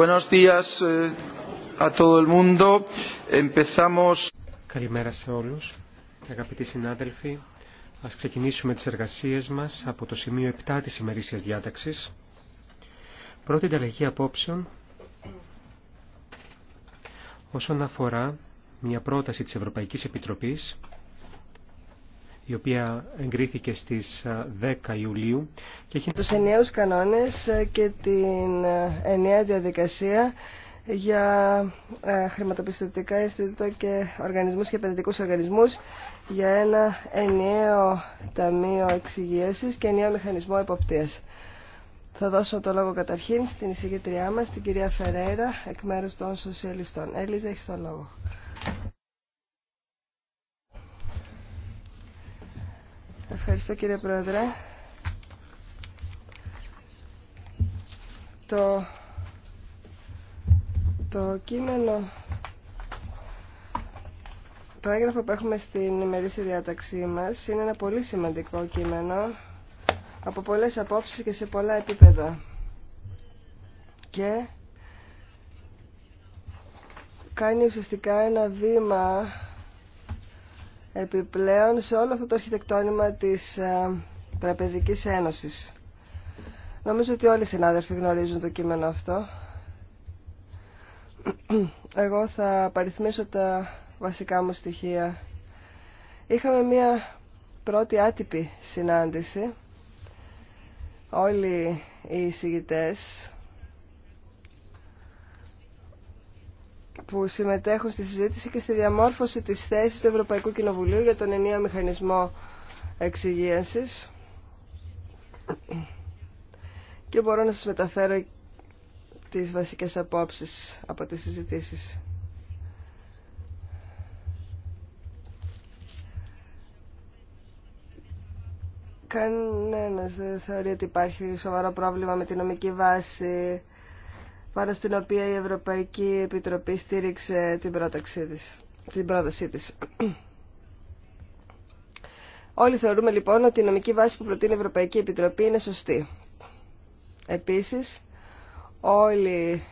Eh, Καλημέρα σε όλους, αγαπητοί συνάδελφοι. Ας ξεκινήσουμε τις εργασίες μας από το σημείο 7 της ημερήσιας διάταξης. Πρώτη ανταλλαγή απόψεων όσον αφορά μια πρόταση της Ευρωπαϊκής Επιτροπής η οποία εγκρίθηκε στις 10 ε, Ιουλίου. Και έχει... Τους ενιαίους κανόνες ε, και την ε, ενιαία διαδικασία για χρηματοπιστωτικά αισθητήτα και οργανισμούς και επενδυτικούς οργανισμούς για ένα ενιαίο ταμείο εξυγίασης και ενιαίο μηχανισμό εποπτείας. Θα δώσω το λόγο καταρχήν στην εισηγητριά μας, την κυρία Φερέιρα, εκ μέρους των σοσιαλιστών. Έλίζα, έχεις το λόγο. Ευχαριστώ κύριε Πρόεδρε. Το, το κείμενο, το έγγραφο που έχουμε στην ημερήσια διάταξή μας είναι ένα πολύ σημαντικό κείμενο από πολλές απόψεις και σε πολλά επίπεδα. Και κάνει ουσιαστικά ένα βήμα επιπλέον σε όλο αυτό το αρχιτεκτόνημα της ε, Τραπεζικής Ένωσης. Νομίζω ότι όλοι οι συνάδελφοι γνωρίζουν το κείμενο αυτό. Εγώ θα παριθμίσω τα βασικά μου στοιχεία. Είχαμε μία πρώτη άτυπη συνάντηση. Όλοι οι εισηγητές που συμμετέχουν στη συζήτηση και στη διαμόρφωση της θέσης του Ευρωπαϊκού Κοινοβουλίου για τον Ενίο μηχανισμό εξυγίανσης. Και μπορώ να σας μεταφέρω τις βασικές απόψεις από τις συζητήσεις. Κανένας δεν θεωρεί ότι υπάρχει σοβαρό πρόβλημα με τη νομική βάση πάνω στην οποία η Ευρωπαϊκή Επιτροπή στήριξε την, της, την πρότασή της. Όλοι θεωρούμε λοιπόν ότι η νομική βάση που προτείνει η Ευρωπαϊκή Επιτροπή είναι σωστή. Επίσης, όλοι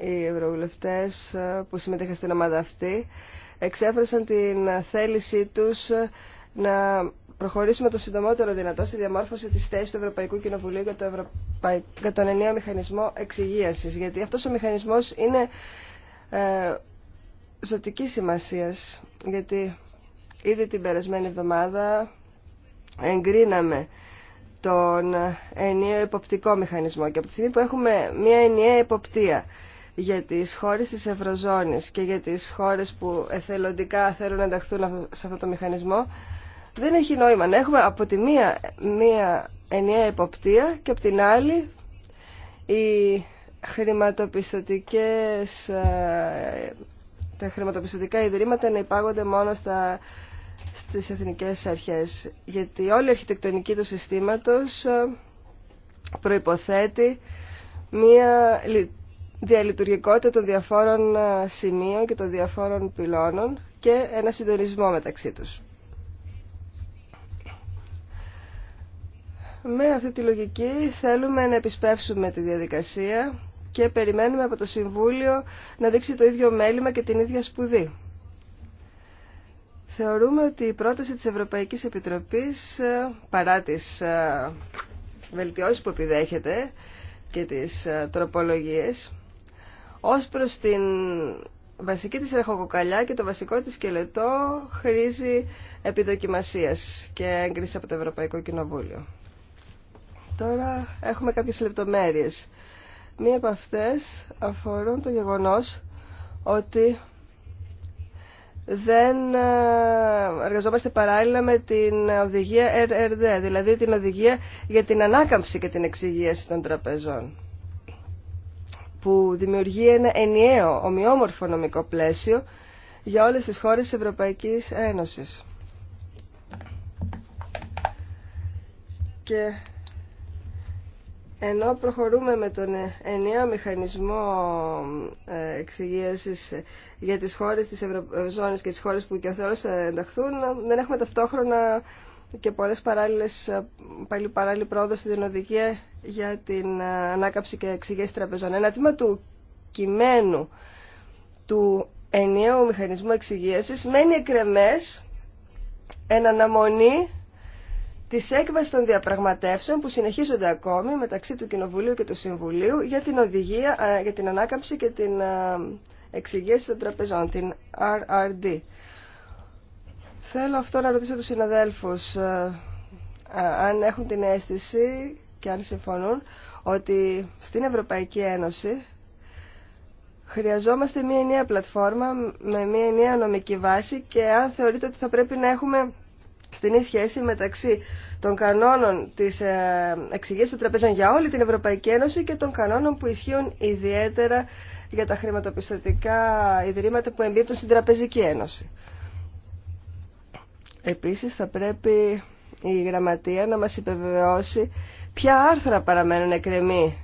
οι ευρωβουλευτές που συμμετείχαν στην ομάδα αυτή εξέφρασαν την θέλησή τους να προχωρήσουμε το συντομότερο δυνατό στη διαμόρφωση τη θέση του Ευρωπαϊκού Κοινοβουλίου για, τον ενιαίο μηχανισμό εξυγίασης. Γιατί αυτό ο μηχανισμό είναι ε, ζωτική σημασίας. Γιατί ήδη την περασμένη εβδομάδα εγκρίναμε τον ενιαίο υποπτικό μηχανισμό. Και από τη στιγμή που έχουμε μια ενιαία υποπτία για τις χώρες της Ευρωζώνης και για τις χώρες που εθελοντικά θέλουν να ενταχθούν σε αυτό το μηχανισμό, δεν έχει νόημα να έχουμε από τη μία μία ενιαία υποπτία και από την άλλη οι χρηματοπιστωτικές ε, τα χρηματοπιστωτικά ιδρύματα να υπάγονται μόνο στα, στις εθνικές αρχές γιατί όλη η αρχιτεκτονική του συστήματος ε, προϋποθέτει μία διαλειτουργικότητα των διαφόρων ε, σημείων και των διαφόρων πυλώνων και ένα συντονισμό μεταξύ τους. Με αυτή τη λογική θέλουμε να επισπεύσουμε τη διαδικασία και περιμένουμε από το Συμβούλιο να δείξει το ίδιο μέλημα και την ίδια σπουδή. Θεωρούμε ότι η πρόταση της Ευρωπαϊκής Επιτροπής, ε, παρά τις ε, βελτιώσεις που επιδέχεται και τις ε, τροπολογίες, ως προς την βασική της ρεχοκοκαλιά και το βασικό της σκελετό χρήζει επιδοκιμασίας και έγκριση από το Ευρωπαϊκό Κοινοβούλιο. Τώρα έχουμε κάποιες λεπτομέρειες. Μία από αυτές αφορούν το γεγονός ότι δεν ε, εργαζόμαστε παράλληλα με την οδηγία RRD, δηλαδή την οδηγία για την ανάκαμψη και την εξυγίαση των τραπεζών που δημιουργεί ένα ενιαίο ομοιόμορφο νομικό πλαίσιο για όλες τις χώρες της Ευρωπαϊκής Ένωσης. Και ενώ προχωρούμε με τον ενιαίο μηχανισμό ε, εξυγίασης ε, για τις χώρες της Ευρωζώνης ε, και τις χώρες που και ο Θεός ενταχθούν, δεν έχουμε ταυτόχρονα και πολλές παράλληλες, πάλι παράλληλη πρόοδο στην οδηγία για την ανάκαψη και εξυγίαση τραπεζών. Ένα τμήμα του κειμένου του ενιαίου μηχανισμού εξυγίασης μένει εκρεμές εν αναμονή Τη έκβαση των διαπραγματεύσεων που συνεχίζονται ακόμη μεταξύ του Κοινοβουλίου και του Συμβουλίου για την οδηγία για την ανάκαμψη και την εξηγήση των τραπεζών, την RRD. Θέλω αυτό να ρωτήσω τους συναδέλφους αν έχουν την αίσθηση και αν συμφωνούν ότι στην Ευρωπαϊκή Ένωση χρειαζόμαστε μια νέα πλατφόρμα με μια νέα νομική βάση και αν θεωρείτε ότι θα πρέπει να έχουμε στην σχέση μεταξύ των κανόνων της ε, εξηγήσης των τραπεζών για όλη την Ευρωπαϊκή Ένωση και των κανόνων που ισχύουν ιδιαίτερα για τα χρηματοπιστωτικά ιδρύματα που εμπίπτουν στην Τραπεζική Ένωση. Επίσης θα πρέπει η Γραμματεία να μας υπεβεβαιώσει ποια άρθρα παραμένουν εκκρεμοί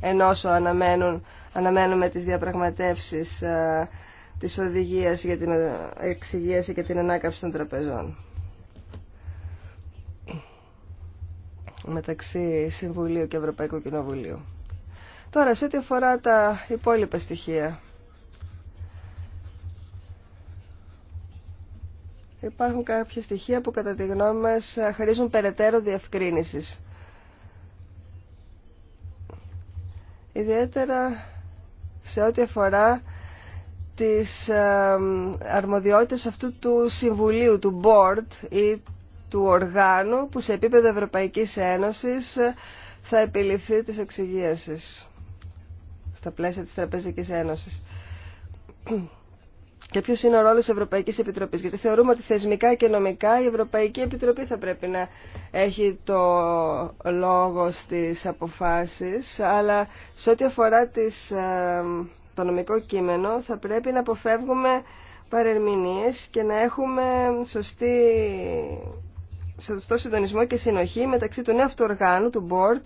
ενώσο αναμένουν, αναμένουμε τις διαπραγματεύσεις ε, της για την ε, εξηγήση και την ανάκαμψη των τραπεζών. μεταξύ Συμβουλίου και Ευρωπαϊκού Κοινοβουλίου. Τώρα, σε ό,τι αφορά τα υπόλοιπα στοιχεία. Υπάρχουν κάποια στοιχεία που κατά τη γνώμη μας χαρίζουν περαιτέρω διευκρίνησης. Ιδιαίτερα σε ό,τι αφορά τις ε, αρμοδιότητες αυτού του συμβουλίου, του board ή του οργάνου που σε επίπεδο Ευρωπαϊκής Ένωσης θα επιληφθεί της εξυγίασης στα πλαίσια της Τραπεζικής Ένωσης. Και ποιος είναι ο ρόλος της Ευρωπαϊκής Επιτροπής. Γιατί θεωρούμε ότι θεσμικά και νομικά η Ευρωπαϊκή Επιτροπή θα πρέπει να έχει το λόγο στις αποφάσεις. Αλλά σε ό,τι αφορά τις, ε, το νομικό κείμενο, θα πρέπει να αποφεύγουμε παρερμηνίε και να έχουμε σωστή στο συντονισμό και συνοχή μεταξύ του νέου αυτού του Board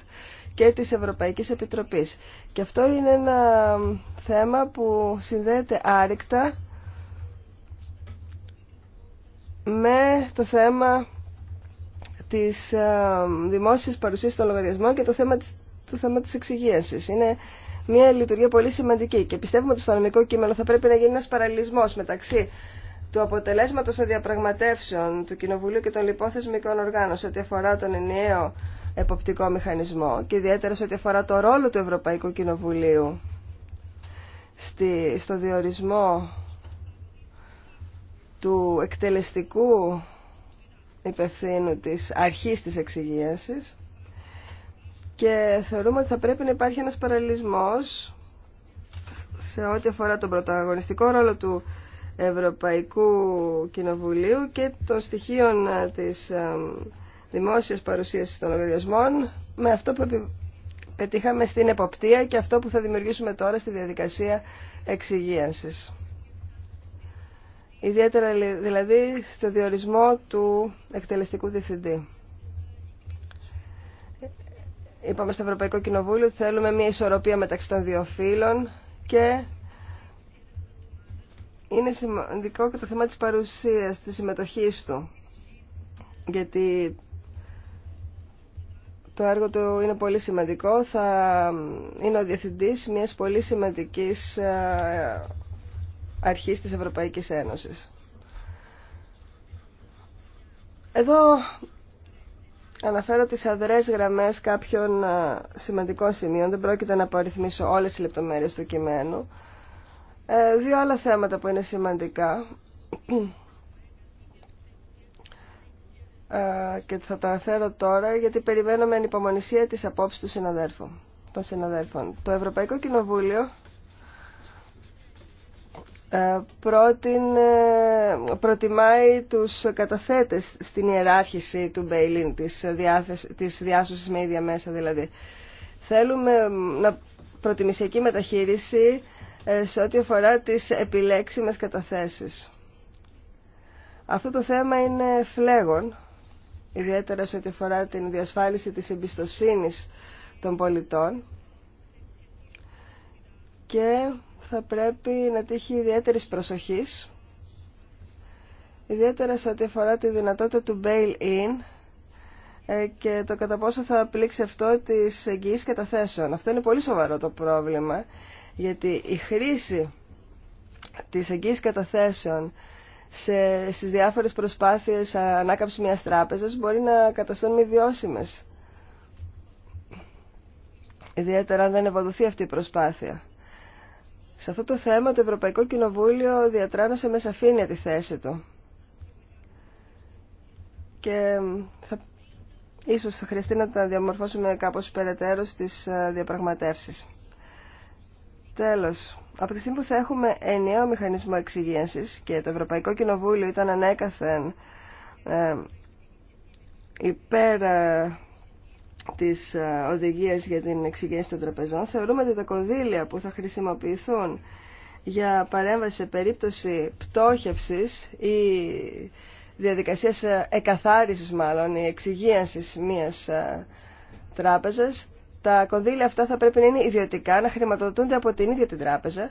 και της Ευρωπαϊκής Επιτροπής. Και αυτό είναι ένα θέμα που συνδέεται άρρηκτα με το θέμα της ε, δημόσιας παρουσίας των λογαριασμών και το θέμα της, το θέμα της Είναι μια λειτουργία πολύ σημαντική και πιστεύουμε ότι στο νομικό κείμενο θα πρέπει να γίνει ένας παραλληλισμός μεταξύ του αποτελέσματος των διαπραγματεύσεων του Κοινοβουλίου και των λιπόθεσμικών οργάνων σε ό,τι αφορά τον ενιαίο εποπτικό μηχανισμό και ιδιαίτερα σε ό,τι αφορά το ρόλο του Ευρωπαϊκού Κοινοβουλίου στη, στο διορισμό του εκτελεστικού υπευθύνου της αρχής της εξυγίασης και θεωρούμε ότι θα πρέπει να υπάρχει ένας παραλληλισμός σε ό,τι αφορά τον πρωταγωνιστικό ρόλο του Ευρωπαϊκού Κοινοβουλίου και των στοιχείων ε, της ε, δημόσιας παρουσίασης των λογαριασμών με αυτό που πετύχαμε στην εποπτεία και αυτό που θα δημιουργήσουμε τώρα στη διαδικασία εξυγίανσης. Ιδιαίτερα δηλαδή στο διορισμό του εκτελεστικού διευθυντή. Είπαμε στο Ευρωπαϊκό Κοινοβούλιο ότι θέλουμε μια ισορροπία μεταξύ των δύο φύλων και είναι σημαντικό και το θέμα της παρουσίας, της συμμετοχής του. Γιατί το έργο του είναι πολύ σημαντικό. Θα είναι ο διευθυντής μιας πολύ σημαντικής ε, αρχής της Ευρωπαϊκής Ένωσης. Εδώ αναφέρω τις αδρές γραμμές κάποιων ε, σημαντικών σημείων. Δεν πρόκειται να απορριθμίσω όλες τις λεπτομέρειες του κειμένου. Ε, δύο άλλα θέματα που είναι σημαντικά ε, και θα τα αναφέρω τώρα γιατί περιμένω με ανυπομονησία τις απόψεις του συναδέρφου, των συναδέρφων. Το Ευρωπαϊκό Κοινοβούλιο ε, προτιμάει τους καταθέτες στην ιεράρχηση του Μπέιλιν της, της διάσωσης με ίδια μέσα δηλαδή. Θέλουμε να προτιμησιακή μεταχείριση ε, σε ό,τι αφορά τις επιλέξιμες καταθέσεις. Αυτό το θέμα είναι φλέγον, ιδιαίτερα σε ό,τι αφορά την διασφάλιση της εμπιστοσύνης των πολιτών και θα πρέπει να τύχει ιδιαίτερης προσοχής, ιδιαίτερα σε ό,τι αφορά τη δυνατότητα του bail-in ε, και το κατά πόσο θα πλήξει αυτό τις εγγυήσεις καταθέσεων. Αυτό είναι πολύ σοβαρό το πρόβλημα γιατί η χρήση της εγγύης καταθέσεων σε, στις διάφορες προσπάθειες ανάκαμψης μιας τράπεζας μπορεί να καταστούν μη βιώσιμες. Ιδιαίτερα αν δεν ευοδοθεί αυτή η προσπάθεια. Σε αυτό το θέμα το Ευρωπαϊκό Κοινοβούλιο διατράνωσε με σαφήνεια τη θέση του. Και θα, ίσως θα χρειαστεί να τα διαμορφώσουμε κάπως περαιτέρω στις ε, διαπραγματεύσεις. Τέλος, από τη στιγμή που θα έχουμε ενιαίο μηχανισμό εξυγίανσης και το Ευρωπαϊκό Κοινοβούλιο ήταν ανέκαθεν ε, υπέρ ε, της ε, οδηγίας για την εξυγίαση των τραπεζών, θεωρούμε ότι τα κονδύλια που θα χρησιμοποιηθούν για παρέμβαση σε περίπτωση πτώχευσης ή διαδικασίας ε, εκαθάρισης μάλλον ή εξυγίανσης μιας τράπεζας τα κονδύλια αυτά θα πρέπει να είναι ιδιωτικά, να χρηματοδοτούνται από την ίδια την τράπεζα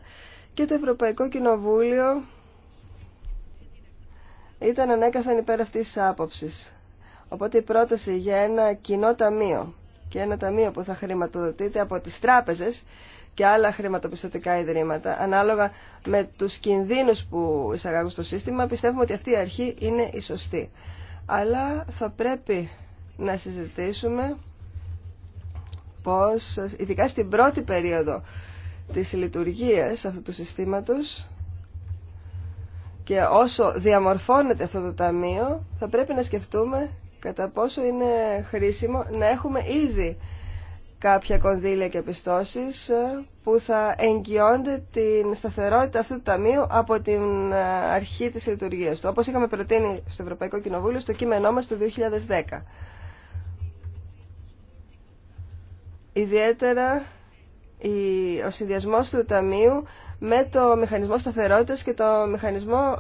και το Ευρωπαϊκό Κοινοβούλιο ήταν ανέκαθεν υπέρ αυτής της άποψης. Οπότε η πρόταση για ένα κοινό ταμείο και ένα ταμείο που θα χρηματοδοτείται από τις τράπεζες και άλλα χρηματοπιστωτικά ιδρύματα, ανάλογα με τους κινδύνους που εισαγάγουν στο σύστημα, πιστεύουμε ότι αυτή η αρχή είναι η σωστή. Αλλά θα πρέπει να συζητήσουμε πως ειδικά στην πρώτη περίοδο της λειτουργίας αυτού του συστήματος και όσο διαμορφώνεται αυτό το ταμείο θα πρέπει να σκεφτούμε κατά πόσο είναι χρήσιμο να έχουμε ήδη κάποια κονδύλια και πιστώσεις ε, που θα εγγυώνται την σταθερότητα αυτού του ταμείου από την ε, αρχή της λειτουργίας του, όπως είχαμε προτείνει στο Ευρωπαϊκό Κοινοβούλιο στο κείμενό μας το 2010. ιδιαίτερα ο συνδυασμός του Ταμείου με το μηχανισμό σταθερότητας και το, μηχανισμό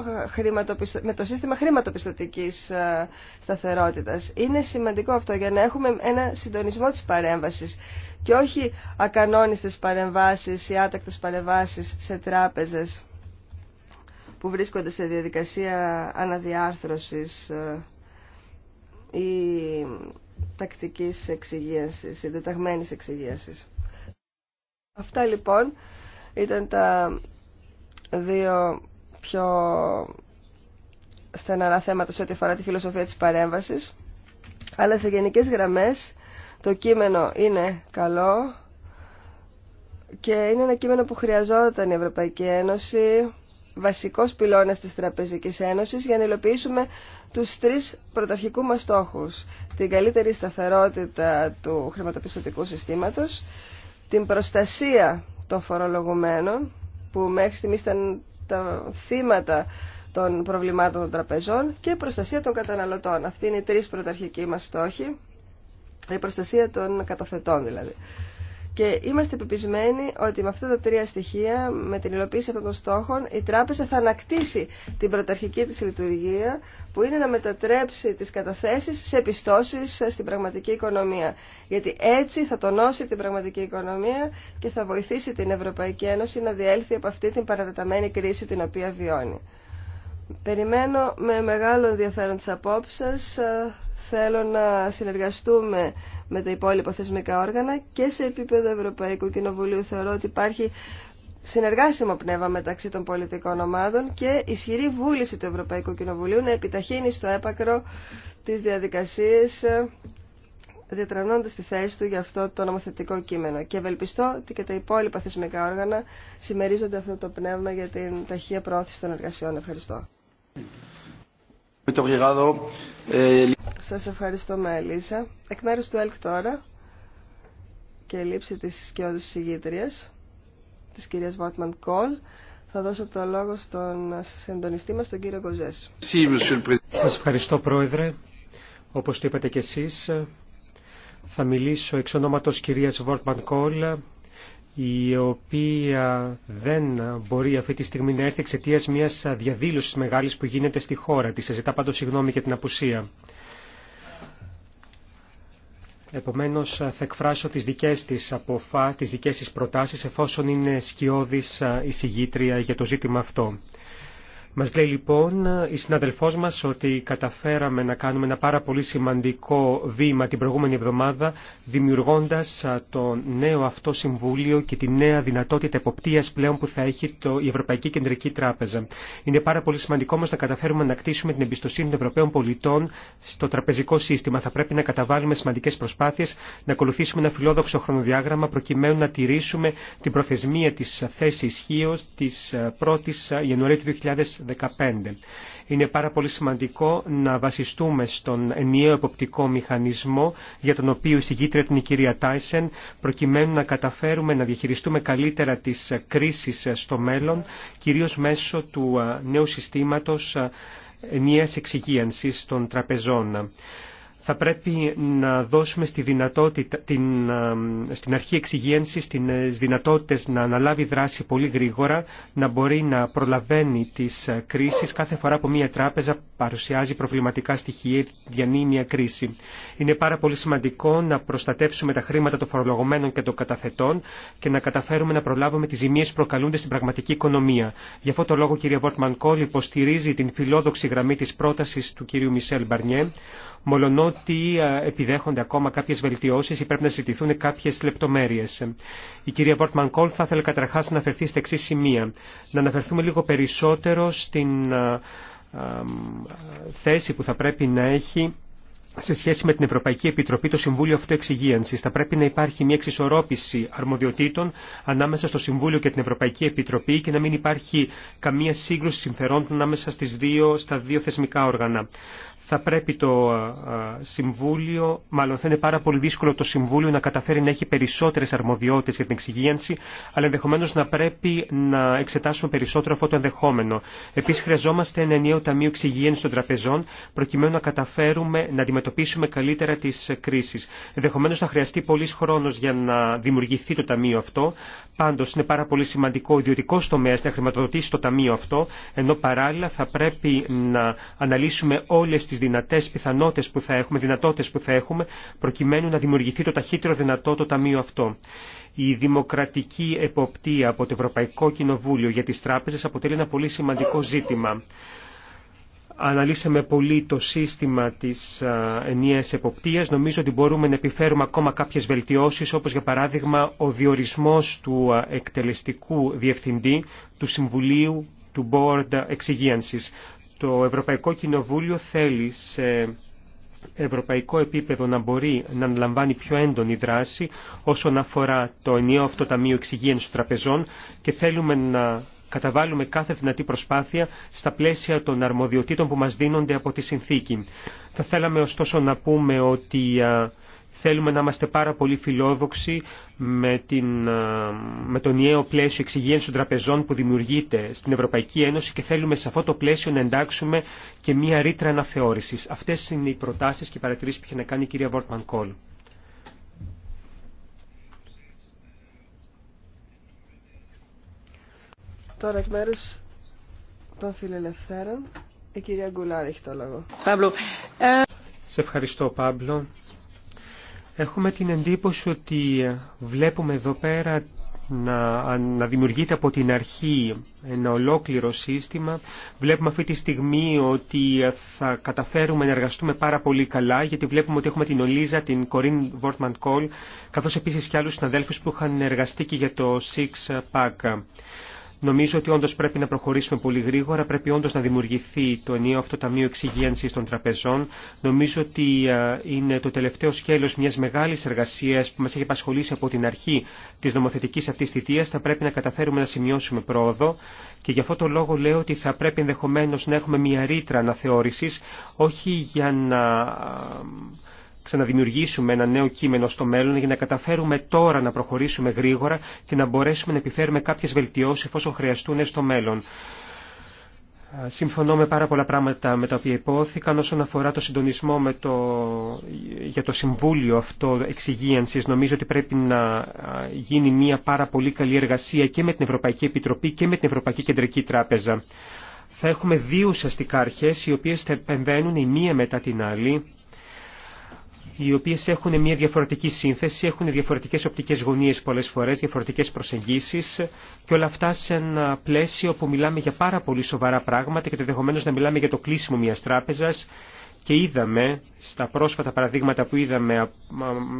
με το σύστημα χρηματοπιστωτικής ε, σταθερότητας. Είναι σημαντικό αυτό για να έχουμε ένα συντονισμό της παρέμβασης και όχι ακανόνιστες παρεμβάσεις ή άτακτες παρεμβάσεις σε τράπεζες που βρίσκονται σε διαδικασία αναδιάρθρωσης ε, τακτικής εξηγίασης, συντεταγμένης εξηγίασης. Αυτά λοιπόν ήταν τα δύο πιο στεναρά θέματα σε ό,τι αφορά τη φιλοσοφία της παρέμβασης. Αλλά σε γενικές γραμμές το κείμενο είναι καλό και είναι ένα κείμενο που χρειαζόταν η Ευρωπαϊκή Ένωση βασικός πυλώνας της Τραπεζικής Ένωσης για να υλοποιήσουμε τους τρεις πρωταρχικού μας στόχους. Την καλύτερη σταθερότητα του χρηματοπιστωτικού συστήματος, την προστασία των φορολογουμένων που μέχρι στιγμής ήταν τα θύματα των προβλημάτων των τραπεζών και η προστασία των καταναλωτών. Αυτοί είναι οι τρεις πρωταρχικοί μα στόχοι, η προστασία των καταθετών δηλαδή. Και είμαστε πεπισμένοι ότι με αυτά τα τρία στοιχεία, με την υλοποίηση αυτών των στόχων, η τράπεζα θα ανακτήσει την πρωταρχική της λειτουργία, που είναι να μετατρέψει τις καταθέσεις σε επιστώσεις στην πραγματική οικονομία. Γιατί έτσι θα τονώσει την πραγματική οικονομία και θα βοηθήσει την Ευρωπαϊκή Ένωση να διέλθει από αυτή την παρατεταμένη κρίση την οποία βιώνει. Περιμένω με μεγάλο ενδιαφέρον τις απόψεις θέλω να συνεργαστούμε με τα υπόλοιπα θεσμικά όργανα και σε επίπεδο Ευρωπαϊκού Κοινοβουλίου θεωρώ ότι υπάρχει συνεργάσιμο πνεύμα μεταξύ των πολιτικών ομάδων και ισχυρή βούληση του Ευρωπαϊκού Κοινοβουλίου να επιταχύνει στο έπακρο τις διαδικασίες ε, διατρανώντας τη θέση του για αυτό το νομοθετικό κείμενο. Και ευελπιστώ ότι και τα υπόλοιπα θεσμικά όργανα συμμερίζονται αυτό το πνεύμα για την ταχεία πρόθεση των εργασιών. Ευχαριστώ. Σας ευχαριστώ, Ελίσσα. Εκ μέρους του ΕΛΚ τώρα και λήψη της σκιώδους συγγήτριας, της κυρίας Βόρτμαν Κόλ, θα δώσω το λόγο στον συντονιστή μας, τον κύριο Κοζές. Σας ευχαριστώ, Πρόεδρε. Όπως το είπατε κι εσείς, θα μιλήσω εξ ονόματος κυρίας Βόρτμαν Κόλ, η οποία δεν μπορεί αυτή τη στιγμή να έρθει εξαιτία μιας διαδήλωσης μεγάλης που γίνεται στη χώρα Τη Σα ζητά συγγνώμη για την απουσία. Επομένως θα εκφράσω τις δικές της αποφά, τις δικές της προτάσεις εφόσον είναι σκιώδης ε, εισηγήτρια για το ζήτημα αυτό. Μας λέει λοιπόν η συναδελφός μας ότι καταφέραμε να κάνουμε ένα πάρα πολύ σημαντικό βήμα την προηγούμενη εβδομάδα δημιουργώντας το νέο αυτό συμβούλιο και τη νέα δυνατότητα εποπτείας πλέον που θα έχει το, η Ευρωπαϊκή Κεντρική Τράπεζα. Είναι πάρα πολύ σημαντικό όμως να καταφέρουμε να κτίσουμε την εμπιστοσύνη των Ευρωπαίων πολιτών στο τραπεζικό σύστημα. Θα πρέπει να καταβάλουμε σημαντικές προσπάθειες, να ακολουθήσουμε ένα φιλόδοξο χρονοδιάγραμμα προκειμένου να τηρήσουμε την προθεσμία της θέσης ισχύω της 1ης Ιανουαρίου του 2010. 2015. Είναι πάρα πολύ σημαντικό να βασιστούμε στον ενιαίο εποπτικό μηχανισμό για τον οποίο εισηγείται την η κυρία Τάισεν προκειμένου να καταφέρουμε να διαχειριστούμε καλύτερα τις κρίσεις στο μέλλον κυρίως μέσω του ε, νέου συστήματος ε, ενιαίας εξυγίανσης των τραπεζών θα πρέπει να δώσουμε στη δυνατότητα, την, στην αρχή εξυγένσης ε, στις δυνατότητες να αναλάβει δράση πολύ γρήγορα, να μπορεί να προλαβαίνει τις ε, κρίσεις κάθε φορά που μια τράπεζα παρουσιάζει προβληματικά στοιχεία ή διανύει μια κρίση. Είναι πάρα πολύ σημαντικό να προστατεύσουμε τα χρήματα των φορολογωμένων και των καταθετών και να καταφέρουμε να προλάβουμε τις ζημίες που προκαλούνται στην πραγματική οικονομία. Γι' αυτό το λόγο, κυρία Βόρτμαν Κόλ υποστηρίζει την φιλόδοξη γραμμή της πρότασης του κυρίου Μισελ Μπαρνιέ, μολονότι ε, επιδέχονται ακόμα κάποιε βελτιώσει ή πρέπει να συζητηθούν κάποιε λεπτομέρειε. Η κυρία Βόρτμαν Κόλ θα ήθελε καταρχά να αναφερθεί στα εξή σημεία. Να αναφερθούμε λίγο περισσότερο στην ε, ε, θέση που θα πρέπει να έχει σε σχέση με την Ευρωπαϊκή Επιτροπή το Συμβούλιο Αυτοεξυγίανση. Θα πρέπει να υπάρχει μια εξισορρόπηση αρμοδιοτήτων ανάμεσα στο Συμβούλιο και την Ευρωπαϊκή Επιτροπή και να μην υπάρχει καμία σύγκρουση συμφερόντων ανάμεσα στις δύο, στα δύο θεσμικά όργανα θα πρέπει το Συμβούλιο, μάλλον θα είναι πάρα πολύ δύσκολο το Συμβούλιο να καταφέρει να έχει περισσότερες αρμοδιότητες για την εξυγίανση, αλλά ενδεχομένως να πρέπει να εξετάσουμε περισσότερο αυτό το ενδεχόμενο. Επίσης χρειαζόμαστε ένα ενιαίο ταμείο εξυγίανσης των τραπεζών, προκειμένου να καταφέρουμε να αντιμετωπίσουμε καλύτερα τις κρίσεις. Ενδεχομένως θα χρειαστεί πολλής χρόνος για να δημιουργηθεί το ταμείο αυτό, πάντως είναι πάρα πολύ σημαντικό ο ιδιωτικός να χρηματοδοτήσει το ταμείο αυτό, ενώ παράλληλα θα πρέπει να αναλύσουμε όλες τις δυνατές πιθανότητες που θα έχουμε, δυνατότητες που θα έχουμε, προκειμένου να δημιουργηθεί το ταχύτερο δυνατό το ταμείο αυτό. Η δημοκρατική εποπτεία από το Ευρωπαϊκό Κοινοβούλιο για τις τράπεζες αποτελεί ένα πολύ σημαντικό ζήτημα. Αναλύσαμε πολύ το σύστημα της ενιαίας εποπτείας. Νομίζω ότι μπορούμε να επιφέρουμε ακόμα κάποιες βελτιώσεις, όπως για παράδειγμα ο διορισμός του εκτελεστικού διευθυντή του Συμβουλίου του Board Εξυγίανσης. Το Ευρωπαϊκό Κοινοβούλιο θέλει σε ευρωπαϊκό επίπεδο να μπορεί να αναλαμβάνει πιο έντονη δράση όσον αφορά το ενιαίο αυτό ταμείο εξυγίανση τραπεζών και θέλουμε να καταβάλουμε κάθε δυνατή προσπάθεια στα πλαίσια των αρμοδιοτήτων που μας δίνονται από τη συνθήκη. Θα θέλαμε ωστόσο να πούμε ότι Θέλουμε να είμαστε πάρα πολύ φιλόδοξοι με, την, ε, με το νέο πλαίσιο εξυγίανση των τραπεζών που δημιουργείται στην Ευρωπαϊκή Ένωση και θέλουμε σε αυτό το πλαίσιο να εντάξουμε και μία ρήτρα αναθεώρηση. Αυτέ είναι οι προτάσει και οι παρατηρήσει που είχε να κάνει η κυρία Βόρτμαν Κόλ. Τώρα εκ μέρου των φιλελευθέρων, η κυρία Γκουλάρη έχει το λόγο. Ε, σε ευχαριστώ, Πάμπλο. Έχουμε την εντύπωση ότι βλέπουμε εδώ πέρα να, να δημιουργείται από την αρχή ένα ολόκληρο σύστημα. Βλέπουμε αυτή τη στιγμή ότι θα καταφέρουμε να εργαστούμε πάρα πολύ καλά, γιατί βλέπουμε ότι έχουμε την Ολίζα, την Κορίν Βόρτμαντ Κόλ, καθώς επίσης και άλλους συναδέλφους που είχαν εργαστεί και για το Six Pack. Νομίζω ότι όντω πρέπει να προχωρήσουμε πολύ γρήγορα. Πρέπει όντω να δημιουργηθεί το ενίο αυτό Ταμείο Εξυγένση των Τραπεζών. Νομίζω ότι ε, είναι το τελευταίο σκέλο μια μεγάλη εργασία που μα έχει απασχολήσει από την αρχή τη νομοθετική αυτή θητεία. Θα πρέπει να καταφέρουμε να σημειώσουμε πρόοδο και γι' αυτό το λόγο λέω ότι θα πρέπει ενδεχομένω να έχουμε μια ρήτρα αναθεώρηση, όχι για να ξαναδημιουργήσουμε ένα νέο κείμενο στο μέλλον για να καταφέρουμε τώρα να προχωρήσουμε γρήγορα και να μπορέσουμε να επιφέρουμε κάποιες βελτιώσεις εφόσον χρειαστούν στο μέλλον. Συμφωνώ με πάρα πολλά πράγματα με τα οποία υπόθηκαν όσον αφορά το συντονισμό με το... για το Συμβούλιο αυτό εξυγίανσης. Νομίζω ότι πρέπει να γίνει μια πάρα πολύ καλή εργασία και με την Ευρωπαϊκή Επιτροπή και με την Ευρωπαϊκή Κεντρική Τράπεζα. Θα έχουμε δύο ουσιαστικά αρχές οι οποίες θα επεμβαίνουν η μία μετά την άλλη οι οποίες έχουν μια διαφορετική σύνθεση, έχουν διαφορετικές οπτικές γωνίες πολλές φορές, διαφορετικές προσεγγίσεις και όλα αυτά σε ένα πλαίσιο που μιλάμε για πάρα πολύ σοβαρά πράγματα και ενδεχομένω να μιλάμε για το κλείσιμο μιας τράπεζας και είδαμε στα πρόσφατα παραδείγματα που είδαμε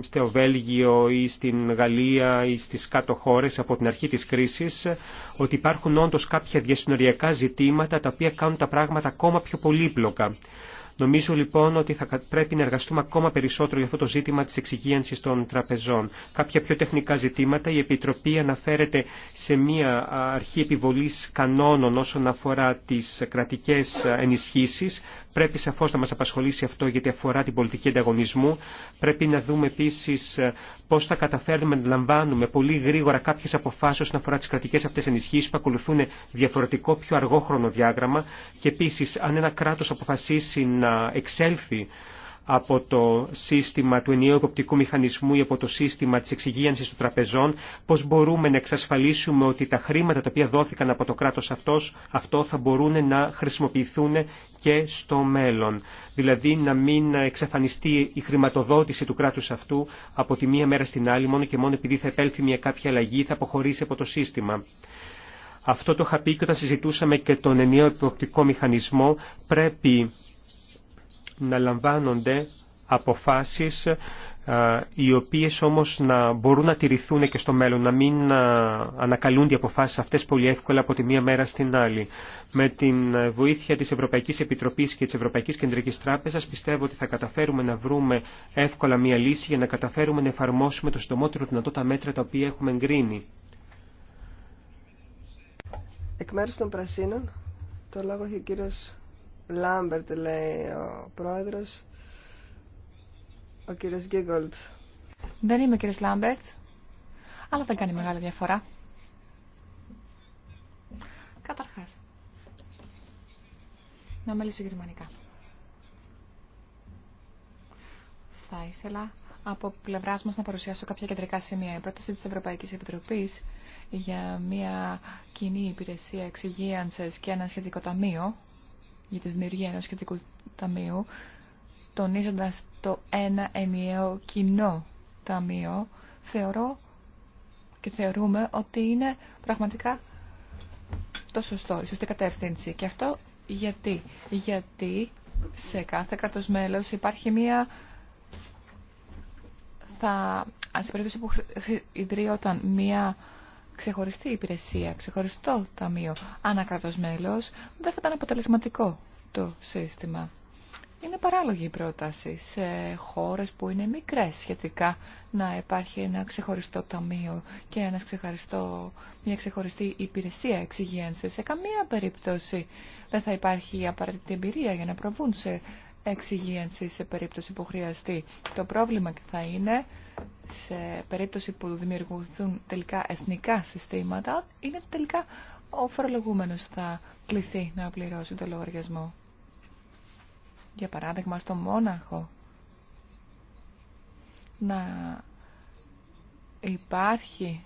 στο Βέλγιο ή στην Γαλλία ή στις κάτω χώρες από την αρχή της κρίσης ότι υπάρχουν όντως κάποια διασυνοριακά ζητήματα τα οποία κάνουν τα πράγματα ακόμα πιο πολύπλοκα. Νομίζω λοιπόν ότι θα πρέπει να εργαστούμε ακόμα περισσότερο για αυτό το ζήτημα της εξυγίανσης των τραπεζών. Κάποια πιο τεχνικά ζητήματα, η Επιτροπή αναφέρεται σε μία αρχή επιβολής κανόνων όσον αφορά τις κρατικές ενισχύσεις. Πρέπει σαφώ να μα απασχολήσει αυτό γιατί αφορά την πολιτική ανταγωνισμού. Πρέπει να δούμε επίση ε, πώ θα καταφέρουμε να λαμβάνουμε πολύ γρήγορα κάποιε αποφάσει όσον αφορά τι κρατικέ αυτέ ενισχύσει που ακολουθούν διαφορετικό, πιο αργό χρονοδιάγραμμα. Και επίση, αν ένα κράτο αποφασίσει να εξέλθει από το σύστημα του ενιαίου υποπτικού μηχανισμού ή από το σύστημα της εξυγίανσης των τραπεζών, πώς μπορούμε να εξασφαλίσουμε ότι τα χρήματα τα οποία δόθηκαν από το κράτος αυτός, αυτό θα μπορούν να χρησιμοποιηθούν και στο μέλλον. Δηλαδή να μην εξαφανιστεί η χρηματοδότηση του κράτους αυτού από τη μία μέρα στην άλλη, μόνο και μόνο επειδή θα επέλθει μια κάποια αλλαγή θα αποχωρήσει από το σύστημα. Αυτό το είχα πει και όταν συζητούσαμε και τον ενιαίο εποπτικό μηχανισμό πρέπει να λαμβάνονται αποφάσεις ε, οι οποίες όμως να μπορούν να τηρηθούν και στο μέλλον, να μην ε, ανακαλούνται οι αποφάσεις αυτές πολύ εύκολα από τη μία μέρα στην άλλη. Με την ε, βοήθεια της Ευρωπαϊκής Επιτροπής και της Ευρωπαϊκής Κεντρικής Τράπεζας πιστεύω ότι θα καταφέρουμε να βρούμε εύκολα μία λύση για να καταφέρουμε να εφαρμόσουμε το συντομότερο δυνατό τα μέτρα τα οποία έχουμε εγκρίνει. το λόγο Λάμπερτ λέει ο πρόεδρος. Ο κύριος Γκίγκολτ. Δεν είμαι ο κύριος Λάμπερτ, αλλά δεν κάνει μεγάλη διαφορά. Καταρχάς, να μιλήσω γερμανικά. Θα ήθελα από πλευρά μα να παρουσιάσω κάποια κεντρικά σημεία. Η πρόταση τη Ευρωπαϊκή Επιτροπή για μια κοινή υπηρεσία εξυγίανση και ένα σχετικό ταμείο για τη δημιουργία ενός σχετικού ταμείου, τονίζοντας το ένα ενιαίο κοινό ταμείο, θεωρώ και θεωρούμε ότι είναι πραγματικά το σωστό, η σωστή κατεύθυνση. Και αυτό γιατί. Γιατί σε κάθε κράτος μέλος υπάρχει μία θα, σε περίπτωση που ιδρύονταν μία ξεχωριστή υπηρεσία, ξεχωριστό ταμείο ανακρατός μέλος, δεν θα ήταν αποτελεσματικό το σύστημα. Είναι παράλογη η πρόταση σε χώρες που είναι μικρές σχετικά να υπάρχει ένα ξεχωριστό ταμείο και ένας ξεχωριστό, μια ξεχωριστή υπηρεσία εξυγένσης. Σε καμία περίπτωση δεν θα υπάρχει απαραίτητη εμπειρία για να προβούν σε εξυγίανση σε περίπτωση που χρειαστεί. Το πρόβλημα θα είναι σε περίπτωση που δημιουργηθούν τελικά εθνικά συστήματα, είναι τελικά ο φορολογούμενος θα κληθεί να πληρώσει το λογαριασμό. Για παράδειγμα, στο Μόναχο να υπάρχει,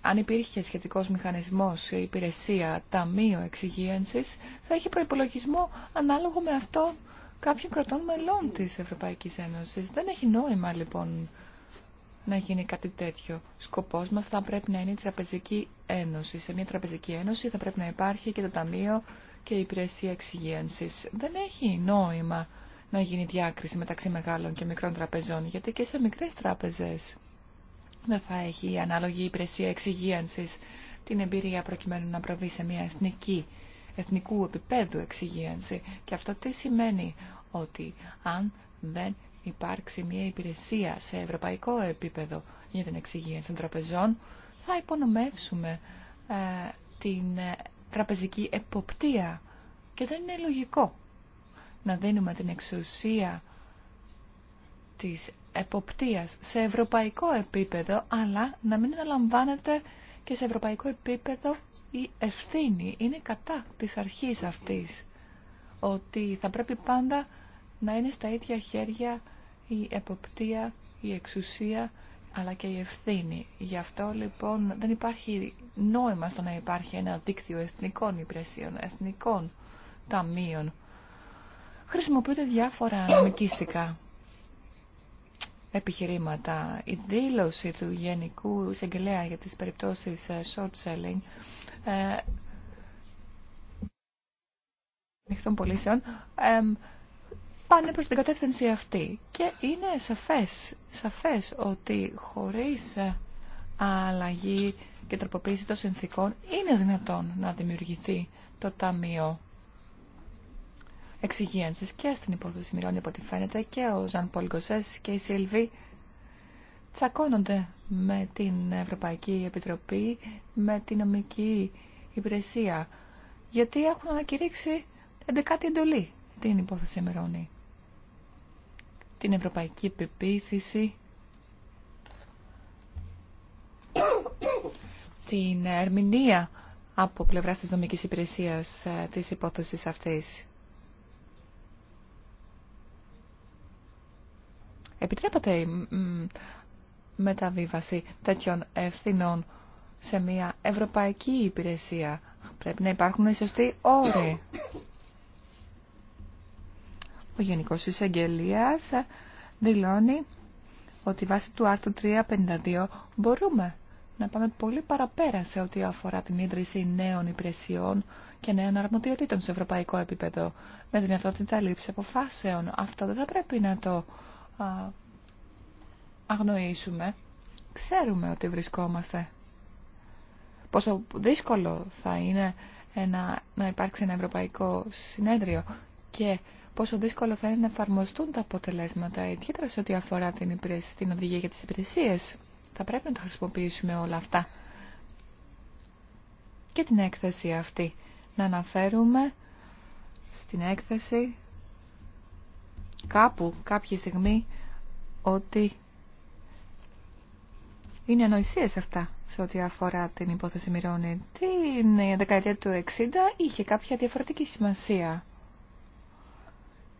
αν υπήρχε σχετικός μηχανισμός, υπηρεσία, ταμείο εξυγίανσης, θα έχει προϋπολογισμό ανάλογο με αυτό κάποιων κρατών μελών τη Ευρωπαϊκή Ένωση. Δεν έχει νόημα λοιπόν να γίνει κάτι τέτοιο. Σκοπό μα θα πρέπει να είναι η Τραπεζική Ένωση. Σε μια Τραπεζική Ένωση θα πρέπει να υπάρχει και το Ταμείο και η Υπηρεσία Εξυγίανση. Δεν έχει νόημα να γίνει διάκριση μεταξύ μεγάλων και μικρών τραπεζών, γιατί και σε μικρέ τράπεζε δεν θα έχει η ανάλογη υπηρεσία Εξυγίανση την εμπειρία προκειμένου να προβεί σε μια εθνική εθνικού επίπεδου εξυγίανση. Και αυτό τι σημαίνει ότι αν δεν υπάρξει μια υπηρεσία σε ευρωπαϊκό επίπεδο για την εξυγίανση των τραπεζών, θα υπονομεύσουμε ε, την ε, τραπεζική εποπτεία. Και δεν είναι λογικό να δίνουμε την εξουσία της εποπτείας σε ευρωπαϊκό επίπεδο, αλλά να μην αναλαμβάνεται και σε ευρωπαϊκό επίπεδο η ευθύνη. Είναι κατά της αρχής αυτής. Ότι θα πρέπει πάντα να είναι στα ίδια χέρια η εποπτεία, η εξουσία αλλά και η ευθύνη. Γι' αυτό λοιπόν δεν υπάρχει νόημα στο να υπάρχει ένα δίκτυο εθνικών υπηρεσίων, εθνικών ταμείων. Χρησιμοποιούνται διάφορα νομικίστικα επιχειρήματα. Η δήλωση του Γενικού Εισαγγελέα για τις περιπτώσεις ε, short selling ε, ανοιχτών πάνε προς την κατεύθυνση αυτή. Και είναι σαφές, σαφές ότι χωρίς ε, αλλαγή και τροποποίηση των συνθήκων είναι δυνατόν να δημιουργηθεί το Ταμείο Εξυγίανσης και στην υπόθεση Μυρώνη, από ό,τι φαίνεται και ο Ζαν Πολ και η Σίλβη τσακώνονται με την Ευρωπαϊκή Επιτροπή, με την νομική υπηρεσία. Γιατί έχουν ανακηρύξει εντεκάτη εντολή την υπόθεση Μερώνη. Την ευρωπαϊκή πεποίθηση, την ερμηνεία από πλευράς της νομικής υπηρεσίας ε, της υπόθεσης αυτής. Επιτρέπατε μεταβίβαση τέτοιων ευθυνών σε μια ευρωπαϊκή υπηρεσία. Πρέπει να υπάρχουν οι σωστοί όροι. Ο Γενικός εισαγγελία δηλώνει ότι βάσει του άρθρου 352 μπορούμε να πάμε πολύ παραπέρα σε ό,τι αφορά την ίδρυση νέων υπηρεσιών και νέων αρμοδιοτήτων σε ευρωπαϊκό επίπεδο με δυνατότητα λήψη αποφάσεων. Αυτό δεν θα πρέπει να το αγνοήσουμε. Ξέρουμε ότι βρισκόμαστε. Πόσο δύσκολο θα είναι ένα, να υπάρξει ένα ευρωπαϊκό συνέδριο και πόσο δύσκολο θα είναι να εφαρμοστούν τα αποτελέσματα, ιδιαίτερα σε ό,τι αφορά την, υπηρεσία, την οδηγία για τις υπηρεσίες. Θα πρέπει να τα χρησιμοποιήσουμε όλα αυτά. Και την έκθεση αυτή. Να αναφέρουμε στην έκθεση κάπου, κάποια στιγμή, ότι είναι ανοησίε αυτά σε ό,τι αφορά την υπόθεση Μυρώνη. Την δεκαετία του 60 είχε κάποια διαφορετική σημασία.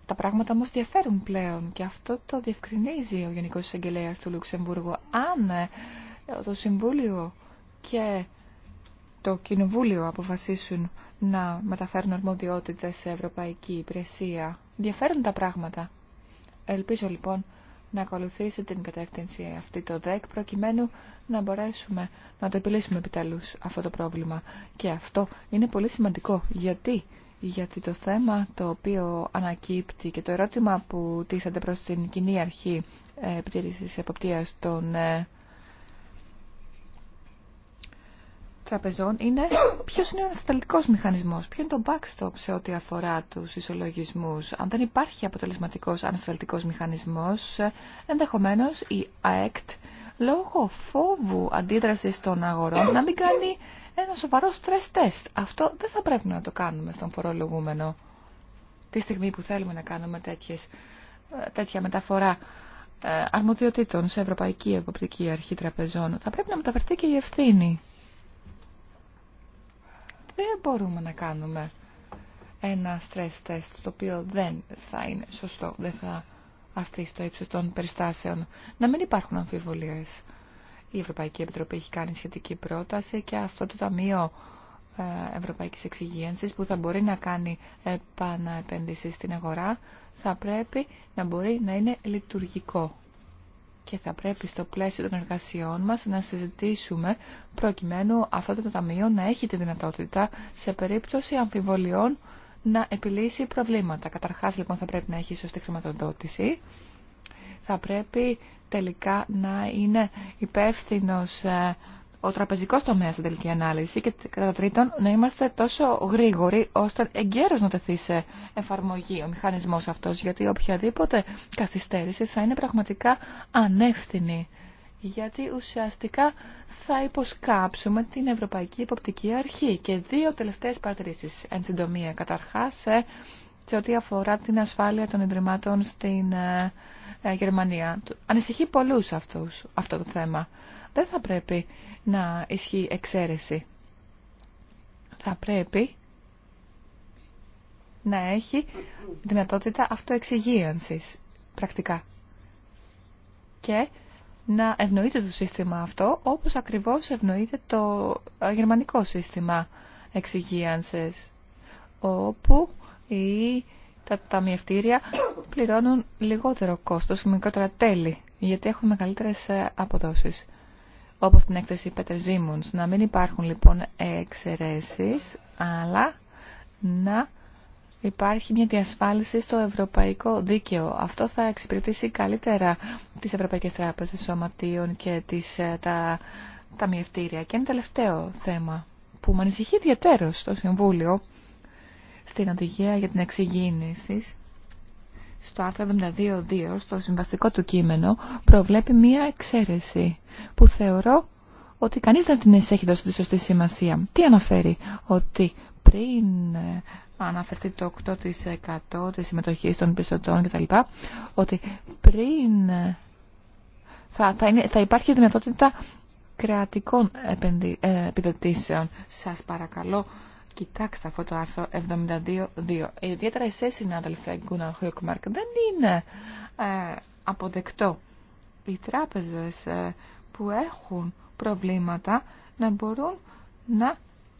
Τα πράγματα όμως διαφέρουν πλέον και αυτό το διευκρινίζει ο Γενικός Εισαγγελέας του Λουξεμβούργου. Αν ε, το Συμβούλιο και το Κοινοβούλιο αποφασίσουν να μεταφέρουν αρμοδιότητες σε Ευρωπαϊκή Υπηρεσία, διαφέρουν τα πράγματα. Ελπίζω λοιπόν να ακολουθήσει την κατεύθυνση αυτή το ΔΕΚ προκειμένου να μπορέσουμε να το επιλύσουμε επιτέλους αυτό το πρόβλημα. Και αυτό είναι πολύ σημαντικό. Γιατί? Γιατί το θέμα το οποίο ανακύπτει και το ερώτημα που τίθεται προς την κοινή αρχή ε, επιτήρησης εποπτείας των ε, τραπεζών είναι ποιος είναι ο ανασταλτικός μηχανισμός, ποιο είναι το backstop σε ό,τι αφορά τους ισολογισμούς. Αν δεν υπάρχει αποτελεσματικός ανασταλτικός μηχανισμός, ενδεχομένως η ΑΕΚΤ λόγω φόβου αντίδρασης των αγορών να μην κάνει ένα σοβαρό stress test. Αυτό δεν θα πρέπει να το κάνουμε στον φορολογούμενο τη στιγμή που θέλουμε να κάνουμε τέτοιες, τέτοια μεταφορά ε, αρμοδιοτήτων σε Ευρωπαϊκή Εποπτική Αρχή Τραπεζών. Θα πρέπει να μεταφερθεί και η ευθύνη δεν μπορούμε να κάνουμε ένα stress test το οποίο δεν θα είναι σωστό, δεν θα αρθεί στο ύψος των περιστάσεων. Να μην υπάρχουν αμφιβολίες. Η Ευρωπαϊκή Επιτροπή έχει κάνει σχετική πρόταση και αυτό το Ταμείο ε, Ευρωπαϊκής Εξυγίανσης που θα μπορεί να κάνει επαναεπένδυση στην αγορά θα πρέπει να μπορεί να είναι λειτουργικό και θα πρέπει στο πλαίσιο των εργασιών μας να συζητήσουμε προκειμένου αυτό το ταμείο να έχει τη δυνατότητα σε περίπτωση αμφιβολιών να επιλύσει προβλήματα. Καταρχάς λοιπόν θα πρέπει να έχει σωστή χρηματοδότηση, θα πρέπει τελικά να είναι υπεύθυνος ε, ο τραπεζικό τομέα στην τελική ανάλυση και κατά τρίτον να είμαστε τόσο γρήγοροι ώστε εγκαίρω να τεθεί σε εφαρμογή ο μηχανισμό αυτό, γιατί οποιαδήποτε καθυστέρηση θα είναι πραγματικά ανεύθυνη γιατί ουσιαστικά θα υποσκάψουμε την Ευρωπαϊκή Υποπτική Αρχή. Και δύο τελευταίε παρατηρήσει εν συντομία. καταρχά, ε, σε, ό,τι αφορά την ασφάλεια των Ιδρυμάτων στην ε, ε, Γερμανία. Ανησυχεί πολλού αυτό το θέμα δεν θα πρέπει να ισχύει εξαίρεση. Θα πρέπει να έχει δυνατότητα αυτοεξυγίανσης πρακτικά. Και να ευνοείται το σύστημα αυτό όπως ακριβώς ευνοείται το γερμανικό σύστημα εξυγίανσης όπου οι, τα ταμιευτήρια πληρώνουν λιγότερο κόστος, μικρότερα τέλη γιατί έχουν μεγαλύτερες ε, αποδόσεις όπως την έκθεση Πέτερ Ζήμουνς. Να μην υπάρχουν λοιπόν εξαιρέσεις, αλλά να υπάρχει μια διασφάλιση στο ευρωπαϊκό δίκαιο. Αυτό θα εξυπηρετήσει καλύτερα τις Ευρωπαϊκές Τράπεζες Σωματείων και τις, ε, τα Μιευτήρια. Και ένα τελευταίο θέμα που με ανησυχεί ιδιαίτερος στο Συμβούλιο στην οδηγία για την εξυγίνηση στο άρθρο 72.2, στο συμβαστικό του κείμενο, προβλέπει μία εξαίρεση που θεωρώ ότι κανείς δεν την έχει δώσει τη σωστή σημασία. Τι αναφέρει, ότι πριν ε, αναφερθεί το 8% της συμμετοχής των πιστωτών κτλ, ότι πριν ε, θα, θα, είναι, θα υπάρχει δυνατότητα κρατικών ε, επιδοτήσεων. Σας παρακαλώ κοιτάξτε αυτό το άρθρο 72.2. Ιδιαίτερα εσέ, συνάδελφε Γκούναρ Χουικμαρκ, δεν είναι ε, αποδεκτό οι τράπεζες ε, που έχουν προβλήματα να μπορούν να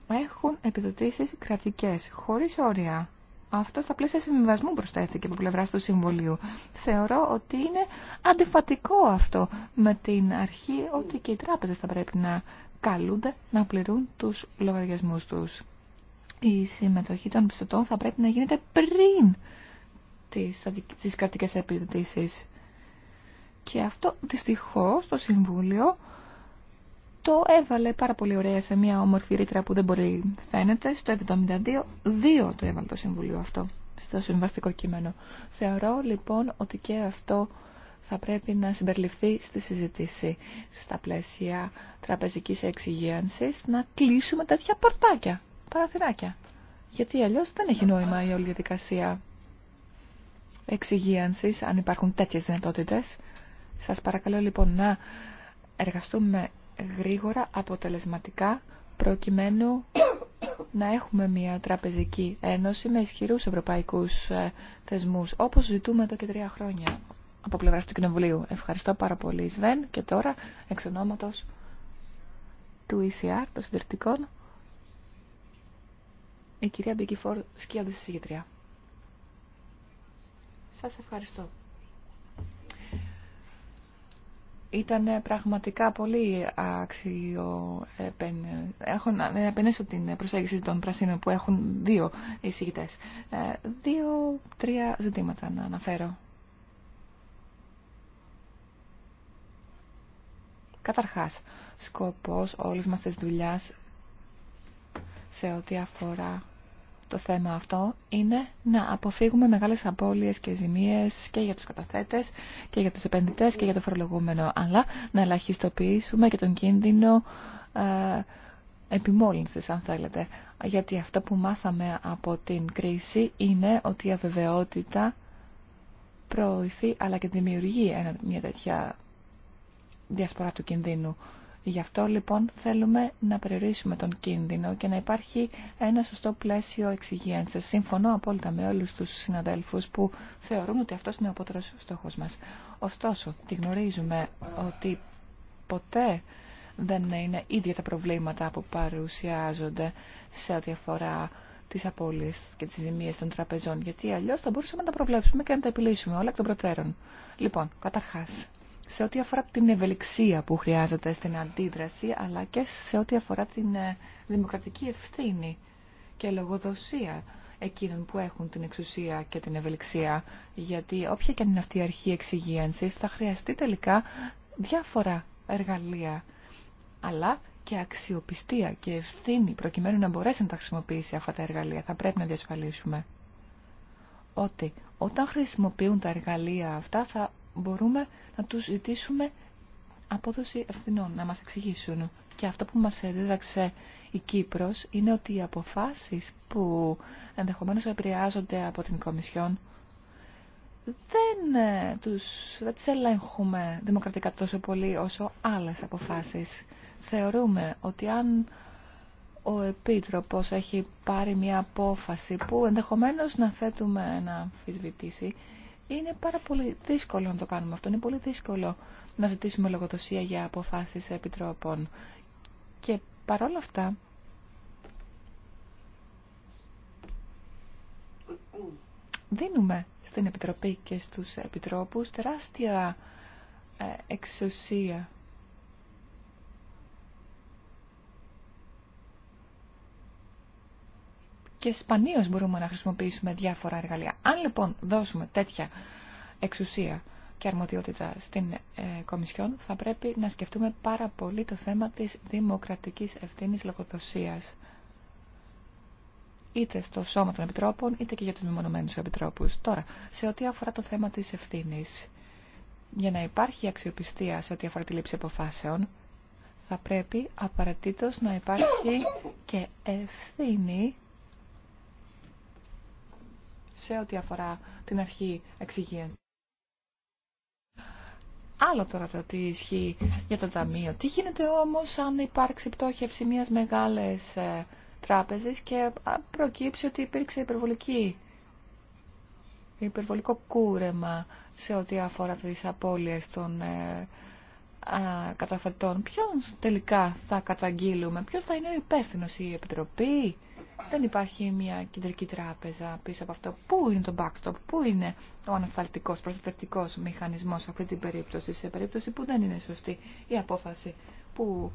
έχουν επιδοτήσεις κρατικές, χωρίς όρια. Αυτό στα πλαίσια συμβιβασμού προσθέθηκε από πλευρά του Συμβουλίου. Θεωρώ ότι είναι αντιφατικό αυτό με την αρχή ότι και οι τράπεζες θα πρέπει να καλούνται να πληρούν τους λογαριασμούς τους η συμμετοχή των πιστωτών θα πρέπει να γίνεται πριν τις, τις κρατικές επιδοτήσεις. Και αυτό δυστυχώς το Συμβούλιο το έβαλε πάρα πολύ ωραία σε μια όμορφη ρήτρα που δεν μπορεί φαίνεται. Στο 72 το έβαλε το Συμβούλιο αυτό, στο συμβαστικό κείμενο. Θεωρώ λοιπόν ότι και αυτό θα πρέπει να συμπεριληφθεί στη συζήτηση στα πλαίσια τραπεζικής εξυγίανσης, να κλείσουμε τέτοια πορτάκια παραθυράκια. Γιατί αλλιώς δεν έχει νόημα η όλη διαδικασία εξυγίανσης, αν υπάρχουν τέτοιες δυνατότητες. Σας παρακαλώ λοιπόν να εργαστούμε γρήγορα, αποτελεσματικά, προκειμένου να έχουμε μια τραπεζική ένωση με ισχυρούς ευρωπαϊκούς ε, θεσμούς, όπως ζητούμε εδώ και τρία χρόνια από πλευράς του Κοινοβουλίου. Ευχαριστώ πάρα πολύ, Σβέν, και τώρα εξ του ECR, των συντηρητικών, η κυρία Μπικηφόρ, σκιάδος συγγετριά. Σας ευχαριστώ. Ήταν ε, πραγματικά πολύ άξιο Έχω να επενέσω την προσέγγιση των πρασίνων που έχουν δύο εισηγητές. Ε, Δύο-τρία ζητήματα να αναφέρω. Καταρχάς, σκοπός όλης μας της δουλειάς σε ό,τι αφορά το θέμα αυτό είναι να αποφύγουμε μεγάλες απώλειες και ζημίες και για τους καταθέτες και για τους επενδυτές και για το φορολογούμενο, αλλά να ελαχιστοποιήσουμε και τον κίνδυνο ε, επιμόλυνσης, αν θέλετε. Γιατί αυτό που μάθαμε από την κρίση είναι ότι η αβεβαιότητα προωθεί αλλά και δημιουργεί μια τέτοια διασπορά του κινδύνου. Γι' αυτό λοιπόν θέλουμε να περιορίσουμε τον κίνδυνο και να υπάρχει ένα σωστό πλαίσιο εξυγίανσης. Συμφωνώ απόλυτα με όλους τους συναδέλφους που θεωρούν ότι αυτό είναι ο απότερος στόχος μας. Ωστόσο, τη γνωρίζουμε ότι ποτέ δεν είναι ίδια τα προβλήματα που παρουσιάζονται σε ό,τι αφορά τις απώλειες και τις ζημίες των τραπεζών, γιατί αλλιώς θα μπορούσαμε να τα προβλέψουμε και να τα επιλύσουμε όλα εκ των προτέρων. Λοιπόν, καταρχάς, σε ό,τι αφορά την ευελιξία που χρειάζεται στην αντίδραση, αλλά και σε ό,τι αφορά την ε, δημοκρατική ευθύνη και λογοδοσία εκείνων που έχουν την εξουσία και την ευελιξία. Γιατί όποια και αν είναι αυτή η αρχή εξυγίανσης, θα χρειαστεί τελικά διάφορα εργαλεία, αλλά και αξιοπιστία και ευθύνη προκειμένου να μπορέσει να τα χρησιμοποιήσει αυτά τα εργαλεία. Θα πρέπει να διασφαλίσουμε ότι όταν χρησιμοποιούν τα εργαλεία αυτά θα μπορούμε να τους ζητήσουμε απόδοση ευθυνών, να μας εξηγήσουν. Και αυτό που μας δίδαξε η Κύπρος είναι ότι οι αποφάσεις που ενδεχομένως επηρεάζονται από την Κομισιόν δεν, ε, τους, δεν τις ελέγχουμε δημοκρατικά τόσο πολύ όσο άλλες αποφάσεις. Θεωρούμε ότι αν ο Επίτροπος έχει πάρει μια απόφαση που ενδεχομένως να θέτουμε ένα αμφισβητήσει είναι πάρα πολύ δύσκολο να το κάνουμε αυτό. Είναι πολύ δύσκολο να ζητήσουμε λογοδοσία για αποφάσεις επιτρόπων. Και παρόλα αυτά, δίνουμε στην Επιτροπή και στους Επιτρόπους τεράστια ε, εξουσία και σπανίως μπορούμε να χρησιμοποιήσουμε διάφορα εργαλεία. Αν λοιπόν δώσουμε τέτοια εξουσία και αρμοδιότητα στην ε, Κομισιόν, θα πρέπει να σκεφτούμε πάρα πολύ το θέμα της δημοκρατικής ευθύνης λογοδοσίας. Είτε στο σώμα των επιτρόπων, είτε και για τους μεμονωμένους επιτρόπους. Τώρα, σε ό,τι αφορά το θέμα της ευθύνη. για να υπάρχει αξιοπιστία σε ό,τι αφορά τη λήψη αποφάσεων, θα πρέπει απαραίτητο να υπάρχει και ευθύνη σε ό,τι αφορά την αρχή εξυγίανση. Άλλο τώρα θα τι ισχύει για το ταμείο. Τι γίνεται όμως αν υπάρξει πτώχευση μιας μεγάλες ε, τράπεζης και ε, προκύψει ότι υπήρξε υπερβολική, υπερβολικό κούρεμα σε ό,τι αφορά τις απώλειες των ε, καταφετών. Ποιον τελικά θα καταγγείλουμε, ποιος θα είναι ο υπεύθυνος, η Επιτροπή, δεν υπάρχει μια κεντρική τράπεζα πίσω από αυτό. Πού είναι το backstop, πού είναι ο ανασταλτικό, προστατευτικός μηχανισμός σε αυτή την περίπτωση, σε περίπτωση που δεν είναι σωστή η απόφαση που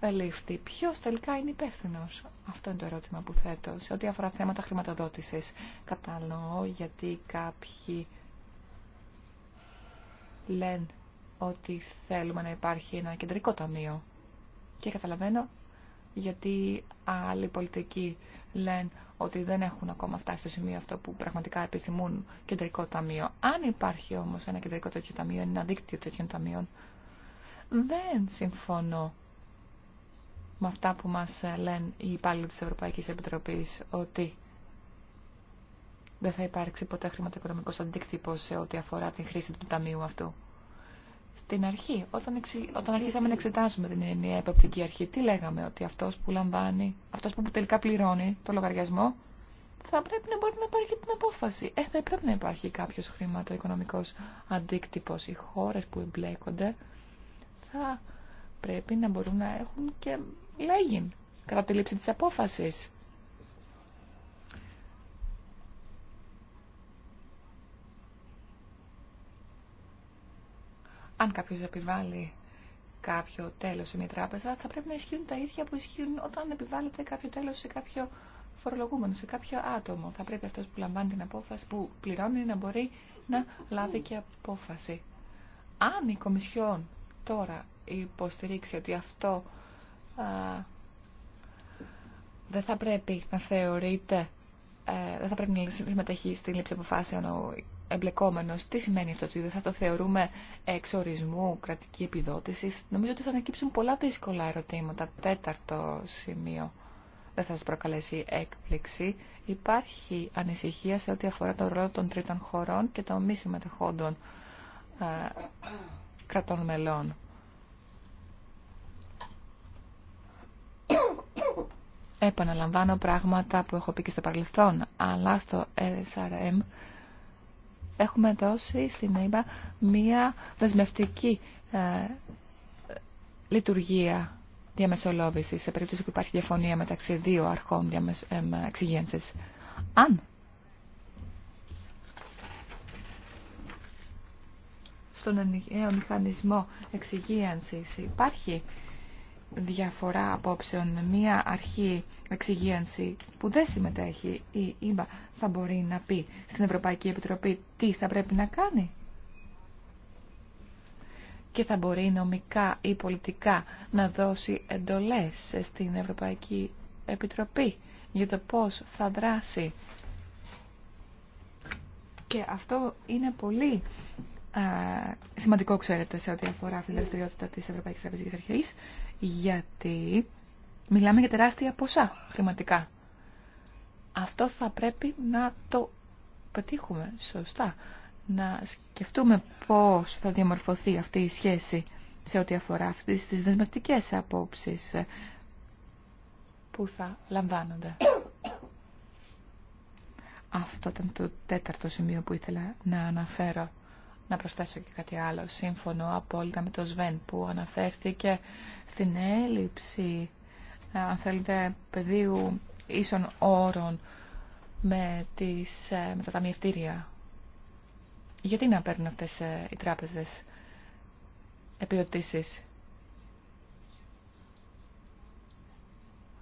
ελήφθη. Ποιο τελικά είναι υπεύθυνο, αυτό είναι το ερώτημα που θέτω, σε ό,τι αφορά θέματα χρηματοδότηση. Κατανοώ γιατί κάποιοι λένε ότι θέλουμε να υπάρχει ένα κεντρικό ταμείο. Και καταλαβαίνω γιατί άλλοι πολιτικοί λένε ότι δεν έχουν ακόμα φτάσει στο σημείο αυτό που πραγματικά επιθυμούν κεντρικό ταμείο. Αν υπάρχει όμως ένα κεντρικό τέτοιο ταμείο, ένα δίκτυο τέτοιων ταμείων, δεν συμφωνώ με αυτά που μας λένε οι υπάλληλοι τη Ευρωπαϊκή Επιτροπή ότι δεν θα υπάρξει ποτέ χρηματοοικονομικός αντίκτυπος σε ό,τι αφορά την χρήση του ταμείου αυτού. Στην αρχή, όταν, όταν αρχίσαμε να εξετάσουμε την ενιαία επαπτική αρχή, τι λέγαμε, ότι αυτός που λαμβάνει, αυτός που τελικά πληρώνει το λογαριασμό, θα πρέπει να μπορεί να πάρει και την απόφαση. Ε, θα πρέπει να υπάρχει κάποιος χρηματοοικονομικός αντίκτυπος. Οι χώρε που εμπλέκονται θα πρέπει να μπορούν να έχουν και λέγει κατά τη λήψη της απόφασης. αν κάποιο επιβάλλει κάποιο τέλος σε μια τράπεζα, θα πρέπει να ισχύουν τα ίδια που ισχύουν όταν επιβάλλεται κάποιο τέλος σε κάποιο φορολογούμενο, σε κάποιο άτομο. Θα πρέπει αυτός που λαμβάνει την απόφαση, που πληρώνει, να μπορεί να λάβει και απόφαση. Αν η Κομισιόν τώρα υποστηρίξει ότι αυτό α, δεν θα πρέπει να θεωρείται, ε, δεν θα πρέπει να συμμετέχει στη λήψη αποφάσεων ο εμπλεκόμενος. Τι σημαίνει αυτό, ότι δεν θα το θεωρούμε εξορισμού κρατική επιδότηση. Νομίζω ότι θα ανακύψουν πολλά δύσκολα ερωτήματα. Τέταρτο σημείο. Δεν θα σας προκαλέσει έκπληξη. Υπάρχει ανησυχία σε ό,τι αφορά τον ρόλο των τρίτων χωρών και των μη συμμετεχόντων ε, κρατών μελών. Επαναλαμβάνω πράγματα που έχω πει και στο παρελθόν, αλλά στο SRM έχουμε δώσει στην ΕΙΜΑ μία δεσμευτική ε, λειτουργία διαμεσολόβηση σε περίπτωση που υπάρχει διαφωνία μεταξύ δύο αρχών διαμεσ... Ε, Αν στον ενιαίο μηχανισμό υπάρχει διαφορά απόψεων με μία αρχή εξυγίανση που δεν συμμετέχει η ΕΜΠΑ θα μπορεί να πει στην Ευρωπαϊκή Επιτροπή τι θα πρέπει να κάνει και θα μπορεί νομικά ή πολιτικά να δώσει εντολές στην Ευρωπαϊκή Επιτροπή για το πώς θα δράσει. Και αυτό είναι πολύ σημαντικό, ξέρετε, σε ό,τι αφορά τη δραστηριότητα της Ευρωπαϊκή Τραπεζική Αρχή, γιατί μιλάμε για τεράστια ποσά χρηματικά. Αυτό θα πρέπει να το πετύχουμε σωστά. Να σκεφτούμε πώς θα διαμορφωθεί αυτή η σχέση σε ό,τι αφορά αυτές τις δεσμευτικές απόψεις που θα λαμβάνονται. Αυτό ήταν το τέταρτο σημείο που ήθελα να αναφέρω. Να προσθέσω και κάτι άλλο. Σύμφωνο απόλυτα με το Σβέν που αναφέρθηκε στην έλλειψη, ε, αν θέλετε, πεδίου ίσων όρων με, τις, ε, με τα ταμιευτήρια. Γιατί να παίρνουν αυτές ε, οι τράπεζες επιδοτήσεις.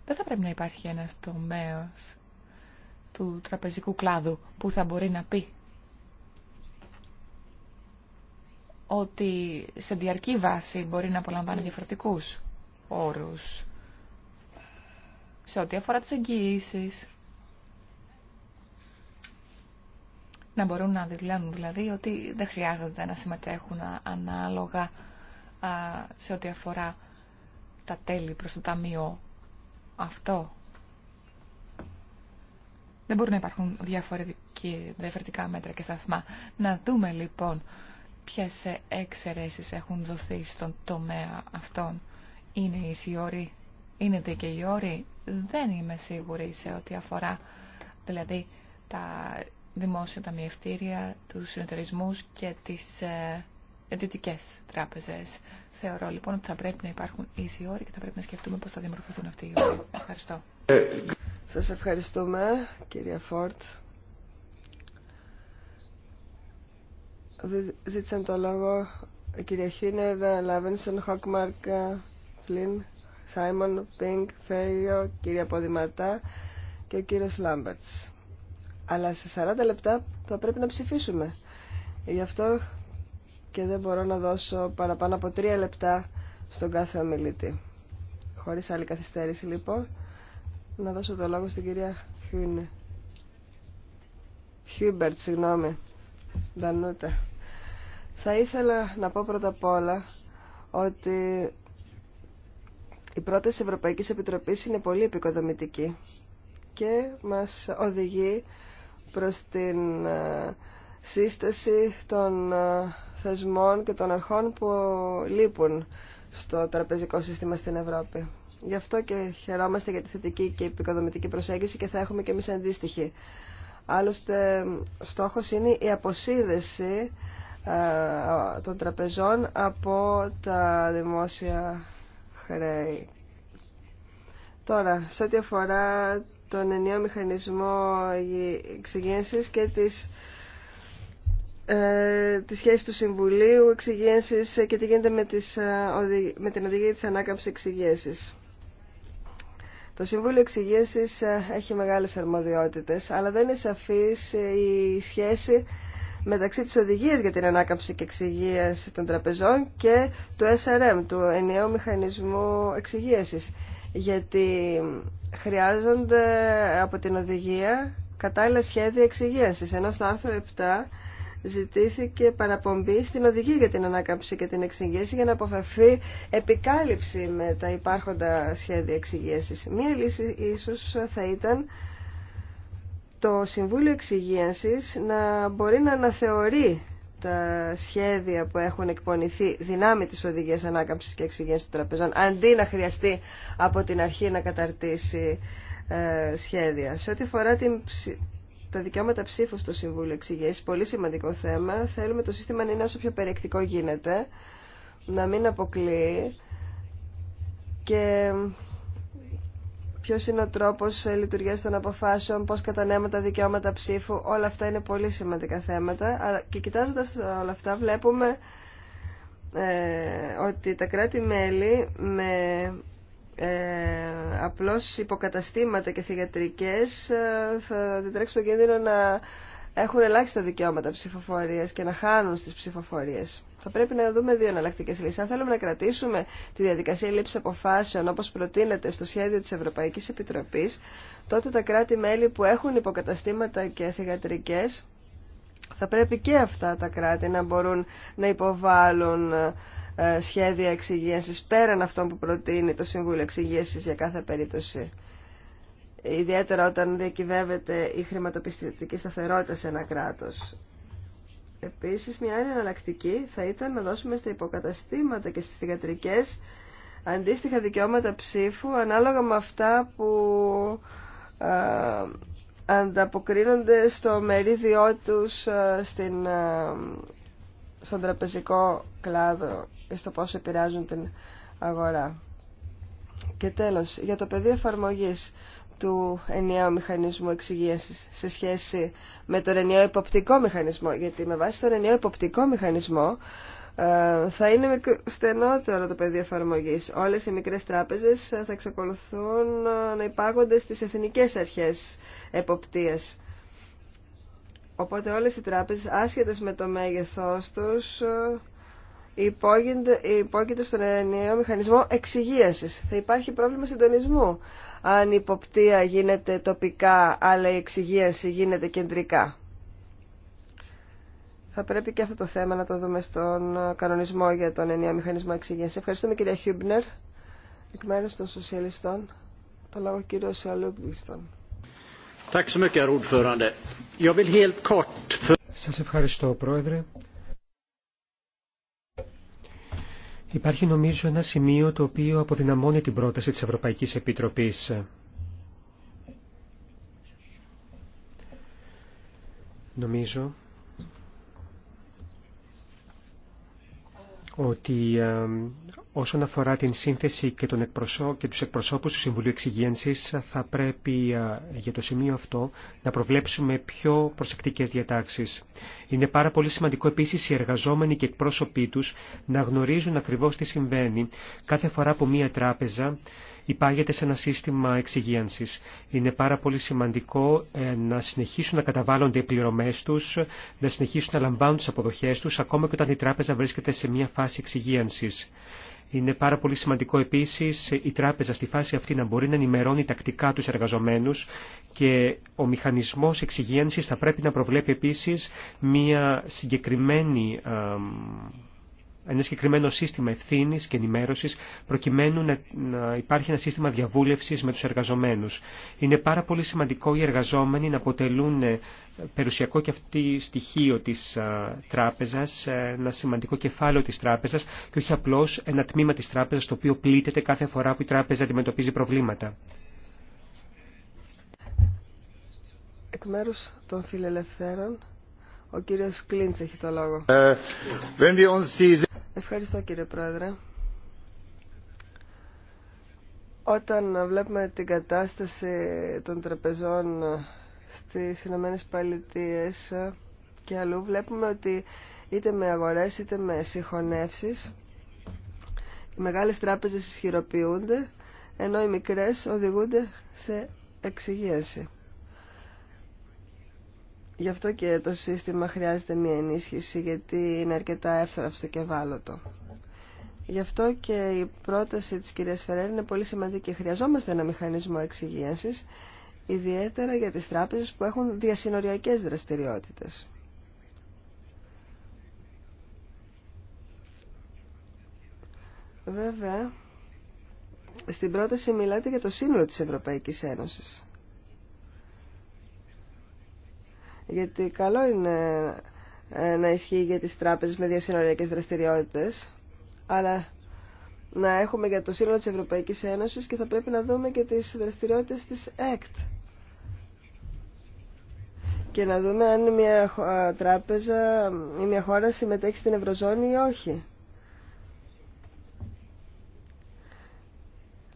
Δεν θα πρέπει να υπάρχει ένας τομέας του τραπεζικού κλάδου που θα μπορεί να πει ότι σε διαρκή βάση μπορεί να απολαμβάνει διαφορετικούς όρους σε ό,τι αφορά τις εγγυήσει. Να μπορούν να δηλώνουν δηλαδή ότι δεν χρειάζονται να συμμετέχουν ανάλογα σε ό,τι αφορά τα τέλη προς το ταμείο αυτό. Δεν μπορούν να υπάρχουν διαφορετικά μέτρα και σταθμά. Να δούμε λοιπόν ποιες εξαιρέσεις έχουν δοθεί στον τομέα αυτών. Είναι ίσοι όροι, είναι δίκαιοι όροι. Δεν είμαι σίγουρη σε ό,τι αφορά δηλαδή τα δημόσια ταμιευτήρια, τους συνεταιρισμούς και τις ε, τράπεζε. τράπεζες. Θεωρώ λοιπόν ότι θα πρέπει να υπάρχουν ίσοι όροι και θα πρέπει να σκεφτούμε πώς θα δημορφωθούν αυτοί οι όροι. Ευχαριστώ. Σας ευχαριστούμε κυρία Φόρτ. Ζήτησαν το λόγο η κυρία Χίνερ, Λάβενσον, Χόκμαρκ, Φλίν, Σάιμον, Πινκ, Φέιο, κυρία Ποδηματά και ο κύριος Λάμπερτς. Αλλά σε 40 λεπτά θα πρέπει να ψηφίσουμε. Γι' αυτό και δεν μπορώ να δώσω παραπάνω από 3 λεπτά στον κάθε ομιλητή. Χωρίς άλλη καθυστέρηση λοιπόν, να δώσω το λόγο στην κυρία Χιούνε. Χιούμπερτ, συγγνώμη. Ντανούτα. Θα ήθελα να πω πρώτα απ' όλα ότι η πρόταση ευρωπαϊκή Επιτροπής είναι πολύ επικοδομητική και μας οδηγεί προς την ε, σύσταση των ε, θεσμών και των αρχών που λείπουν στο τραπεζικό σύστημα στην Ευρώπη. Γι' αυτό και χαιρόμαστε για τη θετική και επικοδομητική προσέγγιση και θα έχουμε και εμείς αντίστοιχη Άλλωστε, στόχος είναι η αποσύνδεση ε, των τραπεζών από τα δημόσια χρέη. Τώρα, σε ό,τι αφορά τον ενιαίο μηχανισμό εξυγένσης και τις ε, τη σχέση του Συμβουλίου εξυγένσης και τι γίνεται με, τις, ε, με την οδηγία της ανάκαμψης εξυγένσης. Το Συμβούλιο Εξηγήσει ε, έχει μεγάλες αρμοδιότητες, αλλά δεν είναι σαφή η σχέση μεταξύ τη οδηγίας για την ανάκαμψη και εξυγίαση των τραπεζών και του SRM, του ενιαίου μηχανισμού εξυγίασης. Γιατί χρειάζονται από την οδηγία κατάλληλα σχέδια εξυγίασης, ενώ στο άρθρο 7 ζητήθηκε παραπομπή στην οδηγή για την ανάκαμψη και την εξυγίαση για να αποφευθεί επικάλυψη με τα υπάρχοντα σχέδια εξυγίασης. Μία λύση ίσως θα ήταν το Συμβούλιο Εξυγίασης να μπορεί να αναθεωρεί τα σχέδια που έχουν εκπονηθεί δυνάμει της οδηγίας ανάκαμψης και εξυγίασης των τραπεζών αντί να χρειαστεί από την αρχή να καταρτήσει ε, σχέδια. Σε ό,τι αφορά την τα δικαιώματα ψήφου στο Συμβούλιο εξηγήσει, πολύ σημαντικό θέμα, θέλουμε το σύστημα να είναι όσο πιο περιεκτικό γίνεται, να μην αποκλείει και ποιος είναι ο τρόπος λειτουργίας των αποφάσεων, πώς κατανέμε τα δικαιώματα ψήφου, όλα αυτά είναι πολύ σημαντικά θέματα. Και κοιτάζοντα όλα αυτά βλέπουμε ε, ότι τα κράτη-μέλη με ε, απλώς υποκαταστήματα και θηγατρικές ε, θα διτρέξουν τον κίνδυνο να έχουν ελάχιστα δικαιώματα ψηφοφορίας και να χάνουν στις ψηφοφορίες. Θα πρέπει να δούμε δύο εναλλακτικέ λύσεις. Αν θέλουμε να κρατήσουμε τη διαδικασία λήψη αποφάσεων όπως προτείνεται στο σχέδιο της Ευρωπαϊκής Επιτροπής, τότε τα κράτη-μέλη που έχουν υποκαταστήματα και θηγατρικέ θα πρέπει και αυτά τα κράτη να μπορούν να υποβάλουν ε, ε, σχέδια εξυγίασης πέραν αυτών που προτείνει το Συμβούλιο Εξυγίασης για κάθε περίπτωση. Ιδιαίτερα όταν διακυβεύεται η χρηματοπιστωτική σταθερότητα σε ένα κράτος. Επίσης, μια άλλη εναλλακτική θα ήταν να δώσουμε στα υποκαταστήματα και στις θηγατρικές αντίστοιχα δικαιώματα ψήφου ανάλογα με αυτά που ε, ανταποκρίνονται στο μερίδιό τους ε, στην στον τραπεζικό κλάδο και στο πώς επηρεάζουν την αγορά. Και τέλος, για το πεδίο εφαρμογή του ενιαίου μηχανισμού εξυγίασης σε σχέση με τον ενιαίο υποπτικό μηχανισμό, γιατί με βάση τον ενιαίο υποπτικό μηχανισμό ε, θα είναι στενότερο το πεδίο εφαρμογή. Όλες οι μικρές τράπεζες θα εξακολουθούν να υπάγονται στις εθνικές αρχές εποπτείας. Οπότε όλες οι τράπεζες, άσχετες με το μέγεθός τους, ε, υπόκειται, στον ενιαίο μηχανισμό εξυγίασης. Θα υπάρχει πρόβλημα συντονισμού, αν η υποπτία γίνεται τοπικά, αλλά η εξυγίαση γίνεται κεντρικά. Θα πρέπει και αυτό το θέμα να το δούμε στον κανονισμό για τον ενιαίο μηχανισμό εξυγίασης. Ευχαριστούμε κυρία Χιούμπνερ, εκ μέρους των Σοσιαλιστών, το λόγο κύριο Σιαλούμπιστον. Σας ευχαριστώ Πρόεδρε. Υπάρχει νομίζω ένα σημείο το οποίο αποδυναμώνει την πρόταση της Ευρωπαϊκής Επιτροπής. Νομίζω ότι ε, όσον αφορά την σύνθεση και, τον εκπροσώ, και τους εκπροσώπους του Συμβουλίου Εξυγένσης θα πρέπει ε, για το σημείο αυτό να προβλέψουμε πιο προσεκτικές διατάξεις. Είναι πάρα πολύ σημαντικό επίσης οι εργαζόμενοι και εκπρόσωποι τους να γνωρίζουν ακριβώς τι συμβαίνει κάθε φορά που μία τράπεζα υπάγεται σε ένα σύστημα εξυγίανσης. Είναι πάρα πολύ σημαντικό ε, να συνεχίσουν να καταβάλλονται οι πληρωμές τους, να συνεχίσουν να λαμβάνουν τις αποδοχές τους, ακόμα και όταν η τράπεζα βρίσκεται σε μια φάση εξυγίανσης. Είναι πάρα πολύ σημαντικό επίσης ε, η τράπεζα στη φάση αυτή να μπορεί να ενημερώνει τακτικά τους εργαζομένους και ο μηχανισμός εξυγένσης θα πρέπει να προβλέπει επίσης μια συγκεκριμένη ε, ένα συγκεκριμένο σύστημα ευθύνη και ενημέρωση, προκειμένου να, υπάρχει ένα σύστημα διαβούλευση με του εργαζομένου. Είναι πάρα πολύ σημαντικό οι εργαζόμενοι να αποτελούν ε, περιουσιακό και αυτή στοιχείο τη τράπεζα, ε, ένα σημαντικό κεφάλαιο τη τράπεζα και όχι απλώ ένα τμήμα τη τράπεζα το οποίο πλήττεται κάθε φορά που η τράπεζα αντιμετωπίζει προβλήματα. Εκ μέρους των φιλελευθέρων ο κύριος Κλίντς έχει το λόγο. Ε, Ευχαριστώ κύριε Πρόεδρε. Όταν βλέπουμε την κατάσταση των τραπεζών στις Ηνωμένες Πολιτείε, και αλλού βλέπουμε ότι είτε με αγορές είτε με συγχωνεύσεις οι μεγάλες τράπεζες ισχυροποιούνται ενώ οι μικρές οδηγούνται σε εξυγίαση. Γι' αυτό και το σύστημα χρειάζεται μία ενίσχυση γιατί είναι αρκετά εύθραυστο και ευάλωτο. Γι' αυτό και η πρόταση της κυρίας Φερέρ είναι πολύ σημαντική. Χρειαζόμαστε ένα μηχανισμό εξυγίανσης, ιδιαίτερα για τις τράπεζες που έχουν διασυνοριακές δραστηριότητες. Βέβαια, στην πρόταση μιλάτε για το σύνολο της Ευρωπαϊκής Ένωσης. γιατί καλό είναι ε, να ισχύει για τις τράπεζες με διασυνοριακές δραστηριότητες, αλλά να έχουμε για το σύνολο της Ευρωπαϊκής Ένωσης και θα πρέπει να δούμε και τις δραστηριότητες της ΕΚΤ. Και να δούμε αν μια τράπεζα ή μια χώρα συμμετέχει στην Ευρωζώνη ή όχι.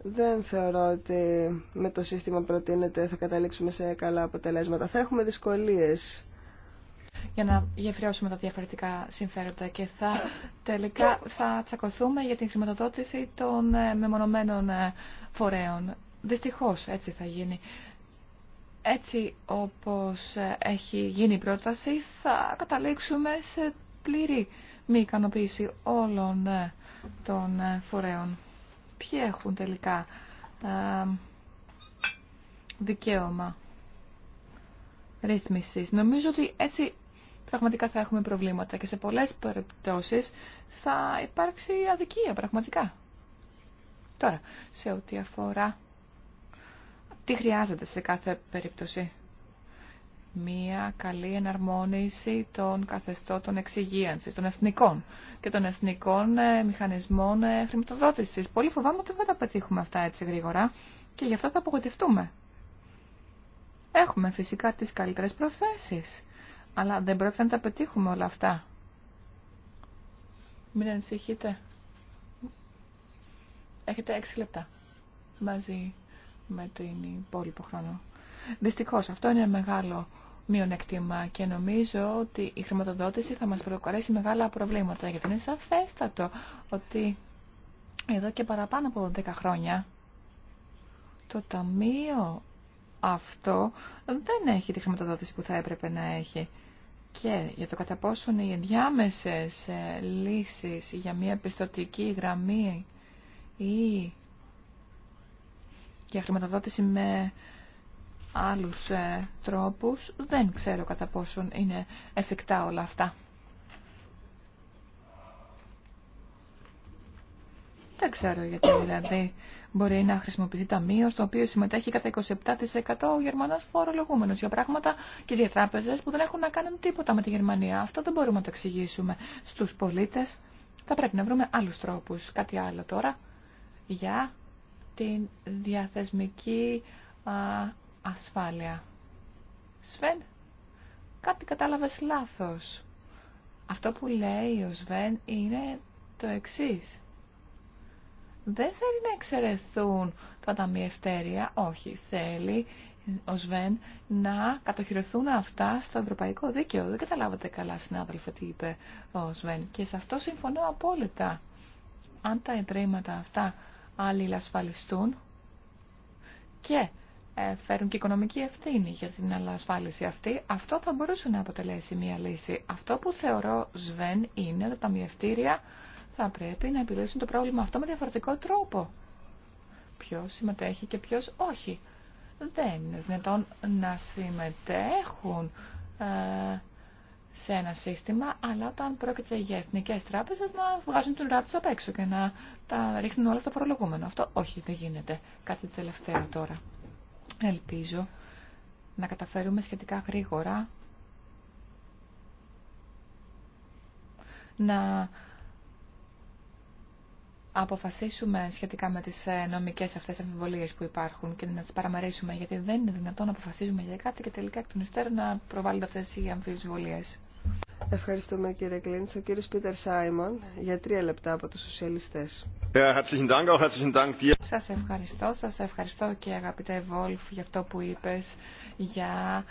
Δεν θεωρώ ότι με το σύστημα προτείνεται θα καταλήξουμε σε καλά αποτελέσματα. Θα έχουμε δυσκολίες για να γεφυρώσουμε τα διαφορετικά συμφέροντα και θα τελικά θα τσακωθούμε για την χρηματοδότηση των ε, μεμονωμένων ε, φορέων. Δυστυχώς έτσι θα γίνει. Έτσι όπως ε, έχει γίνει η πρόταση θα καταλήξουμε σε πλήρη μη ικανοποίηση όλων των φορέων ποιοι έχουν τελικά ε, δικαίωμα ρύθμισης. Νομίζω ότι έτσι πραγματικά θα έχουμε προβλήματα και σε πολλές περιπτώσεις θα υπάρξει αδικία πραγματικά. Τώρα, σε ό,τι αφορά τι χρειάζεται σε κάθε περίπτωση μία καλή εναρμόνιση των καθεστώτων εξυγίανσης, των εθνικών και των εθνικών ε, μηχανισμών ε, χρηματοδότησης. Πολύ φοβάμαι ότι δεν θα πετύχουμε αυτά έτσι γρήγορα και γι' αυτό θα απογοητευτούμε. Έχουμε φυσικά τις καλύτερες προθέσεις, αλλά δεν πρόκειται να τα πετύχουμε όλα αυτά. Μην ανησυχείτε. Έχετε έξι λεπτά μαζί με την υπόλοιπο χρόνο. Δυστυχώς αυτό είναι μεγάλο μειονέκτημα και νομίζω ότι η χρηματοδότηση θα μας προκαλέσει μεγάλα προβλήματα γιατί είναι σαφέστατο ότι εδώ και παραπάνω από 10 χρόνια το ταμείο αυτό δεν έχει τη χρηματοδότηση που θα έπρεπε να έχει και για το κατά πόσον οι ενδιάμεσες ε, λύσεις για μια πιστοτική γραμμή ή για χρηματοδότηση με άλλους ε, τρόπους. Δεν ξέρω κατά πόσον είναι εφικτά όλα αυτά. Δεν ξέρω γιατί δηλαδή μπορεί να χρησιμοποιηθεί ταμείο στο οποίο συμμετέχει κατά 27% ο Γερμανός φορολογούμενος για πράγματα και για που δεν έχουν να κάνουν τίποτα με τη Γερμανία. Αυτό δεν μπορούμε να το εξηγήσουμε στους πολίτες. Θα πρέπει να βρούμε άλλους τρόπους. Κάτι άλλο τώρα για την διαθεσμική ασφάλεια. Σβέν, κάτι κατάλαβες λάθος. Αυτό που λέει ο Σβέν είναι το εξής. Δεν θέλει να εξαιρεθούν τα ταμιευτέρια, όχι. Θέλει ο Σβέν να κατοχυρωθούν αυτά στο ευρωπαϊκό δίκαιο. Δεν καταλάβατε καλά, συνάδελφε, τι είπε ο Σβέν. Και σε αυτό συμφωνώ απόλυτα. Αν τα εντρήματα αυτά αλληλασφαλιστούν και ε, φέρουν και οικονομική ευθύνη για την ασφάλιση αυτή, αυτό θα μπορούσε να αποτελέσει μία λύση. Αυτό που θεωρώ, Σβέν, είναι ότι τα ταμιευτήρια θα πρέπει να επιλύσουν το πρόβλημα αυτό με διαφορετικό τρόπο. Ποιο συμμετέχει και ποιο όχι. Δεν είναι δυνατόν να συμμετέχουν ε, σε ένα σύστημα, αλλά όταν πρόκειται για εθνικέ τράπεζε να βγάζουν τον του απ' έξω και να τα ρίχνουν όλα στο φορολογούμενο. Αυτό όχι, δεν γίνεται. Κάτι τελευταίο τώρα. Ελπίζω να καταφέρουμε σχετικά γρήγορα να αποφασίσουμε σχετικά με τις ε, νομικές αυτές αμφιβολίες που υπάρχουν και να τις παραμερίσουμε γιατί δεν είναι δυνατόν να αποφασίζουμε για κάτι και τελικά εκ των υστέρων να προβάλλονται αυτές οι αμφιβολίες. Ευχαριστούμε κύριε Κλίντς. Ο κύριος Πίτερ Σάιμον για τρία λεπτά από τους σοσιαλιστές. Σας ευχαριστώ. Σας ευχαριστώ και αγαπητέ Βόλφ για αυτό που είπες για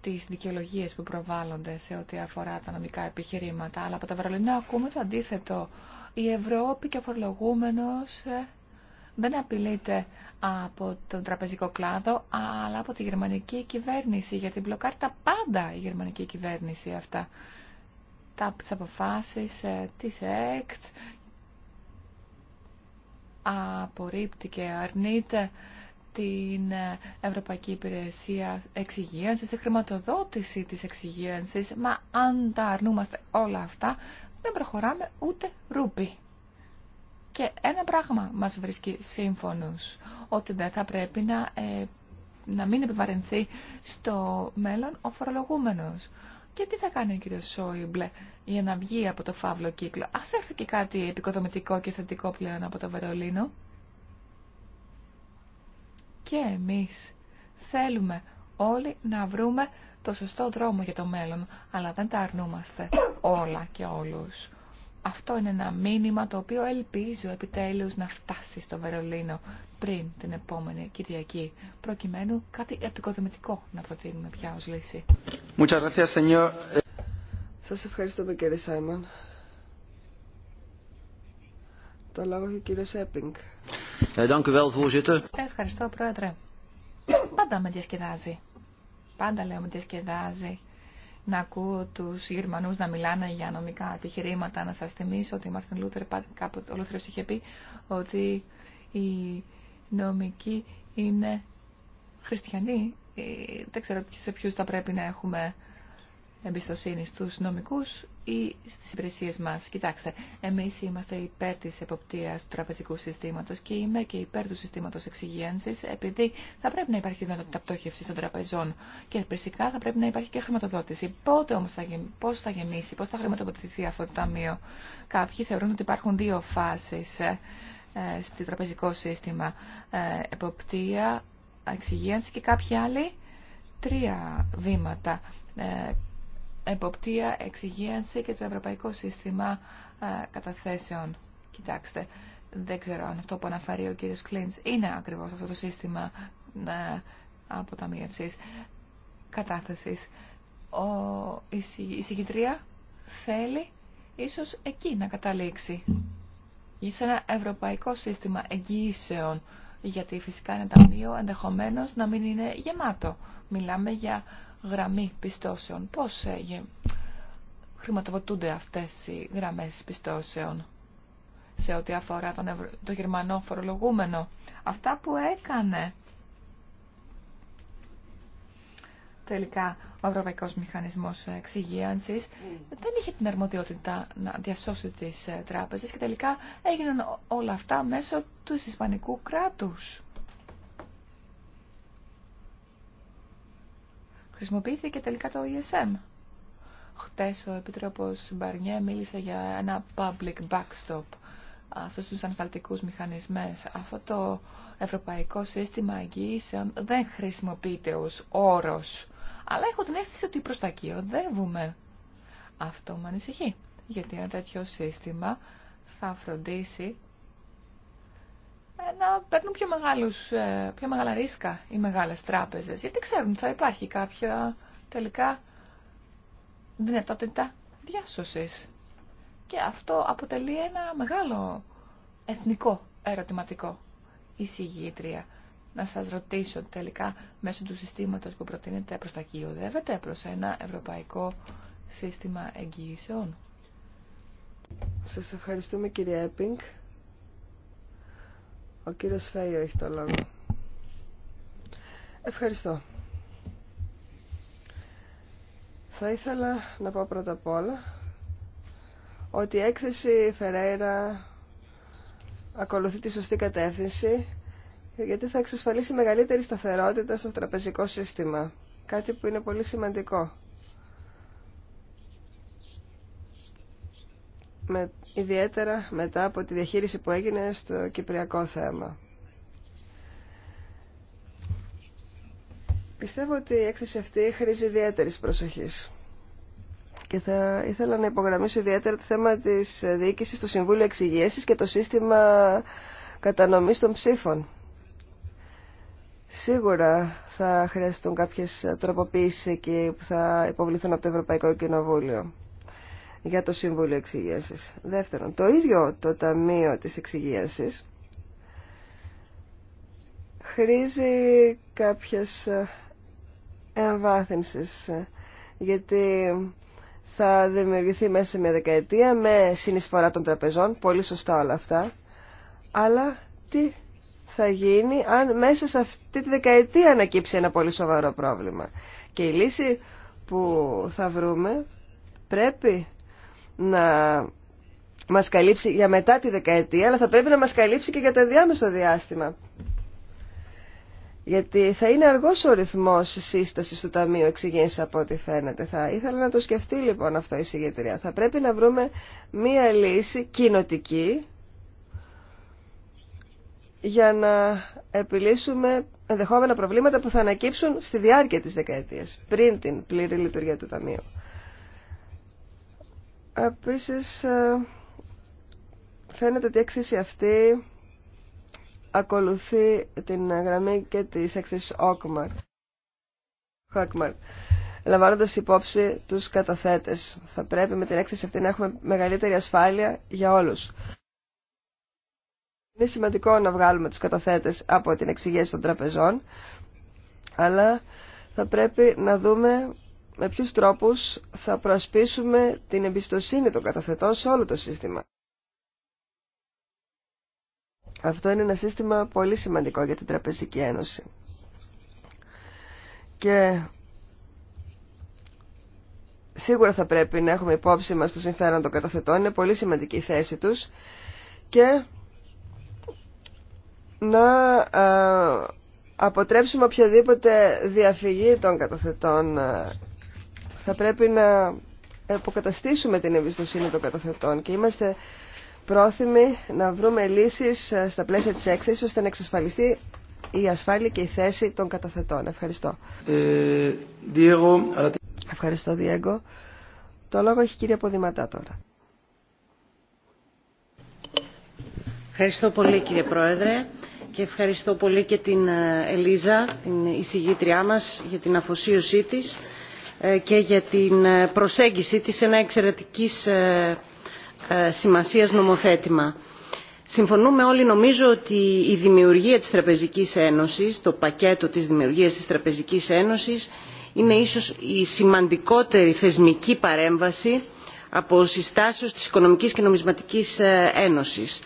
τις δικαιολογίε που προβάλλονται σε ό,τι αφορά τα νομικά επιχειρήματα. Αλλά από τα Βερολίνα ακούμε το αντίθετο. Η Ευρώπη και ο φορολογούμενος ε, δεν απειλείται από τον τραπεζικό κλάδο, αλλά από τη γερμανική κυβέρνηση, γιατί μπλοκάρει τα πάντα η γερμανική κυβέρνηση αυτά. Τα αποφάσεις ε, της ΕΚΤ απορρίπτει και αρνείται την Ευρωπαϊκή Υπηρεσία Εξυγίανσης, τη χρηματοδότηση της εξυγίανσης, μα αν τα αρνούμαστε όλα αυτά, δεν προχωράμε ούτε ρούπι. Και ένα πράγμα μας βρίσκει σύμφωνος, ότι δεν θα πρέπει να, ε, να μην επιβαρυνθεί στο μέλλον ο φορολογούμενος. Και τι θα κάνει ο κύριο Σόιμπλε για να βγει από το φαύλο κύκλο. Ας έρθει και κάτι επικοδομητικό και θετικό πλέον από το Βερολίνο. Και εμείς θέλουμε όλοι να βρούμε το σωστό δρόμο για το μέλλον, αλλά δεν τα αρνούμαστε όλα και όλους. Αυτό είναι ένα μήνυμα το οποίο ελπίζω επιτέλους να φτάσει στο Βερολίνο πριν την επόμενη Κυριακή, προκειμένου κάτι επικοδομητικό να προτείνουμε πια ως λύση. Σας ευχαριστούμε κύριε Σάιμον. Το λόγο έχει ο κύριος Έπινγκ. Ε, Ευχαριστώ πρόεδρε. Πάντα με διασκεδάζει. Πάντα λέω με διασκεδάζει να ακούω τους Γερμανούς να μιλάνε για νομικά επιχειρήματα. Να σας θυμίσω ότι ο Μάρτιν Λούθερ κάποτε είχε πει ότι οι νομικοί είναι χριστιανοί. Ε, δεν ξέρω σε ποιους θα πρέπει να έχουμε εμπιστοσύνη στους νομικούς ή στις υπηρεσίες μας. Κοιτάξτε, εμείς είμαστε υπέρ της εποπτείας του τραπεζικού συστήματος και είμαι και υπέρ του συστήματος εξυγίανσης επειδή θα πρέπει να υπάρχει δυνατότητα πτώχευσης των τραπεζών και φυσικά θα πρέπει να υπάρχει και χρηματοδότηση. Πότε όμως θα, γεμ... πώς θα γεμίσει, πώς θα χρηματοδοτηθεί αυτό το ταμείο. Κάποιοι θεωρούν ότι υπάρχουν δύο φάσεις ε, ε, στο τραπεζικό σύστημα. Ε, εποπτεία, εξυγίανση και κάποιοι άλλοι τρία βήματα ε, εποπτεία, εξυγίανση και το ευρωπαϊκό σύστημα ε, καταθέσεων. Κοιτάξτε, δεν ξέρω αν αυτό που αναφέρει ο κύριος Κλίντς είναι ακριβώς αυτό το σύστημα ε, αποταμίευσης κατάθεσης. Ο, η συγκεντρία θέλει ίσως εκεί να καταλήξει σε ένα ευρωπαϊκό σύστημα εγγυήσεων γιατί φυσικά ένα ταμείο ενδεχομένως να μην είναι γεμάτο. Μιλάμε για γραμμή πιστώσεων. Πώς ε, χρηματοδοτούνται αυτές οι γραμμές πιστώσεων σε ό,τι αφορά τον Ευρω... το γερμανό φορολογούμενο. Αυτά που έκανε τελικά ο Ευρωπαϊκός Μηχανισμός Εξυγίανσης δεν είχε την αρμοδιότητα να διασώσει τις ε, τράπεζες και τελικά έγιναν όλα αυτά μέσω του Ισπανικού κράτους. χρησιμοποιήθηκε τελικά το ESM. Χτες ο Επιτρόπος Μπαρνιέ μίλησε για ένα public backstop, αυτούς τους ανθαλτικούς μηχανισμές. Αυτό το ευρωπαϊκό σύστημα εγγύησεων δεν χρησιμοποιείται ως όρος, αλλά έχω την αίσθηση ότι προς τα εκεί οδεύουμε. Αυτό με ανησυχεί, γιατί ένα τέτοιο σύστημα θα φροντίσει ε, να παίρνουν πιο, μεγάλους, ε, πιο μεγάλα ρίσκα οι μεγάλες τράπεζες, γιατί ξέρουν ότι θα υπάρχει κάποια τελικά δυνατότητα διάσωσης. Και αυτό αποτελεί ένα μεγάλο εθνικό ερωτηματικό εισηγήτρια. Να σας ρωτήσω τελικά μέσω του συστήματος που προτείνετε προς τα εκεί προς ένα ευρωπαϊκό σύστημα εγγυήσεων. Σας ευχαριστούμε κύριε Έπινγκ. Ο κύριος Φέιο έχει το λόγο. Ευχαριστώ. Θα ήθελα να πω πρώτα απ' όλα ότι η έκθεση Φεραίρα ακολουθεί τη σωστή κατεύθυνση γιατί θα εξασφαλίσει μεγαλύτερη σταθερότητα στο τραπεζικό σύστημα. Κάτι που είναι πολύ σημαντικό. με, ιδιαίτερα μετά από τη διαχείριση που έγινε στο κυπριακό θέμα. Πιστεύω ότι η έκθεση αυτή χρήζει ιδιαίτερη προσοχή. Και θα ήθελα να υπογραμμίσω ιδιαίτερα το θέμα τη διοίκηση του Συμβούλου Εξηγήσει και το σύστημα κατανομής των ψήφων. Σίγουρα θα χρειαστούν κάποιε τροποποίησεις εκεί που θα υποβληθούν από το Ευρωπαϊκό Κοινοβούλιο για το Σύμβουλο Εξυγίασης. Δεύτερον, το ίδιο το Ταμείο της Εξυγίασης χρήζει κάποιες ε, εμβάθυνσης ε, γιατί θα δημιουργηθεί μέσα σε μια δεκαετία με συνεισφορά των τραπεζών, πολύ σωστά όλα αυτά αλλά τι θα γίνει αν μέσα σε αυτή τη δεκαετία ανακύψει ένα πολύ σοβαρό πρόβλημα και η λύση που θα βρούμε πρέπει να μας καλύψει για μετά τη δεκαετία, αλλά θα πρέπει να μας καλύψει και για το διάμεσο διάστημα. Γιατί θα είναι αργός ο ρυθμός σύστασης του Ταμείου εξηγήνσης από ό,τι φαίνεται. Θα ήθελα να το σκεφτεί λοιπόν αυτό η συγγετρία. Θα πρέπει να βρούμε μία λύση κοινοτική για να επιλύσουμε ενδεχόμενα προβλήματα που θα ανακύψουν στη διάρκεια της δεκαετίας, πριν την πλήρη λειτουργία του Ταμείου. Επίσης, ε, φαίνεται ότι η έκθεση αυτή ακολουθεί την γραμμή και τη έκθεσης Όκμαρ. Χόκμαρ. Λαμβάνοντας υπόψη τους καταθέτες. Θα πρέπει με την έκθεση αυτή να έχουμε μεγαλύτερη ασφάλεια για όλους. Είναι σημαντικό να βγάλουμε τους καταθέτες από την εξηγήση των τραπεζών, αλλά θα πρέπει να δούμε με ποιους τρόπους θα προασπίσουμε την εμπιστοσύνη των καταθετών σε όλο το σύστημα. Αυτό είναι ένα σύστημα πολύ σημαντικό για την Τραπεζική Ένωση. Και σίγουρα θα πρέπει να έχουμε υπόψη μας το συμφέρον των καταθετών, είναι πολύ σημαντική η θέση τους και να ε, αποτρέψουμε οποιαδήποτε διαφυγή των καταθετών ε, θα πρέπει να αποκαταστήσουμε την εμπιστοσύνη των καταθετών και είμαστε πρόθυμοι να βρούμε λύσεις ε, στα πλαίσια της έκθεσης ώστε να εξασφαλιστεί η ασφάλεια και η θέση των καταθετών. Ευχαριστώ. Ε, Diego... Ευχαριστώ, Διέγκο. Το λόγο έχει η κυρία Ποδηματά τώρα. Ευχαριστώ πολύ κύριε Πρόεδρε και ευχαριστώ πολύ και την ε, Ελίζα, την εισηγήτριά μας, για την αφοσίωσή της ε, και για την ε, προσέγγιση της σε ένα εξαιρετικής ε, σημασίας νομοθέτημα. Συμφωνούμε όλοι νομίζω ότι η δημιουργία της Τραπεζικής Ένωσης, το πακέτο της δημιουργίας της Τραπεζικής Ένωσης είναι ίσως η σημαντικότερη θεσμική παρέμβαση από συστάσεως της Οικονομικής και Νομισματικής Ένωσης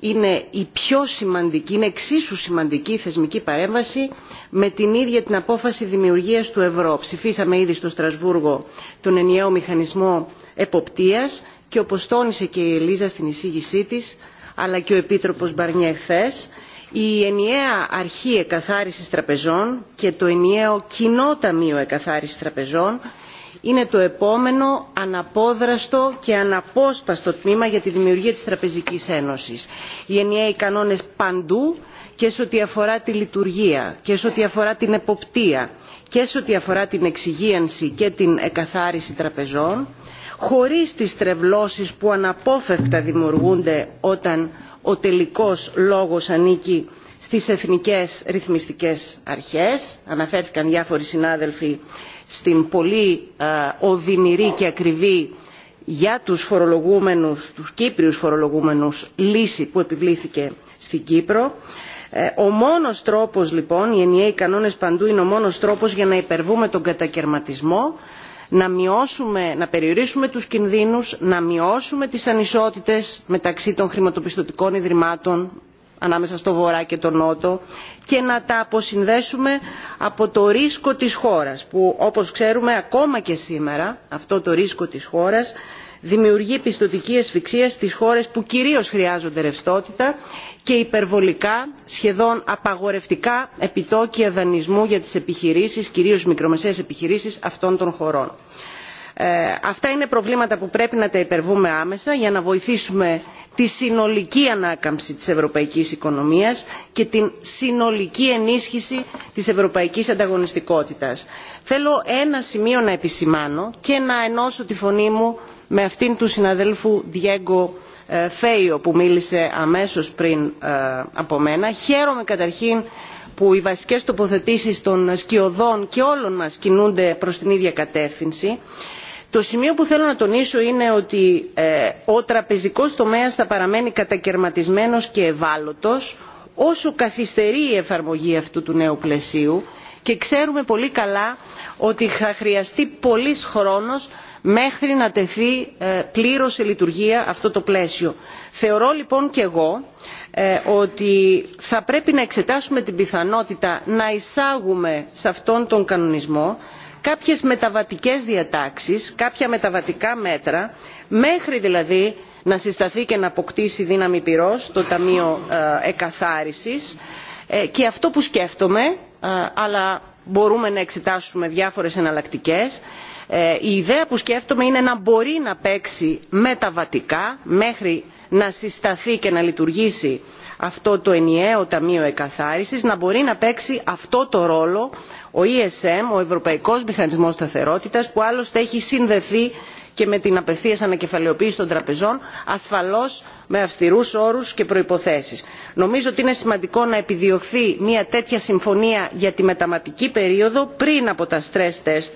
είναι η πιο σημαντική, είναι εξίσου σημαντική θεσμική παρέμβαση με την ίδια την απόφαση δημιουργίας του ευρώ. Ψηφίσαμε ήδη στο Στρασβούργο τον ενιαίο μηχανισμό εποπτείας και όπως τόνισε και η Ελίζα στην εισήγησή της, αλλά και ο Επίτροπος Μπαρνιέ χθε, η ενιαία αρχή εκαθάρισης τραπεζών και το ενιαίο κοινό ταμείο εκαθάρισης τραπεζών είναι το επόμενο αναπόδραστο και αναπόσπαστο τμήμα για τη δημιουργία της τραπεζικής ένωσης. οι ενιαίοι κανόνες παντού και σε ό,τι αφορά τη λειτουργία και σε ό,τι αφορά την εποπτεία και σε ό,τι αφορά την εξυγίανση και την εκαθάριση τραπεζών χωρίς τις τρευλώσεις που αναπόφευκτα δημιουργούνται όταν ο τελικός λόγος ανήκει στις εθνικές ρυθμιστικές αρχές αναφέρθηκαν διάφοροι συνάδελφοι στην πολύ ε, οδυνηρή και ακριβή για τους φορολογούμενους, τους Κύπριους φορολογούμενους, λύση που επιβλήθηκε στην Κύπρο. Ε, ο μόνος τρόπος λοιπόν, οι ενιαίοι κανόνες παντού είναι ο μόνος τρόπος για να υπερβούμε τον κατακαιρματισμό, να, μειώσουμε, να περιορίσουμε τους κινδύνους, να μειώσουμε τις ανισότητες μεταξύ των χρηματοπιστωτικών ιδρυμάτων, ανάμεσα στο βορρά και το νότο και να τα αποσυνδέσουμε από το ρίσκο της χώρας που όπως ξέρουμε ακόμα και σήμερα αυτό το ρίσκο της χώρας δημιουργεί πιστωτική ασφυξία στις χώρες που κυρίως χρειάζονται ρευστότητα και υπερβολικά σχεδόν απαγορευτικά επιτόκια δανεισμού για τις επιχειρήσεις κυρίως μικρομεσαίες επιχειρήσεις αυτών των χωρών. Ε, αυτά είναι προβλήματα που πρέπει να τα υπερβούμε άμεσα για να βοηθήσουμε τη συνολική ανάκαμψη της ευρωπαϊκής οικονομίας και την συνολική ενίσχυση της ευρωπαϊκής ανταγωνιστικότητας. θέλω ένα σημείο να επισημάνω και να ενώσω τη φωνή μου με αυτήν του συναδέλφου διέγκο ε, φέιο που μίλησε αμέσως πριν ε, από μένα. χαίρομαι καταρχήν που οι βασικές τοποθετήσεις των σκιωδών και όλων μας κινούνται προς την ίδια κατεύθυνση το σημείο που θέλω να τονίσω είναι ότι ε, ο τραπεζικός τομέας θα παραμένει κατακαιρματισμένος και ευάλωτος όσο καθυστερεί η εφαρμογή αυτού του νέου πλαισίου και ξέρουμε πολύ καλά ότι θα χρειαστεί πολύς χρόνος μέχρι να τεθεί ε, πλήρως σε λειτουργία αυτό το πλαίσιο. Θεωρώ λοιπόν και εγώ ε, ότι θα πρέπει να εξετάσουμε την πιθανότητα να εισάγουμε σε αυτόν τον κανονισμό κάποιες μεταβατικές διατάξεις κάποια μεταβατικά μέτρα μέχρι δηλαδή να συσταθεί και να αποκτήσει δύναμη πυρός το ταμείο ε, εκαθάρισης ε, και αυτό που σκέφτομαι ε, αλλά μπορούμε να εξετάσουμε διάφορες εναλλακτικές η ιδέα που σκέφτομαι είναι να μπορεί να παίξει μεταβατικά μέχρι να συσταθεί και να λειτουργήσει αυτό το ενιαίο ταμείο εκαθάρισης να μπορεί να παίξει αυτό το ρόλο ο esm ο ευρωπαϊκός μηχανισμός σταθερότητας που άλλωστε έχει συνδεθεί και με την απευθείας ανακεφαλαιοποίηση των τραπεζών ασφαλώς με αυστηρούς όρους και προϋποθέσεις. νομίζω ότι είναι σημαντικό να επιδιωχθεί μια τέτοια συμφωνία για τη μεταβατική περίοδο πριν από τα stress test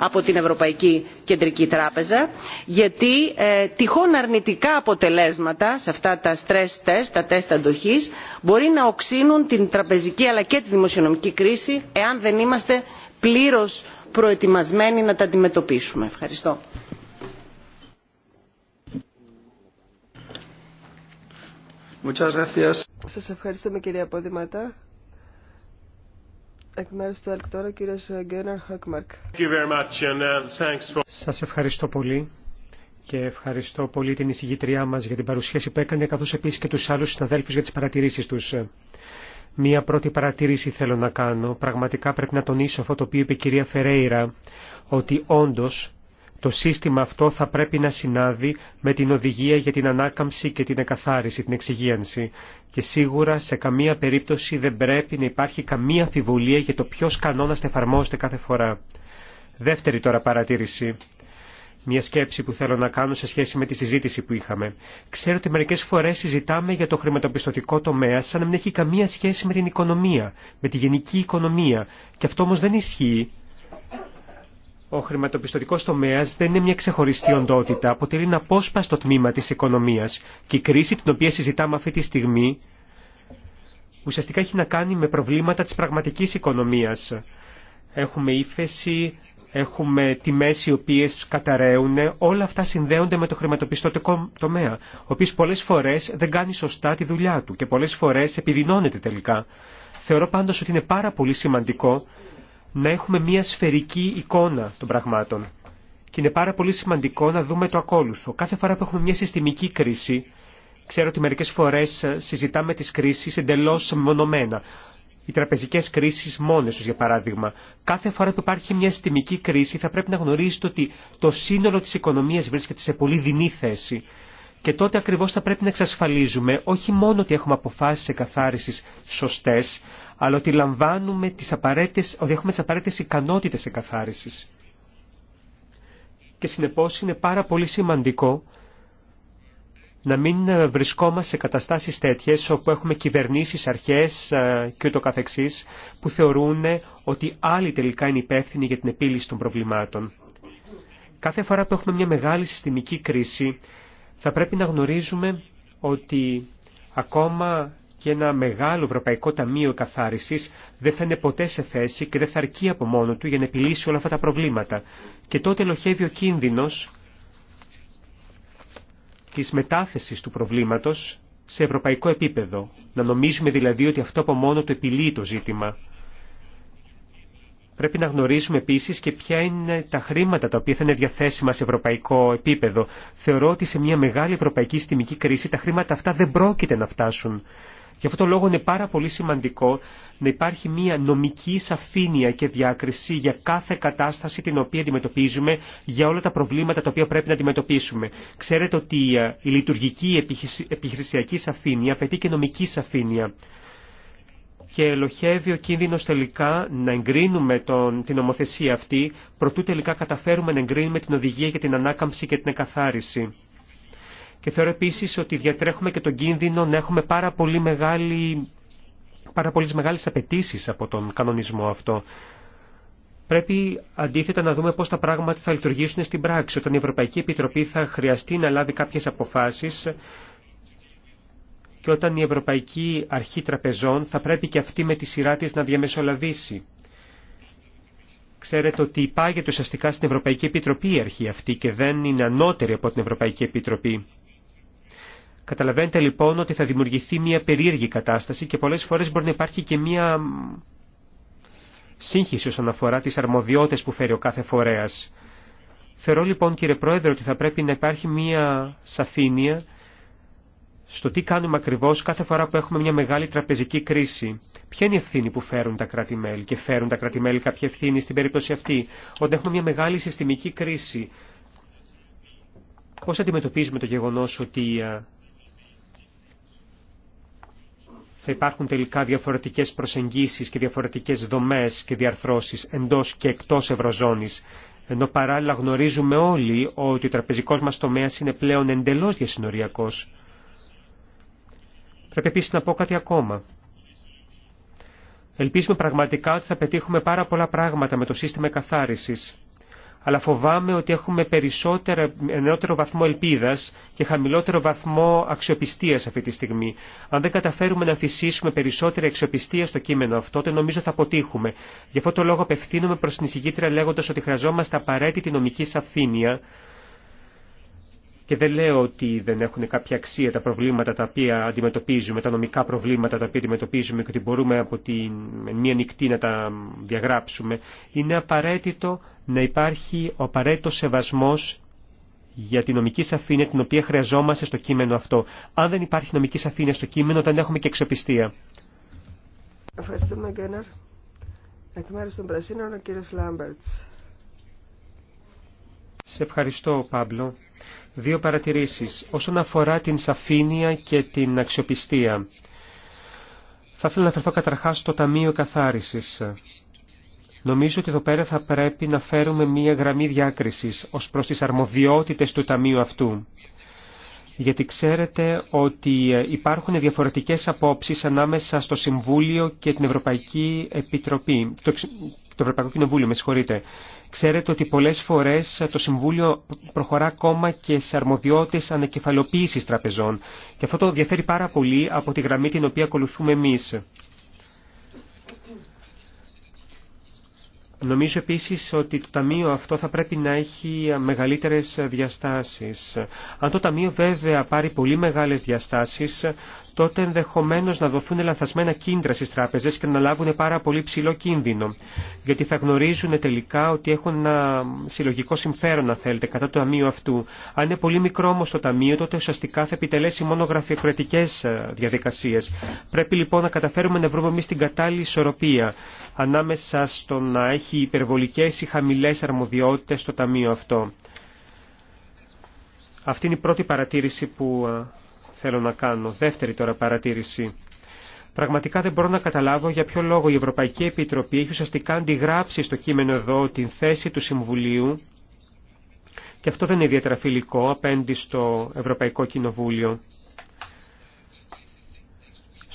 από την Ευρωπαϊκή Κεντρική Τράπεζα γιατί ε, τυχόν αρνητικά αποτελέσματα σε αυτά τα stress test, τα τεστ αντοχής μπορεί να οξύνουν την τραπεζική αλλά και τη δημοσιονομική κρίση εάν δεν είμαστε πλήρως προετοιμασμένοι να τα αντιμετωπίσουμε. Ευχαριστώ. Σας ευχαριστούμε Εκ uh, Σας ευχαριστώ πολύ και ευχαριστώ πολύ την εισηγητριά μας για την παρουσίαση που έκανε, καθώς επίσης και τους άλλους συναδέλφους για τις παρατηρήσεις τους. Μία πρώτη παρατήρηση θέλω να κάνω. Πραγματικά πρέπει να τονίσω αυτό το οποίο είπε η κυρία Φερέιρα, ότι όντως το σύστημα αυτό θα πρέπει να συνάδει με την οδηγία για την ανάκαμψη και την εκαθάριση, την εξυγίανση. Και σίγουρα σε καμία περίπτωση δεν πρέπει να υπάρχει καμία αμφιβολία για το ποιος κανόνας θα εφαρμόζεται κάθε φορά. Δεύτερη τώρα παρατήρηση. Μια σκέψη που θέλω να κάνω σε σχέση με τη συζήτηση που είχαμε. Ξέρω ότι μερικέ φορέ συζητάμε για το χρηματοπιστωτικό τομέα σαν να μην έχει καμία σχέση με την οικονομία, με τη γενική οικονομία. Και αυτό όμω δεν ισχύει. Ο χρηματοπιστωτικό τομέα δεν είναι μια ξεχωριστή οντότητα, αποτελεί ένα απόσπαστο τμήμα τη οικονομία και η κρίση την οποία συζητάμε αυτή τη στιγμή ουσιαστικά έχει να κάνει με προβλήματα τη πραγματική οικονομία. Έχουμε ύφεση, έχουμε τιμέ οι οποίε καταραίουν, όλα αυτά συνδέονται με το χρηματοπιστωτικό τομέα, ο οποίο πολλέ φορέ δεν κάνει σωστά τη δουλειά του και πολλέ φορέ επιδεινώνεται τελικά. Θεωρώ πάντω ότι είναι πάρα πολύ σημαντικό να έχουμε μια σφαιρική εικόνα των πραγμάτων. Και είναι πάρα πολύ σημαντικό να δούμε το ακόλουθο. Κάθε φορά που έχουμε μια συστημική κρίση, ξέρω ότι μερικές φορές ε, συζητάμε τις κρίσεις εντελώς μονομένα. Οι τραπεζικές κρίσεις μόνες τους, για παράδειγμα. Κάθε φορά που υπάρχει μια συστημική κρίση, θα πρέπει να γνωρίζετε ότι το σύνολο της οικονομίας... βρίσκεται σε πολύ δινή θέση. Και τότε ακριβώς θα πρέπει να εξασφαλίζουμε όχι μόνο ότι έχουμε αποφάσει εκαθάριση σωστέ, αλλά ότι, λαμβάνουμε τις απαραίτητες, ότι έχουμε τις απαραίτητες ικανότητες εκαθάρισης. Και συνεπώς είναι πάρα πολύ σημαντικό να μην βρισκόμαστε σε καταστάσεις τέτοιες όπου έχουμε κυβερνήσεις, αρχές ε, και ούτω καθεξής που θεωρούν ότι άλλοι τελικά είναι υπεύθυνοι για την επίλυση των προβλημάτων. Κάθε φορά που έχουμε μια μεγάλη συστημική κρίση θα πρέπει να γνωρίζουμε ότι ακόμα και ένα μεγάλο Ευρωπαϊκό Ταμείο Καθάρισης δεν θα είναι ποτέ σε θέση και δεν θα αρκεί από μόνο του για να επιλύσει όλα αυτά τα προβλήματα. Και τότε ελοχεύει ο κίνδυνος της μετάθεσης του προβλήματος σε ευρωπαϊκό επίπεδο. Να νομίζουμε δηλαδή ότι αυτό από μόνο του επιλύει το ζήτημα. Πρέπει να γνωρίζουμε επίση και ποια είναι τα χρήματα τα οποία θα είναι διαθέσιμα σε ευρωπαϊκό επίπεδο. Θεωρώ ότι σε μια μεγάλη ευρωπαϊκή συστημική κρίση τα χρήματα αυτά δεν πρόκειται να φτάσουν. Γι' αυτόν τον λόγο είναι πάρα πολύ σημαντικό να υπάρχει μια νομική σαφήνεια και διάκριση για κάθε κατάσταση την οποία αντιμετωπίζουμε, για όλα τα προβλήματα τα οποία πρέπει να αντιμετωπίσουμε. Ξέρετε ότι ε, η λειτουργική επιχειρησιακή σαφήνεια απαιτεί και νομική σαφήνεια. Και ελοχεύει ο κίνδυνος τελικά να εγκρίνουμε τον, την νομοθεσία αυτή, προτού τελικά καταφέρουμε να εγκρίνουμε την οδηγία για την ανάκαμψη και την εκαθάριση. Και θεωρώ επίση ότι διατρέχουμε και τον κίνδυνο να έχουμε πάρα πολύ μεγάλη πάρα πολλές μεγάλες απαιτήσει από τον κανονισμό αυτό. Πρέπει αντίθετα να δούμε πώς τα πράγματα θα λειτουργήσουν στην πράξη, όταν η Ευρωπαϊκή Επιτροπή θα χρειαστεί να λάβει κάποιες αποφάσεις και όταν η Ευρωπαϊκή Αρχή Τραπεζών θα πρέπει και αυτή με τη σειρά της να διαμεσολαβήσει. Ξέρετε ότι υπάγεται ουσιαστικά στην Ευρωπαϊκή Επιτροπή η αρχή αυτή και δεν είναι ανώτερη από την Ευρωπαϊκή Επιτροπή. Καταλαβαίνετε λοιπόν ότι θα δημιουργηθεί μια περίεργη κατάσταση και πολλές φορές μπορεί να υπάρχει και μια σύγχυση όσον αφορά τις αρμοδιότητες που φέρει ο κάθε φορέας. Θεωρώ λοιπόν κύριε Πρόεδρε ότι θα πρέπει να υπάρχει μια σαφήνεια στο τι κάνουμε ακριβώς κάθε φορά που έχουμε μια μεγάλη τραπεζική κρίση. Ποια είναι η ευθύνη που φέρουν τα κράτη-μέλη και φέρουν τα κράτη-μέλη κάποια ευθύνη στην περίπτωση αυτή. Όταν έχουμε μια μεγάλη συστημική κρίση, πώς αντιμετωπίζουμε το γεγονός ότι θα υπάρχουν τελικά διαφορετικές προσεγγίσεις και διαφορετικές δομές και διαρθρώσεις εντός και εκτός Ευρωζώνης. Ενώ παράλληλα γνωρίζουμε όλοι ότι ο τραπεζικός μας τομέας είναι πλέον εντελώς διασυνοριακός. Πρέπει επίσης να πω κάτι ακόμα. Ελπίζουμε πραγματικά ότι θα πετύχουμε πάρα πολλά πράγματα με το σύστημα εκαθάρισης αλλά φοβάμαι ότι έχουμε περισσότερο, νεότερο βαθμό ελπίδας και χαμηλότερο βαθμό αξιοπιστίας αυτή τη στιγμή. Αν δεν καταφέρουμε να αφησίσουμε περισσότερη αξιοπιστία στο κείμενο αυτό, τότε νομίζω θα αποτύχουμε. Γι' αυτό το λόγο απευθύνομαι προς την εισηγήτρια λέγοντας ότι χρειαζόμαστε απαραίτητη νομική σαφήνεια και δεν λέω ότι δεν έχουν κάποια αξία τα προβλήματα τα οποία αντιμετωπίζουμε, τα νομικά προβλήματα τα οποία αντιμετωπίζουμε και ότι μπορούμε από την μία νυχτή να τα διαγράψουμε. Είναι απαραίτητο να υπάρχει ο απαραίτητο σεβασμός για τη νομική σαφήνεια την οποία χρειαζόμαστε στο κείμενο αυτό. Αν δεν υπάρχει νομική σαφήνεια στο κείμενο, δεν έχουμε και εξοπιστία. Σε ευχαριστώ, Πάμπλο. Δύο παρατηρήσεις όσον αφορά την σαφήνεια και την αξιοπιστία. Θα ήθελα να αφαιρθώ καταρχάς στο Ταμείο Καθάρισης. Νομίζω ότι εδώ πέρα θα πρέπει να φέρουμε μία γραμμή διάκρισης ως προς τις αρμοδιότητες του Ταμείου αυτού. Γιατί ξέρετε ότι ε, υπάρχουν διαφορετικές απόψεις ανάμεσα στο Συμβούλιο και την Ευρωπαϊκή Επιτροπή το Ευρωπαϊκό Κοινοβούλιο, με συγχωρείτε. Ξέρετε ότι πολλέ φορέ το Συμβούλιο προχωρά ακόμα και σε αρμοδιότητες ανακεφαλοποίηση τραπεζών και αυτό το διαφέρει πάρα πολύ από τη γραμμή την οποία ακολουθούμε εμεί. Νομίζω επίσης ότι το Ταμείο αυτό θα πρέπει να έχει μεγαλύτερες διαστάσεις. Αν το Ταμείο βέβαια πάρει πολύ μεγάλες διαστάσεις, τότε ενδεχομένως να δοθούν λανθασμένα κίνητρα στις τράπεζες και να λάβουν πάρα πολύ ψηλό κίνδυνο γιατί θα γνωρίζουν τελικά ότι έχουν ένα συλλογικό συμφέρον, να θέλετε, κατά το ταμείο αυτού. Αν είναι πολύ μικρό όμω το ταμείο, τότε ουσιαστικά θα επιτελέσει μόνο γραφειοκρατικέ ε, διαδικασίε. Πρέπει λοιπόν να καταφέρουμε να βρούμε εμεί την κατάλληλη ισορροπία ανάμεσα στο να έχει υπερβολικέ ή χαμηλέ αρμοδιότητε το ταμείο αυτό. Αυτή είναι η πρώτη παρατήρηση που ε, θέλω να κάνω. Δεύτερη τώρα παρατήρηση. Πραγματικά δεν μπορώ να καταλάβω για ποιο λόγο η Ευρωπαϊκή Επιτροπή έχει ουσιαστικά αντιγράψει στο κείμενο εδώ την θέση του Συμβουλίου και αυτό δεν είναι ιδιαίτερα φιλικό απέναντι στο Ευρωπαϊκό Κοινοβούλιο.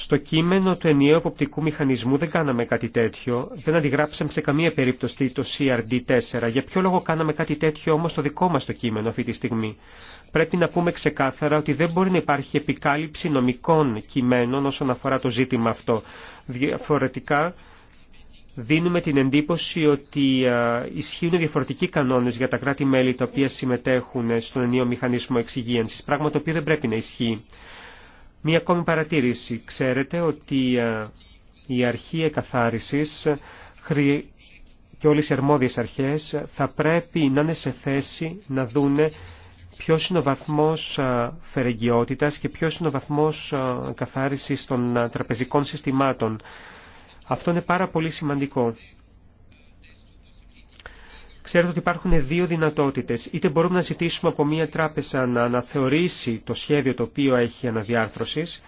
Στο κείμενο του ενιαίου εποπτικού μηχανισμού δεν κάναμε κάτι τέτοιο, δεν αντιγράψαμε σε καμία περίπτωση το CRD4. Για ποιο λόγο κάναμε κάτι τέτοιο όμως στο δικό μας το κείμενο αυτή τη στιγμή. Πρέπει να πούμε ξεκάθαρα ότι δεν μπορεί να υπάρχει επικάλυψη νομικών κειμένων όσον αφορά το ζήτημα αυτό. Διαφορετικά δίνουμε την εντύπωση ότι ισχύουν διαφορετικοί κανόνες για τα κράτη-μέλη τα οποία συμμετέχουν στον ενιαίο μηχανισμό εξυγίανσης, πράγμα το οποίο δεν πρέπει να ισχύει. Μία ακόμη παρατήρηση. Ξέρετε ότι ε, η αρχή εκαθάρισης ε, και όλες οι αρμόδιες αρχές ε, θα πρέπει να είναι σε θέση να δούνε ποιος είναι ο βαθμός φερεγγιότητας και ποιος είναι ο βαθμός καθάρισης των τραπεζικών συστημάτων. Αυτό είναι πάρα πολύ σημαντικό. Ξέρετε ότι υπάρχουν δύο δυνατότητες. Είτε μπορούμε να ζητήσουμε από μία τράπεζα να αναθεωρήσει το σχέδιο το οποίο έχει αναδιάρθρωσης,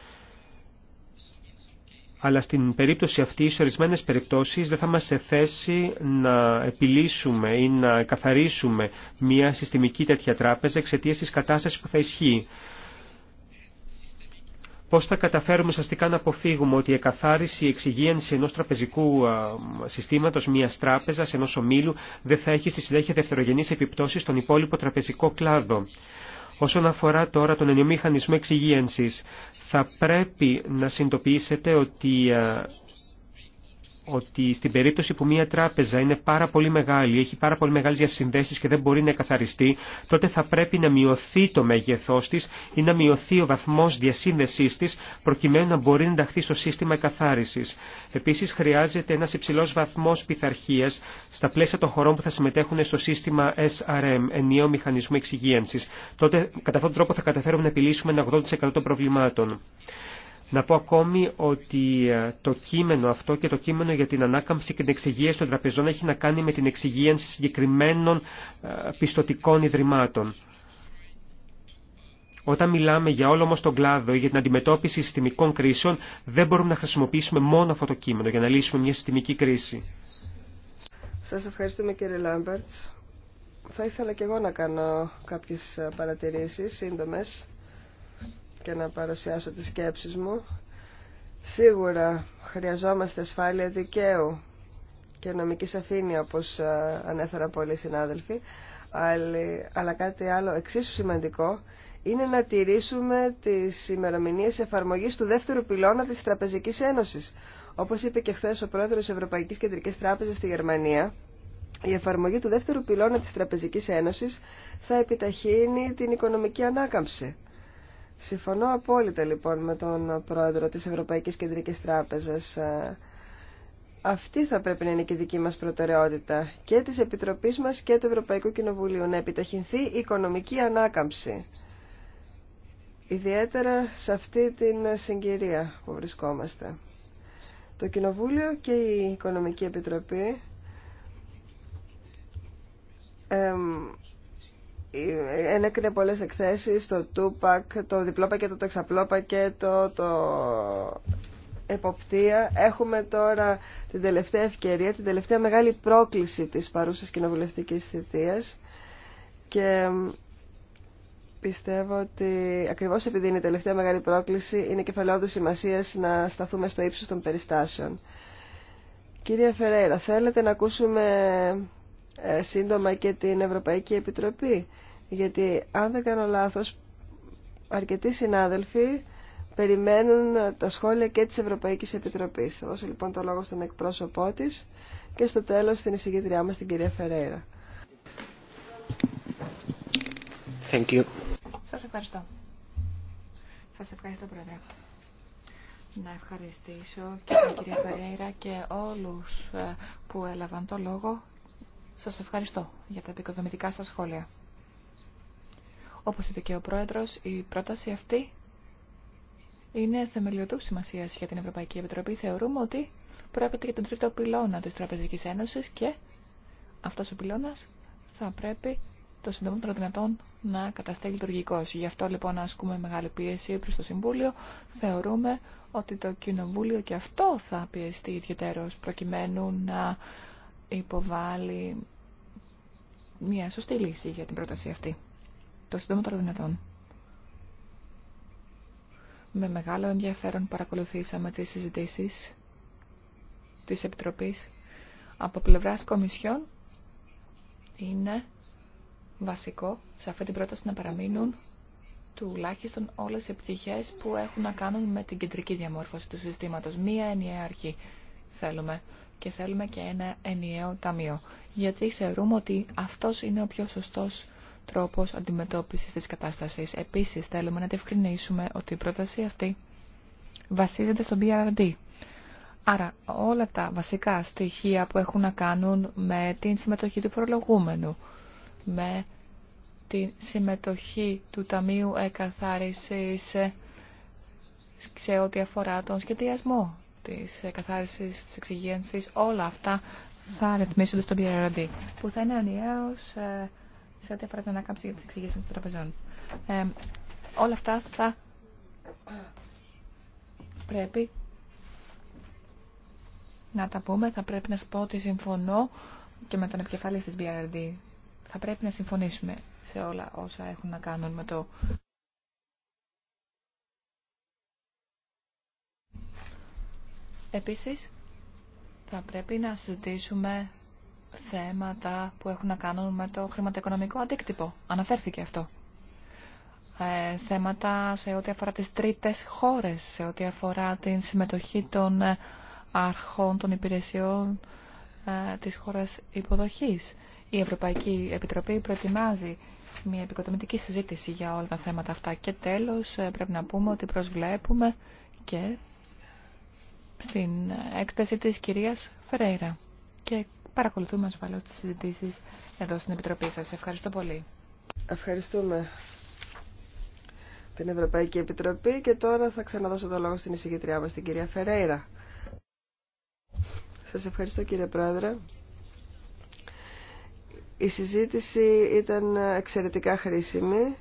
αλλά στην περίπτωση αυτή, σε ορισμένε περιπτώσεις, δεν θα είμαστε σε θέση να επιλύσουμε ή να καθαρίσουμε μια συστημική τέτοια τράπεζα εξαιτία της κατάστασης που θα ισχύει ώστε θα καταφέρουμε ουσιαστικά να αποφύγουμε ότι η εκαθάριση, η εξυγίανση ενός τραπεζικού συστήματος, μιας τράπεζας, ενός ομίλου, δεν θα έχει στη συνέχεια δευτερογενείς επιπτώσεις στον υπόλοιπο τραπεζικό κλάδο. Όσον αφορά τώρα τον ενιομηχανισμό εξυγίανσης, θα πρέπει να συνειδητοποιήσετε ότι ότι στην περίπτωση που μια τράπεζα είναι πάρα πολύ μεγάλη, έχει πάρα πολύ μεγάλες διασυνδέσεις και δεν μπορεί να καθαριστεί, τότε θα πρέπει να μειωθεί το μέγεθός της ή να μειωθεί ο βαθμός διασύνδεσής της προκειμένου να μπορεί να ενταχθεί στο σύστημα εκαθάρισης. Επίσης χρειάζεται ένας υψηλός βαθμός πειθαρχία στα πλαίσια των χωρών που θα συμμετέχουν στο σύστημα SRM, ενιαίο μηχανισμό εξυγίανσης. Τότε κατά αυτόν τον τρόπο θα καταφέρουμε να επιλύσουμε ένα 80% των προβλημάτων. Να πω ακόμη ότι ε, το κείμενο αυτό και το κείμενο για την ανάκαμψη και την εξυγίαση των τραπεζών έχει να κάνει με την εξυγίανση συγκεκριμένων ε, πιστοτικών ιδρυμάτων. Όταν μιλάμε για όλο όμως τον κλάδο ή για την αντιμετώπιση συστημικών κρίσεων, δεν μπορούμε να χρησιμοποιήσουμε μόνο αυτό το κείμενο για να λύσουμε μια συστημική κρίση. Σας ευχαριστούμε κύριε Λάμπερτς. Θα ήθελα και εγώ να κάνω κάποιες ε, παρατηρήσεις σύντομες και να παρουσιάσω τις σκέψεις μου. Σίγουρα χρειαζόμαστε ασφάλεια δικαίου και νομική σαφήνεια, όπως ε, ανέφερα πολλοί συνάδελφοι, αλλά κάτι άλλο εξίσου σημαντικό είναι να τηρήσουμε τις ημερομηνίε εφαρμογής του δεύτερου πυλώνα της Τραπεζικής Ένωσης. Όπως είπε και χθε ο πρόεδρος της Ευρωπαϊκής Κεντρικής Τράπεζας στη Γερμανία, η εφαρμογή του δεύτερου πυλώνα της Τραπεζικής Ένωσης θα επιταχύνει την οικονομική ανάκαμψη. Συμφωνώ απόλυτα λοιπόν με τον πρόεδρο της Ευρωπαϊκής Κεντρικής Τράπεζας. Ε, αυτή θα πρέπει να είναι και η δική μας προτεραιότητα και της Επιτροπής μας και του Ευρωπαϊκού Κοινοβουλίου να επιταχυνθεί η οικονομική ανάκαμψη. Ιδιαίτερα σε αυτή την συγκυρία που βρισκόμαστε. Το Κοινοβούλιο και η Οικονομική Επιτροπή Ένεκρινε πολλές εκθέσεις, το Τούπακ, το διπλό πακέτο, το εξαπλό πακέτο, το, Εποπτεία. Έχουμε τώρα την τελευταία ευκαιρία, την τελευταία μεγάλη πρόκληση της παρούσας κοινοβουλευτικής θητείας και πιστεύω ότι ακριβώς επειδή είναι η τελευταία μεγάλη πρόκληση είναι κεφαλαιόδου σημασία να σταθούμε στο ύψος των περιστάσεων. Κύριε Φερέιρα, θέλετε να ακούσουμε ε, σύντομα και την Ευρωπαϊκή Επιτροπή γιατί αν δεν κάνω λάθος, αρκετοί συνάδελφοι περιμένουν τα σχόλια και της Ευρωπαϊκής Επιτροπής. Θα δώσω λοιπόν το λόγο στον εκπρόσωπό της και στο τέλος στην εισηγητριά μας την κυρία Φερέιρα. Thank you. Σας ευχαριστώ. Σας ευχαριστώ Πρόεδρε. Να ευχαριστήσω και την κυρία Φερέιρα και όλους ε, που έλαβαν το λόγο. Σας ευχαριστώ για τα επικοδομητικά σας σχόλια. Όπως είπε και ο Πρόεδρος, η πρόταση αυτή είναι θεμελιωδού σημασία για την Ευρωπαϊκή Επιτροπή. Θεωρούμε ότι πρόκειται για τον τρίτο πυλώνα της Τραπεζικής Ένωσης και αυτός ο πυλώνας θα πρέπει το των δυνατών να καταστεί λειτουργικό. Γι' αυτό λοιπόν ασκούμε μεγάλη πίεση προ το Συμβούλιο. Θεωρούμε ότι το Κοινοβούλιο και αυτό θα πιεστεί ιδιαίτερω προκειμένου να υποβάλει μια σωστή λύση για την πρόταση αυτή το συντομότερο δυνατόν. Με μεγάλο ενδιαφέρον παρακολουθήσαμε τις συζητήσεις της Επιτροπής από πλευράς Κομισιών. Είναι βασικό σε αυτή την πρόταση να παραμείνουν τουλάχιστον όλες οι επιτυχίες που έχουν να κάνουν με την κεντρική διαμόρφωση του συστήματος. Μία ενιαία αρχή θέλουμε και θέλουμε και ένα ενιαίο ταμείο. Γιατί θεωρούμε ότι αυτός είναι ο πιο σωστός τρόπος αντιμετώπισης της κατάστασης. Επίσης, θέλουμε να διευκρινίσουμε ότι η πρόταση αυτή βασίζεται στον BRD. Άρα, όλα τα βασικά στοιχεία που έχουν να κάνουν με την συμμετοχή του προλογούμενου. με τη συμμετοχή του Ταμείου Εκαθάρισης σε ό,τι αφορά τον σχεδιασμό της εκαθάρισης, τη εξυγένση, όλα αυτά θα ρυθμίσονται στον BRD, που θα είναι Ε, σε ό,τι αφορά την ανάκαμψη για τι εξηγήσει των τραπεζών. όλα αυτά θα πρέπει να τα πούμε. Θα πρέπει να σα πω ότι συμφωνώ και με τον επικεφαλή της BRD. Θα πρέπει να συμφωνήσουμε σε όλα όσα έχουν να κάνουν με το... Επίσης, θα πρέπει να συζητήσουμε θέματα που έχουν να κάνουν με το χρηματοοικονομικό αντίκτυπο. Αναφέρθηκε αυτό. Ε, θέματα σε ό,τι αφορά τις τρίτες χώρες, σε ό,τι αφορά την συμμετοχή των ε, αρχών των υπηρεσιών ε, της χώρας υποδοχής. Η Ευρωπαϊκή Επιτροπή προετοιμάζει μια επικοδομητική συζήτηση για όλα τα θέματα αυτά. Και τέλος πρέπει να πούμε ότι προσβλέπουμε και στην έκθεση της κυρίας Φρέιρα. Και παρακολουθούμε ασφαλώς τις συζητήσεις εδώ στην Επιτροπή σας. Ευχαριστώ πολύ. Ευχαριστούμε την Ευρωπαϊκή Επιτροπή και τώρα θα ξαναδώσω το λόγο στην εισηγητριά μας, την κυρία Φερέιρα. Σας ευχαριστώ κύριε Πρόεδρε. Η συζήτηση ήταν εξαιρετικά χρήσιμη.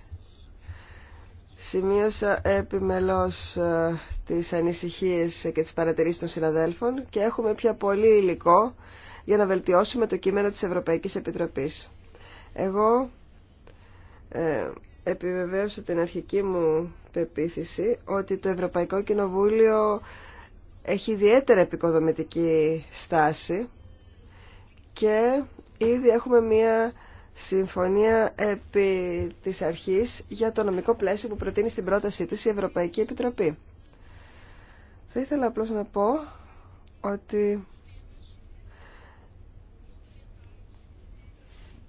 Σημείωσα επιμελώς ε, τις ανησυχίες και τις παρατηρήσεις των συναδέλφων και έχουμε πια πολύ υλικό για να βελτιώσουμε το κείμενο της Ευρωπαϊκής Επιτροπής. Εγώ ε, επιβεβαίωσα την αρχική μου πεποίθηση ότι το Ευρωπαϊκό Κοινοβούλιο έχει ιδιαίτερα επικοδομητική στάση και ήδη έχουμε μία συμφωνία επί της αρχής για το νομικό πλαίσιο που προτείνει στην πρότασή της η Ευρωπαϊκή Επιτροπή. Θα ήθελα απλώς να πω ότι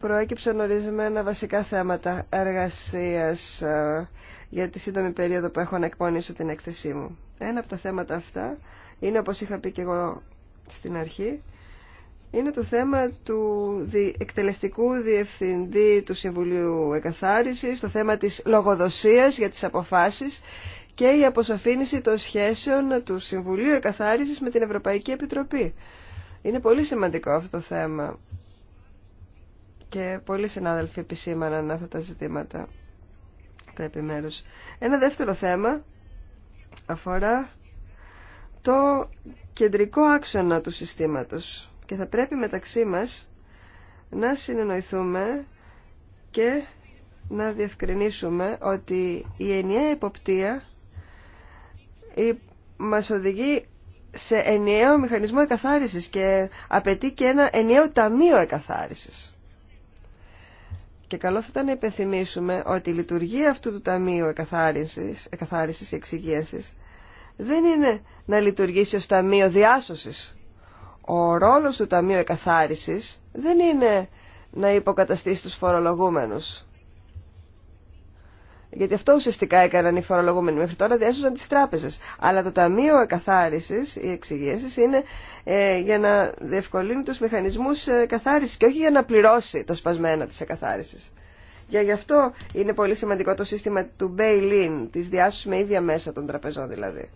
προέκυψαν ορισμένα βασικά θέματα εργασίας ε, για τη σύντομη περίοδο που έχω να εκπονήσω την έκθεσή μου. Ένα από τα θέματα αυτά είναι, όπως είχα πει και εγώ στην αρχή, είναι το θέμα του εκτελεστικού διευθυντή του Συμβουλίου Εκαθάρισης, το θέμα της λογοδοσίας για τις αποφάσεις και η αποσαφήνιση των σχέσεων του Συμβουλίου Εκαθάρισης με την Ευρωπαϊκή Επιτροπή. Είναι πολύ σημαντικό αυτό το θέμα και πολλοί συνάδελφοι επισήμαναν αυτά τα ζητήματα, τα επιμέρους. Ένα δεύτερο θέμα αφορά το κεντρικό άξονα του συστήματος και θα πρέπει μεταξύ μας να συνεννοηθούμε και να διευκρινίσουμε ότι η ενιαία υποπτία μας οδηγεί σε ενιαίο μηχανισμό εκαθάρισης και απαιτεί και ένα ενιαίο ταμείο εκαθάρισης. Και καλό θα ήταν να υπενθυμίσουμε ότι η λειτουργία αυτού του Ταμείου Εκαθάρισης, εκαθάρισης και Εξυγίασης δεν είναι να λειτουργήσει ως Ταμείο Διάσωσης. Ο ρόλος του Ταμείου Εκαθάρισης δεν είναι να υποκαταστήσει τους φορολογούμενους. Γιατί αυτό ουσιαστικά έκαναν οι φορολογούμενοι μέχρι τώρα, διάσωσαν τι τράπεζες. Αλλά το Ταμείο Εκαθάριση, οι εξηγήσεις, είναι ε, για να διευκολύνει του μηχανισμού ε, καθάρισης και όχι για να πληρώσει τα σπασμένα της εκαθάριση. Για γι' αυτό είναι πολύ σημαντικό το σύστημα του bail-in, τη διάσωσης με ίδια μέσα των τραπεζών δηλαδή.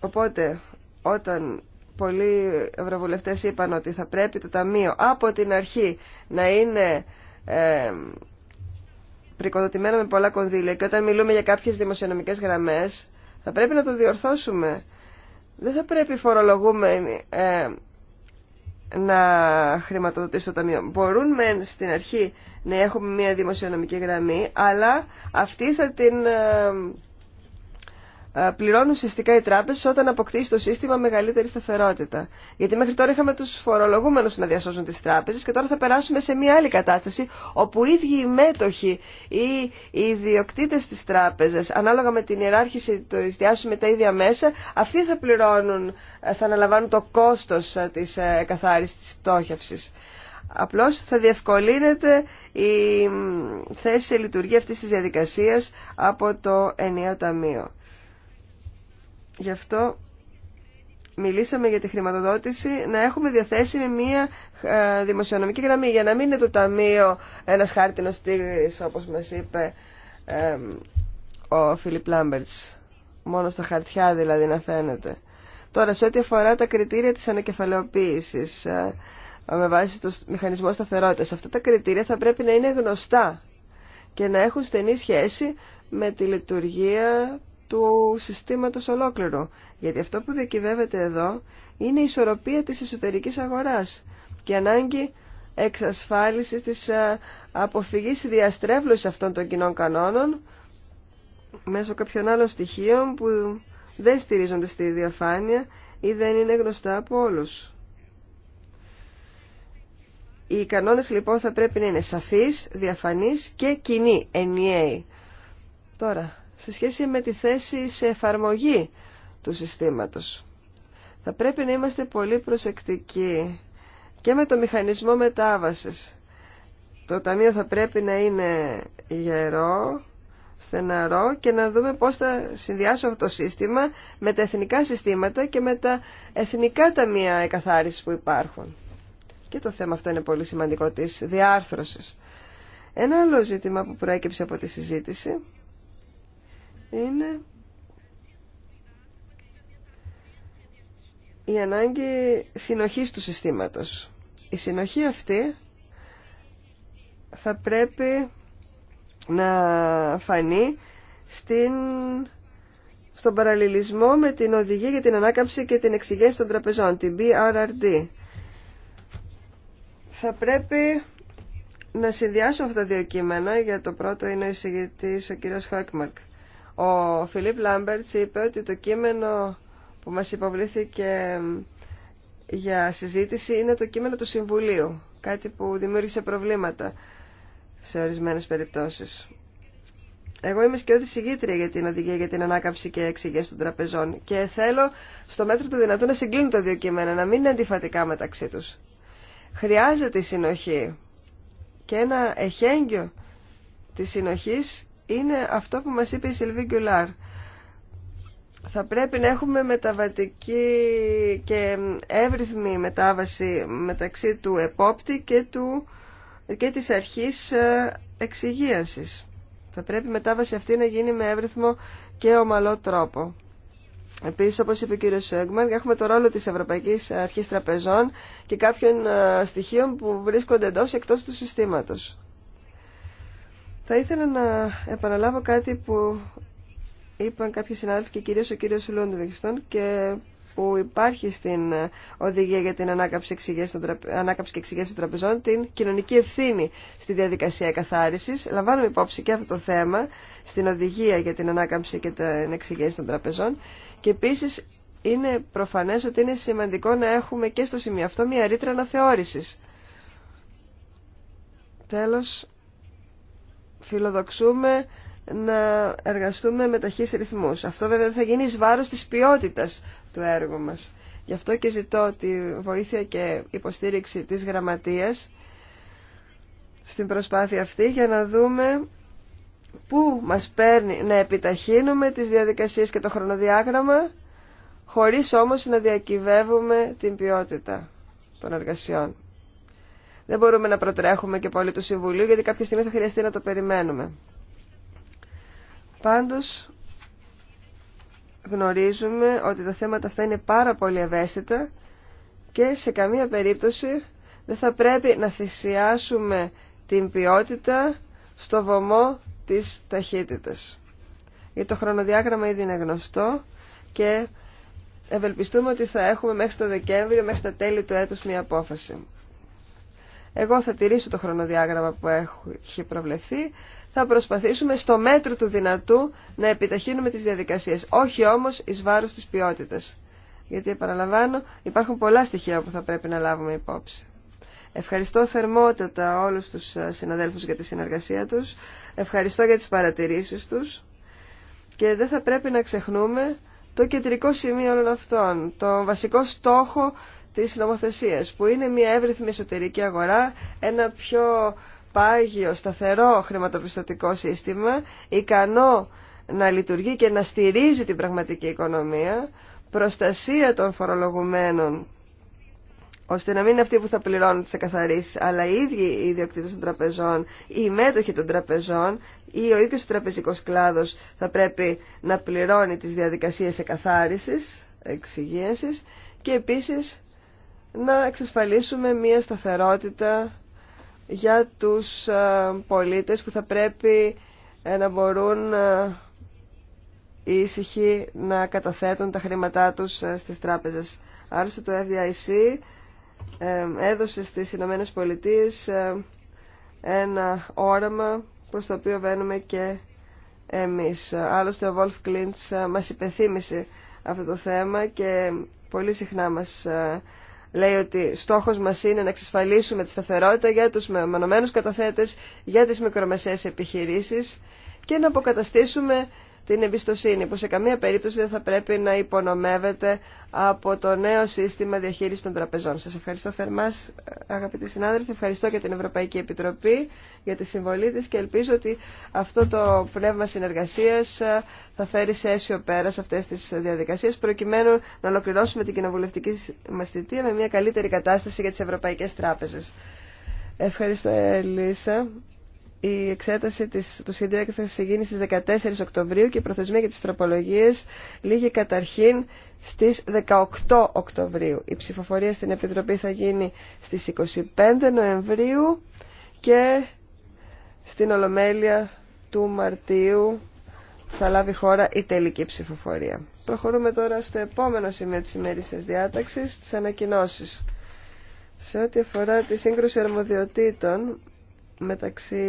Οπότε, όταν πολλοί ευρωβουλευτές είπαν ότι θα πρέπει το Ταμείο από την αρχή να είναι ε, πρικοδοτημένα με πολλά κονδύλια και όταν μιλούμε για κάποιες δημοσιονομικές γραμμές θα πρέπει να το διορθώσουμε. Δεν θα πρέπει φορολογούμε ε, να χρηματοδοτήσουμε το ταμείο. Μπορούν μεν στην αρχή να έχουμε μια δημοσιονομική γραμμή, αλλά αυτή θα την ε, ε, πληρώνουν ουσιαστικά οι τράπεζε όταν αποκτήσει το σύστημα μεγαλύτερη σταθερότητα. Γιατί μέχρι τώρα είχαμε του φορολογούμενου να διασώζουν τι τράπεζε και τώρα θα περάσουμε σε μια άλλη κατάσταση όπου οι ίδιοι οι μέτοχοι ή οι ιδιοκτήτε τη τράπεζα, ανάλογα με την ιεράρχηση του εστιάσου με τα ίδια μέσα, αυτοί θα πληρώνουν, ε, θα αναλαμβάνουν το κόστο ε, τη καθάριση τη πτώχευση. Απλώ θα διευκολύνεται η θέση σε λειτουργία αυτή τη διαδικασία από το ενιαίο ταμείο. Γι' αυτό μιλήσαμε για τη χρηματοδότηση να έχουμε διαθέσιμη μία ε, δημοσιονομική γραμμή για να μην είναι το Ταμείο ένας χάρτινος τίγρης όπως μας είπε ο Φίλιπ Λάμπερτς. Μόνο στα χαρτιά δηλαδή να φαίνεται. Τώρα σε ό,τι αφορά τα κριτήρια της ανακεφαλαιοποίησης ε, με βάση το μηχανισμό σταθερότητας αυτά τα κριτήρια θα πρέπει να είναι γνωστά και να έχουν στενή σχέση με τη λειτουργία του συστήματος ολόκληρο. Γιατί αυτό που διακυβεύεται εδώ είναι η ισορροπία της εσωτερικής αγοράς και ανάγκη εξασφάλισης της ε, αποφυγής διαστρέβλωσης αυτών των κοινών κανόνων μέσω κάποιων άλλων στοιχείων που δεν στηρίζονται στη διαφάνεια ή δεν είναι γνωστά από όλους. Οι κανόνες λοιπόν θα πρέπει να είναι σαφείς, διαφανείς και κοινοί, ενιαίοι. Τώρα, σε σχέση με τη θέση σε εφαρμογή του συστήματος. Θα πρέπει να είμαστε πολύ προσεκτικοί και με το μηχανισμό μετάβασης. Το ταμείο θα πρέπει να είναι γερό, στεναρό και να δούμε πώς θα συνδυάσω αυτό το σύστημα με τα εθνικά συστήματα και με τα εθνικά ταμεία εκαθάρισης που υπάρχουν. Και το θέμα αυτό είναι πολύ σημαντικό της διάρθρωσης. Ένα άλλο ζήτημα που προέκυψε από τη συζήτηση είναι η ανάγκη συνοχής του συστήματος. Η συνοχή αυτή θα πρέπει να φανεί στην, στον παραλληλισμό με την Οδηγή για την ανάκαμψη και την εξηγένση των τραπεζών, την BRRD. Θα πρέπει να συνδυάσω αυτά τα δύο κείμενα, για το πρώτο είναι ο εισηγητής ο κύριο Χόκμαρκ. Ο Φιλίπ Λάμπερτς είπε ότι το κείμενο που μας υποβλήθηκε για συζήτηση είναι το κείμενο του Συμβουλίου, κάτι που δημιούργησε προβλήματα σε ορισμένες περιπτώσεις. Εγώ είμαι σκιώδη συγγήτρια για την οδηγία για την ανάκαμψη και εξηγία των τραπεζών και θέλω στο μέτρο του δυνατού να συγκλίνουν τα δύο κείμενα, να μην είναι αντιφατικά μεταξύ τους. Χρειάζεται η συνοχή και ένα εχέγγυο της συνοχής είναι αυτό που μας είπε η Σιλβί Γκουλάρ. Θα πρέπει να έχουμε μεταβατική και εύρυθμη μετάβαση μεταξύ του επόπτη και, του, και της αρχής ε, εξηγίασης. Θα πρέπει η μετάβαση αυτή να γίνει με εύρυθμο και ομαλό τρόπο. Επίσης, όπως είπε ο κύριος Σέγμαν, έχουμε το ρόλο της Ευρωπαϊκής Αρχής Τραπεζών και κάποιων ε, στοιχείων που βρίσκονται εντός εκτός του συστήματος. Θα ήθελα να επαναλάβω κάτι που είπαν κάποιοι συνάδελφοι και κυρίως ο κύριος Λούντβιχστον και που υπάρχει στην οδηγία για την ανάκαμψη, των και εξηγέση των τραπεζών την κοινωνική ευθύνη στη διαδικασία καθάρισης. Λαμβάνουμε υπόψη και αυτό το θέμα στην οδηγία για την ανάκαμψη και την εξηγέση των τραπεζών και επίσης είναι προφανές ότι είναι σημαντικό να έχουμε και στο σημείο αυτό μια ρήτρα αναθεώρησης. Τέλος, φιλοδοξούμε να εργαστούμε με ταχύς ρυθμούς. Αυτό βέβαια θα γίνει εις βάρος της ποιότητας του έργου μας. Γι' αυτό και ζητώ τη βοήθεια και υποστήριξη της γραμματείας στην προσπάθεια αυτή για να δούμε πού μας παίρνει να επιταχύνουμε τις διαδικασίες και το χρονοδιάγραμμα χωρίς όμως να διακυβεύουμε την ποιότητα των εργασιών. Δεν μπορούμε να προτρέχουμε και πολύ του Συμβουλίου, γιατί κάποια στιγμή θα χρειαστεί να το περιμένουμε. Πάντως, γνωρίζουμε ότι τα θέματα αυτά είναι πάρα πολύ ευαίσθητα και σε καμία περίπτωση δεν θα πρέπει να θυσιάσουμε την ποιότητα στο βωμό της ταχύτητας. Γιατί το χρονοδιάγραμμα ήδη είναι γνωστό και ευελπιστούμε ότι θα έχουμε μέχρι το Δεκέμβριο, μέχρι τα τέλη του έτους μια απόφαση. Εγώ θα τηρήσω το χρονοδιάγραμμα που έχει προβλεφθεί. Θα προσπαθήσουμε στο μέτρο του δυνατού να επιταχύνουμε τις διαδικασίες. Όχι όμως εις βάρος της ποιότητας. Γιατί, επαναλαμβάνω, υπάρχουν πολλά στοιχεία που θα πρέπει να λάβουμε υπόψη. Ευχαριστώ θερμότατα όλους τους ε, συναδέλφους για τη συνεργασία τους. Ευχαριστώ για τις παρατηρήσεις τους. Και δεν θα πρέπει να ξεχνούμε το κεντρικό σημείο όλων αυτών, το βασικό στόχο Τη νομοθεσίας, που είναι μια εύρυθμη εσωτερική αγορά, ένα πιο πάγιο, σταθερό χρηματοπιστωτικό σύστημα, ικανό να λειτουργεί και να στηρίζει την πραγματική οικονομία, προστασία των φορολογουμένων, ώστε να μην είναι αυτοί που θα πληρώνουν τις εκαθαρίσεις, αλλά οι ίδιοι οι ιδιοκτήτες των τραπεζών, οι μέτοχοι των τραπεζών ή ο ίδιος ο τραπεζικός κλάδος θα πρέπει να πληρώνει τις διαδικασίες εκαθάρισης, εξυγίασης και επίσης να εξασφαλίσουμε μια σταθερότητα για τους ε, πολίτες που θα πρέπει ε, να μπορούν ε, οι ήσυχοι να καταθέτουν τα χρήματά τους στις τράπεζες. Άλλωστε το FDIC έδωσε στις Ηνωμένες Πολιτείες ένα όραμα προς το οποίο βαίνουμε και εμείς. Άλλωστε ο Βόλφ Klintz μας υπεθύμησε αυτό το θέμα και πολύ συχνά μας λέει ότι στόχος μας είναι να εξασφαλίσουμε τη σταθερότητα για τους μεμονωμένους καταθέτες, για τις μικρομεσαίες επιχειρήσεις και να αποκαταστήσουμε την εμπιστοσύνη που σε καμία περίπτωση δεν θα πρέπει να υπονομεύεται από το νέο σύστημα διαχείρισης των τραπεζών. Σας ευχαριστώ θερμά αγαπητοί συνάδελφοι, ευχαριστώ και την Ευρωπαϊκή Επιτροπή για τη συμβολή της και ελπίζω ότι αυτό το πνεύμα συνεργασίας ε, θα φέρει σε αίσιο πέρα σε αυτές τις διαδικασίες προκειμένου να ολοκληρώσουμε την κοινοβουλευτική μας θητεία με μια καλύτερη κατάσταση για τις ευρωπαϊκές τράπεζες. Ευχαριστώ Ελίσσα η εξέταση της, του σχεδίου έκθεσης γίνει στις 14 Οκτωβρίου και η προθεσμία για τις τροπολογίες λήγει καταρχήν στις 18 Οκτωβρίου. Η ψηφοφορία στην Επιτροπή θα γίνει στις 25 Νοεμβρίου και στην Ολομέλεια του Μαρτίου θα λάβει χώρα η τελική ψηφοφορία. Προχωρούμε τώρα στο επόμενο σημείο της ημέρησης διάταξης, τις ανακοινώσεις. Σε ό,τι αφορά τη σύγκρουση αρμοδιοτήτων μεταξύ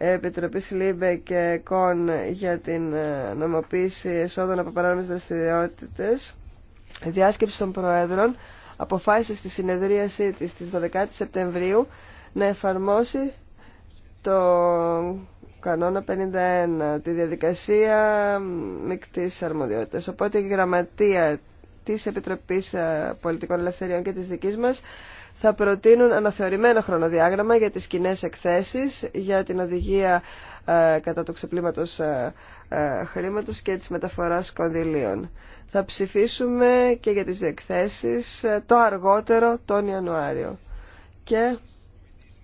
Επιτροπής ΛΥΜΠΕ και ΚΟΝ για την ε, νομοποίηση εσόδων από παράνομες δραστηριότητες, η διάσκεψη των Προέδρων αποφάσισε στη συνεδρίασή της στις 12 Σεπτεμβρίου να εφαρμόσει το κανόνα 51, τη διαδικασία μεικτή αρμοδιότητας. Οπότε η γραμματεία της Επιτροπής ε, Πολιτικών Ελευθεριών και της δικής μας θα προτείνουν αναθεωρημένο χρονοδιάγραμμα για τις κοινέ εκθέσεις, για την οδηγία ε, κατά το ξεπλήματος ε, ε, χρήματος και της μεταφοράς κονδυλίων. Θα ψηφίσουμε και για τις εκθέσεις εκθέσεις το αργότερο τον Ιανουάριο. Και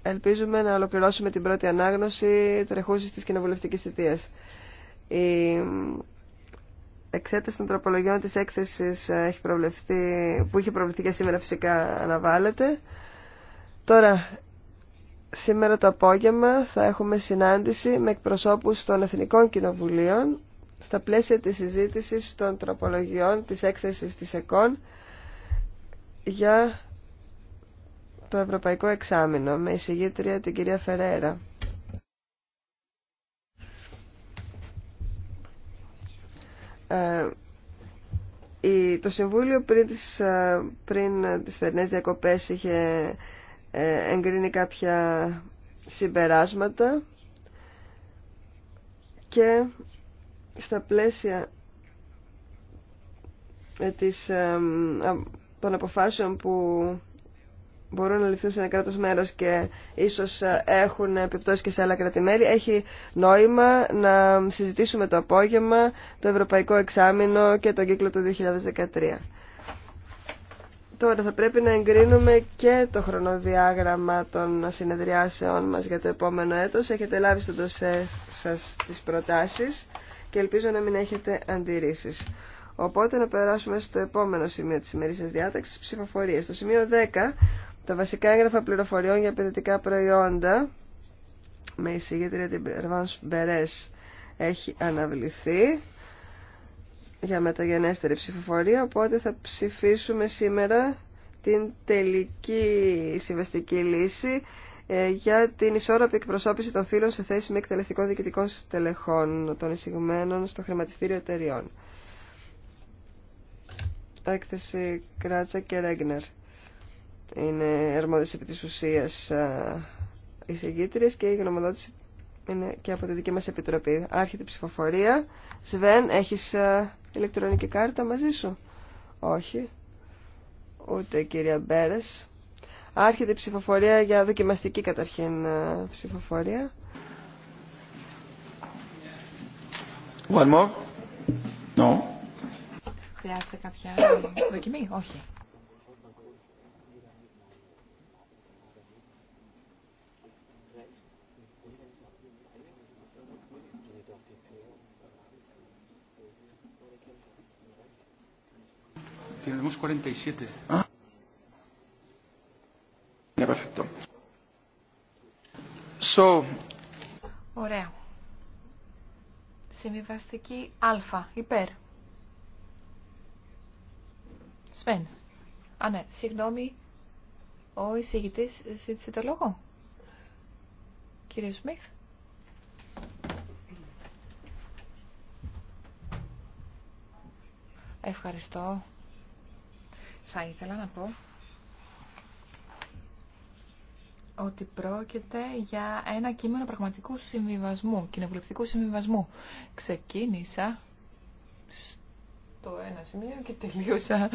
ελπίζουμε να ολοκληρώσουμε την πρώτη ανάγνωση τρεχούσης της κοινοβουλευτικής θητείας εξέταση των τροπολογιών της έκθεσης ε, έχει προβλεφθεί, που είχε προβληθεί και σήμερα φυσικά αναβάλλεται. Τώρα, σήμερα το απόγευμα θα έχουμε συνάντηση με εκπροσώπους των Εθνικών Κοινοβουλίων στα πλαίσια της συζήτησης των τροπολογιών της έκθεσης της ΕΚΟΝ για το Ευρωπαϊκό Εξάμεινο με εισηγήτρια την κυρία Φερέρα. Ε, το Συμβούλιο πριν τις, ε, πριν τις θερινές διακοπές είχε ε, εγκρίνει κάποια συμπεράσματα και στα πλαίσια των αποφάσεων που μπορούν να ληφθούν σε ένα κράτο μέρο και ίσω ε, έχουν επιπτώσει και σε άλλα κρατημέλη, έχει νόημα να συζητήσουμε το απόγευμα το Ευρωπαϊκό Εξάμεινο και τον κύκλο του 2013. Τώρα θα πρέπει να εγκρίνουμε και το χρονοδιάγραμμα των συνεδριάσεών μα για το επόμενο έτο. Έχετε λάβει στον ντοσέ σα τι προτάσει και ελπίζω να μην έχετε αντιρρήσει. Οπότε να περάσουμε στο επόμενο σημείο της ημερήσιας διάταξης, ψηφοφορίες. Στο σημείο 10 τα βασικά έγγραφα πληροφοριών για επενδυτικά προϊόντα με εισηγήτρια την Περβάνς Μπερές έχει αναβληθεί για μεταγενέστερη ψηφοφορία οπότε θα ψηφίσουμε σήμερα την τελική συμβαστική λύση ε, για την ισόρροπη εκπροσώπηση των φύλων σε θέση με εκτελεστικό διοικητικό στελεχών των εισηγουμένων στο χρηματιστήριο εταιριών. Έκθεση Κράτσα και Ρέγνερ είναι αρμόδιες επί της ουσίας και η γνωμοδότηση είναι και από τη δική μας επιτροπή. Άρχεται η ψηφοφορία. Σβέν, έχεις ηλεκτρονική κάρτα μαζί σου. Όχι. Ούτε κυρία Μπέρες. Άρχεται η ψηφοφορία για δοκιμαστική καταρχήν ψηφοφορία. One more. No. Χρειάζεται κάποια δοκιμή. Όχι. Ναι, Ωραία. Συμβιβαστική α, υπέρ. Σβέν. Α, ναι, συγγνώμη, ο εισηγητής ζήτησε το λόγο. Κύριε Σμιθ. Ευχαριστώ. Θα ήθελα να πω ότι πρόκειται για ένα κείμενο πραγματικού συμβιβασμού, κοινοβουλευτικού συμβιβασμού. Ξεκίνησα στο ένα σημείο και τελείωσα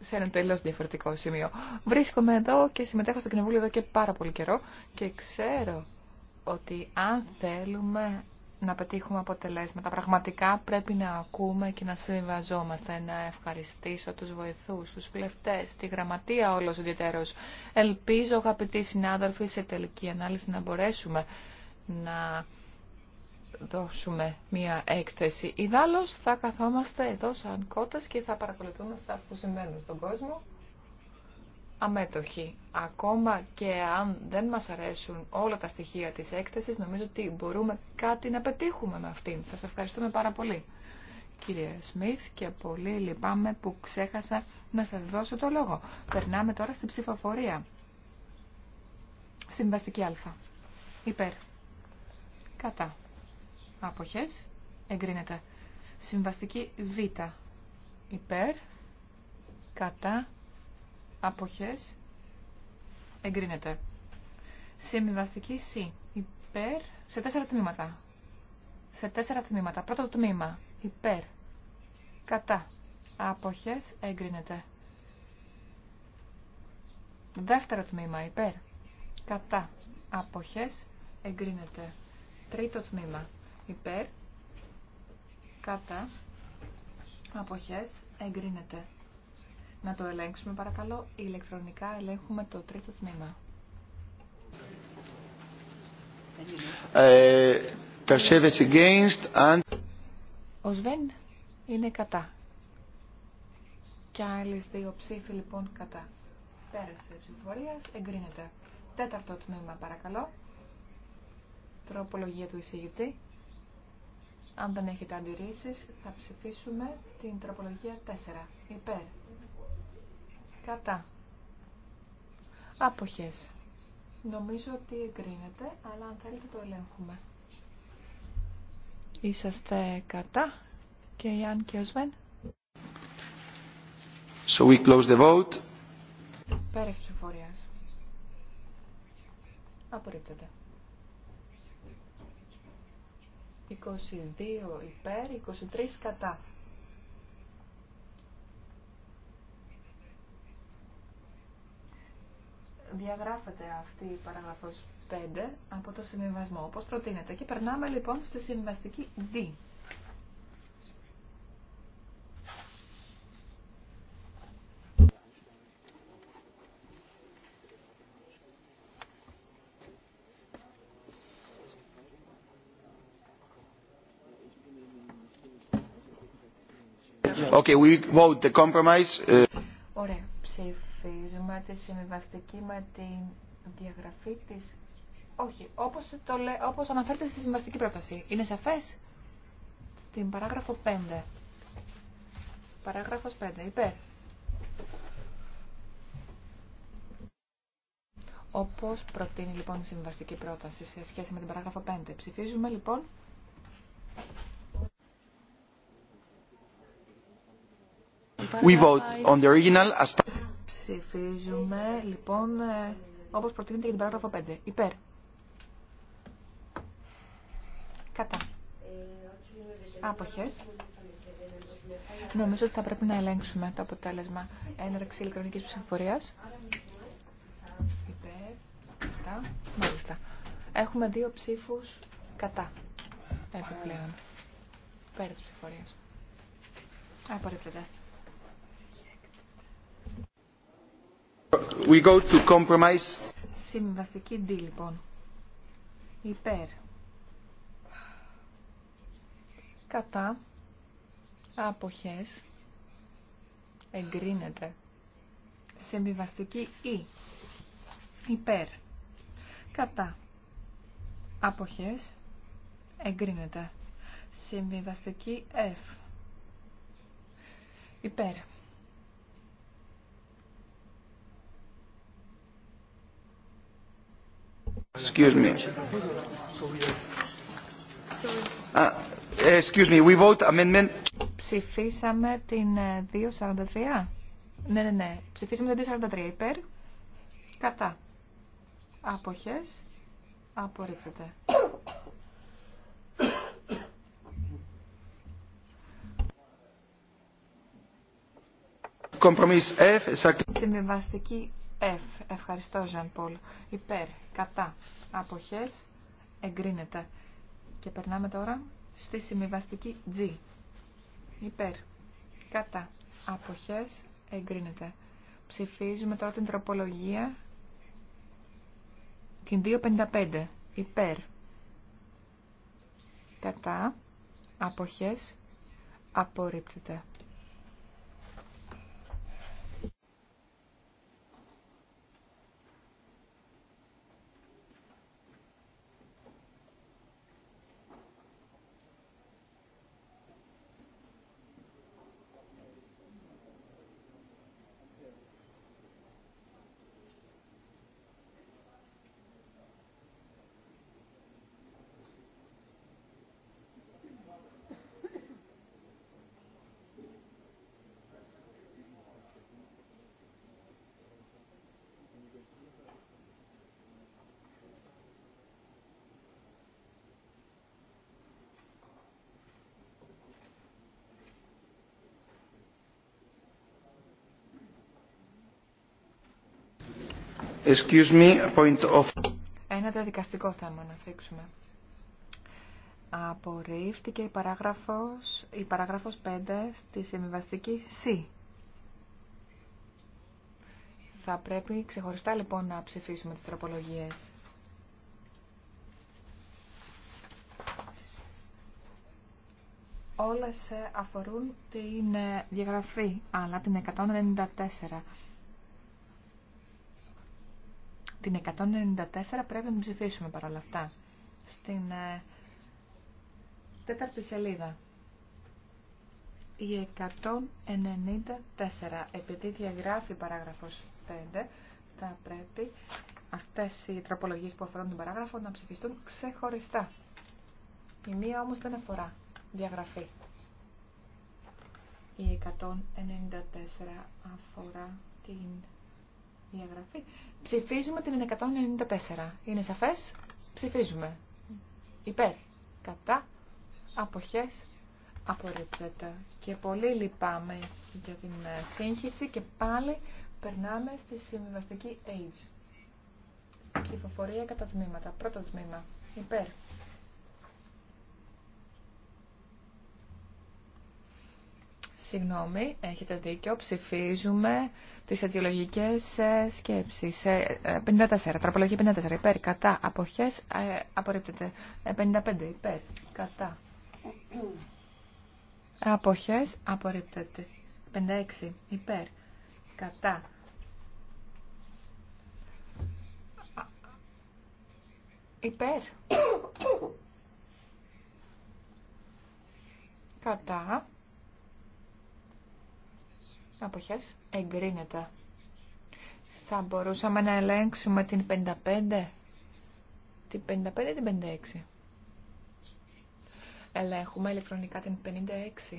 σε ένα τελείω διαφορετικό σημείο. Βρίσκομαι εδώ και συμμετέχω στο κοινοβούλιο εδώ και πάρα πολύ καιρό και ξέρω ότι αν θέλουμε να πετύχουμε αποτελέσματα. Πραγματικά πρέπει να ακούμε και να συμβαζόμαστε, να ευχαριστήσω τους βοηθούς, τους φλευτές, τη γραμματεία όλος ιδιαίτερος. Ελπίζω, αγαπητοί συνάδελφοι, σε τελική ανάλυση να μπορέσουμε να δώσουμε μία έκθεση. Ιδάλλως θα καθόμαστε εδώ σαν κότες και θα παρακολουθούμε αυτά που συμβαίνουν στον κόσμο αμέτωχοι. Ακόμα και αν δεν μας αρέσουν όλα τα στοιχεία της έκθεσης, νομίζω ότι μπορούμε κάτι να πετύχουμε με αυτήν. Σας ευχαριστούμε πάρα πολύ. Κύριε Σμιθ και πολύ λυπάμαι που ξέχασα να σας δώσω το λόγο. Περνάμε τώρα στην ψηφοφορία. Συμβαστική α. Υπέρ. Κατά. Άποχες. Εγκρίνεται. Συμβαστική β. Υπέρ. Κατά αποχές εγκρίνεται. Συμβιβαστική C υπέρ σε τέσσερα τμήματα. Σε τέσσερα τμήματα. Πρώτο τμήμα υπέρ κατά αποχές εγκρίνεται. Δεύτερο τμήμα υπέρ κατά αποχές εγκρίνεται. Τρίτο τμήμα υπέρ κατά αποχές εγκρίνεται. Να το ελέγξουμε παρακαλώ. Ηλεκτρονικά ελέγχουμε το τρίτο τμήμα. Ε, Ο Σβέν είναι κατά. Και άλλε δύο ψήφοι λοιπόν κατά. Πέρασε ψηφοφορία, εγκρίνεται. Τέταρτο τμήμα παρακαλώ. Τροπολογία του εισηγητή. Αν δεν έχετε αντιρρήσεις θα ψηφίσουμε την τροπολογία 4. Υπέρ. Κατά. Άποχες. Νομίζω ότι εγκρίνεται, αλλά αν θέλετε το ελέγχουμε. Είσαστε κατά και Ιαν και ο Σβέν. So we close the vote. Πέρας ψηφορίας. Απορρίπτεται. 22 υπέρ, 23 κατά. διαγράφεται αυτή η παραγραφός 5 από το συμβιβασμό, όπως προτείνεται. Και περνάμε λοιπόν στη συμβιβαστική D. Okay, we vote the compromise. Uh, συμβιβαστική με την διαγραφή τη. Όχι, όπως, το λέ, αναφέρεται στη συμβαστική πρόταση. Είναι σαφές Την παράγραφο 5. Παράγραφος 5. Υπέ. Όπως προτείνει λοιπόν η συμβαστική πρόταση σε σχέση με την παράγραφο 5. Ψηφίζουμε λοιπόν... We vote on the original as Ψηφίζουμε λοιπόν ε, όπως προτείνεται για την παράγραφο 5. Υπέρ. Κατά. Άποχες. Νομίζω ότι θα πρέπει να ελέγξουμε το αποτέλεσμα έναρξη ηλεκτρονικής ψηφοφορίας. Υπέρ. Κατά. Μάλιστα. Έχουμε δύο ψήφους κατά. Επιπλέον. υπέρ της ψηφοφορίας. Απορρίπτεται. we go to compromise. Συμβαστική D λοιπόν. Υπέρ. Κατά. Αποχές. Εγκρίνεται. Συμβιβαστική E. Υπέρ. Κατά. Αποχές. Εγκρίνεται. Συμβιβαστική F. Υπέρ. Excuse me. Uh, excuse me, we vote amendment. Ψηφίσαμε την 243. Ε, ναι, ναι, ναι. Ψηφίσαμε την 243 υπέρ. Κατά. Αποχές. Απορρίπτεται. Συμβιβαστική F. Ευχαριστώ, Ζαν Πολ. Υπέρ, κατά, αποχές, εγκρίνεται. Και περνάμε τώρα στη συμβιβαστική G. Υπέρ, κατά, αποχές, εγκρίνεται. Ψηφίζουμε τώρα την τροπολογία, την 255. Υπέρ, κατά, αποχές, απορρίπτεται. Excuse me, point of... Ένα διαδικαστικό θέμα να θίξουμε. Απορρίφθηκε η παράγραφος, η παράγραφος 5 στη συμβιβαστική C. Θα πρέπει ξεχωριστά λοιπόν να ψηφίσουμε τις τροπολογίες. Όλες ε, αφορούν την ε, διαγραφή, αλλά την 194 την 194 πρέπει να την ψηφίσουμε παρόλα αυτά. Στην ε, τέταρτη σελίδα. Η 194, επειδή διαγράφει παράγραφος 5, θα πρέπει αυτές οι τροπολογίες που αφορούν τον παράγραφο να ψηφιστούν ξεχωριστά. Η μία όμως δεν αφορά διαγραφή. Η 194 αφορά την διαγραφή. Ψηφίζουμε την 194. Είναι σαφές. Ψηφίζουμε. Υπέρ. Κατά. Αποχές. Απορρίπτεται. Και πολύ λυπάμαι για την ε, σύγχυση και πάλι περνάμε στη συμβιβαστική age. Ψηφοφορία κατά τμήματα. Πρώτο τμήμα. Υπέρ. Συγγνώμη, έχετε δίκιο. Ψηφίζουμε τις αιτιολογικές ε, σκέψεις. 54, Τραπολογία 54, υπέρ, κατά, αποχές, απορρίπτεται. 55, υπέρ, κατά. Αποχές, απορρίπτεται. 56, υπέρ, κατά. Υπέρ. Κατά. Αποχές. Εγκρίνεται. Θα μπορούσαμε να ελέγξουμε την 55. Την 55 ή την 56. Ελέγχουμε ηλεκτρονικά την 56.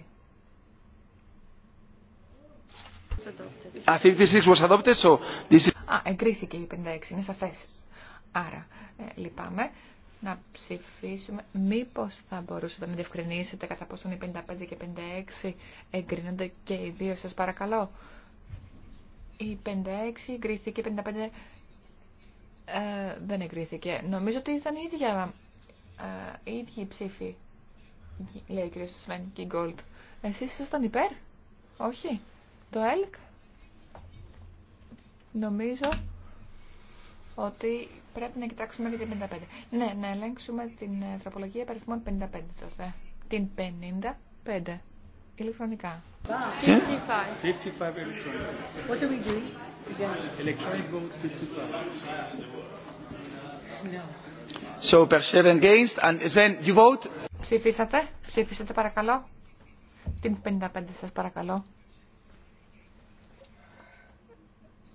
τη Α, εγκρίθηκε η 56, είναι σαφές. Άρα, ε, λυπάμαι να ψηφίσουμε. Μήπως θα μπορούσατε να διευκρινίσετε κατά πόσον οι 55 και 56 εγκρίνονται και οι δύο σας παρακαλώ. Η 56 εγκρίθηκε, η 55 ε, δεν εγκρίθηκε. Νομίζω ότι ήταν η ίδια, ε, οι ίδιοι ψήφοι, λέει ο κ. Σβέν Κιγκόλτ. Εσείς ήσασταν υπέρ, όχι, το ΕΛΚ. Νομίζω ότι πρέπει να κοιτάξουμε για την 55. Ναι, να ελέγξουμε την ε, τροπολογία περιθμών 55 τότε. Την 55 ηλεκτρονικά. 55. What we Electronic against and then you vote. Ψηφίσατε, ψηφίσατε παρακαλώ. Την 55 σας παρακαλώ.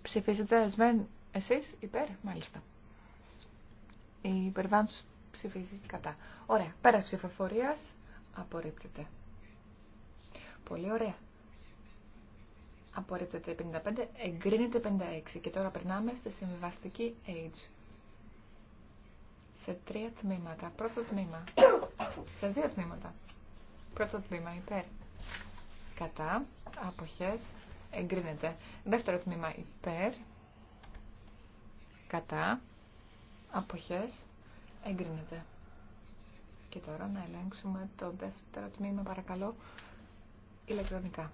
Ψηφίσατε, Σβέν, εσείς υπέρ, μάλιστα. Η υπερβάνους ψηφίζει κατά. Ωραία. Πέρα ψηφοφορίας απορρίπτεται. Πολύ ωραία. Απορρίπτεται 55, εγκρίνεται 56 και τώρα περνάμε στη συμβιβαστική age. Σε τρία τμήματα. Πρώτο τμήμα. Σε δύο τμήματα. Πρώτο τμήμα υπέρ. Κατά. Αποχές. Εγκρίνεται. Δεύτερο τμήμα υπέρ. Κατά. Αποχές. Εγκρίνεται. Και τώρα να ελέγξουμε το δεύτερο τμήμα, παρακαλώ, ηλεκτρονικά.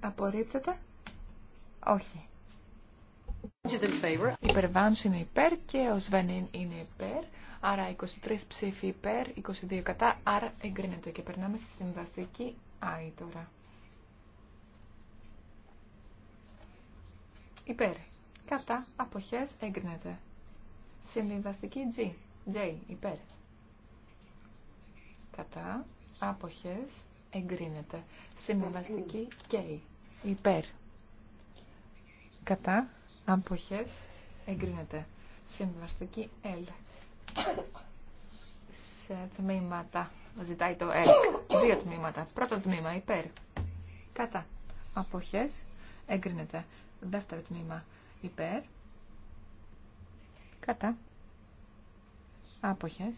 Απορρίπτεται. Όχι. Η Βάνς είναι υπέρ και ο Σβένιν είναι υπέρ. Άρα 23 ψήφοι υπέρ, 22 κατά, άρα εγκρίνεται και περνάμε στη συμβαστική ΑΗ τώρα. Υπέρ. Κατά. Αποχές. Εγκρίνεται. Συμβαστική G. J. Υπέρ. Κατά. Αποχές. Εγκρίνεται. Συμβαστική K. Υπέρ. Κατά. Αποχές εγκρίνεται. Συμβαστική L. Σε τμήματα. Ζητάει το L. Δύο τμήματα. Πρώτο τμήμα υπέρ. Κατά. Αποχές εγκρίνεται. Δεύτερο τμήμα υπέρ. Κατά. Άποχες.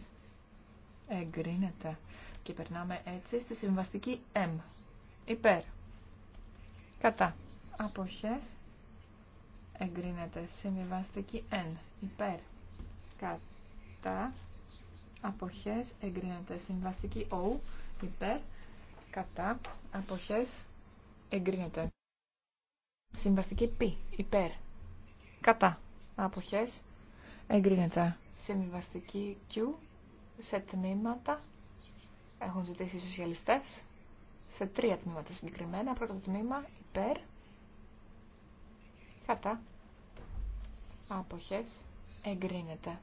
Εγκρίνεται. Και περνάμε έτσι στη συμβαστική M. Υπέρ. Κατά. Άποχες εγκρίνεται. Συμβιβαστική N υπέρ κατά αποχές εγκρίνεται. Συμβαστική O υπέρ κατά αποχές εγκρίνεται. Συμβαστική P υπέρ κατά αποχές εγκρίνεται. Συμβαστική Q σε τμήματα έχουν ζητήσει οι σοσιαλιστές σε τρία τμήματα συγκεκριμένα. Πρώτο τμήμα υπέρ, κατά, Άποχες. Εγκρίνεται.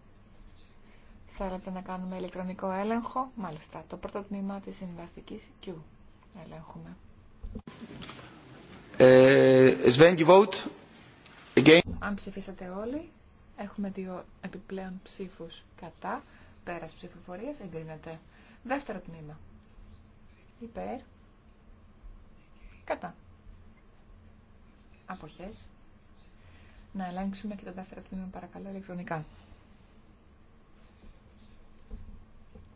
Θέλετε να κάνουμε ηλεκτρονικό έλεγχο. Μάλιστα, το πρώτο τμήμα της συμβαστικής Q. Ελέγχουμε. Ε, Αν ψηφίσατε όλοι, έχουμε δύο επιπλέον ψήφους κατά. Πέρας ψηφοφορίας εγκρίνεται. Δεύτερο τμήμα. Υπέρ. Κατά. Αποχές. Να ελέγξουμε και το δεύτερο τμήμα, παρακαλώ, ηλεκτρονικά.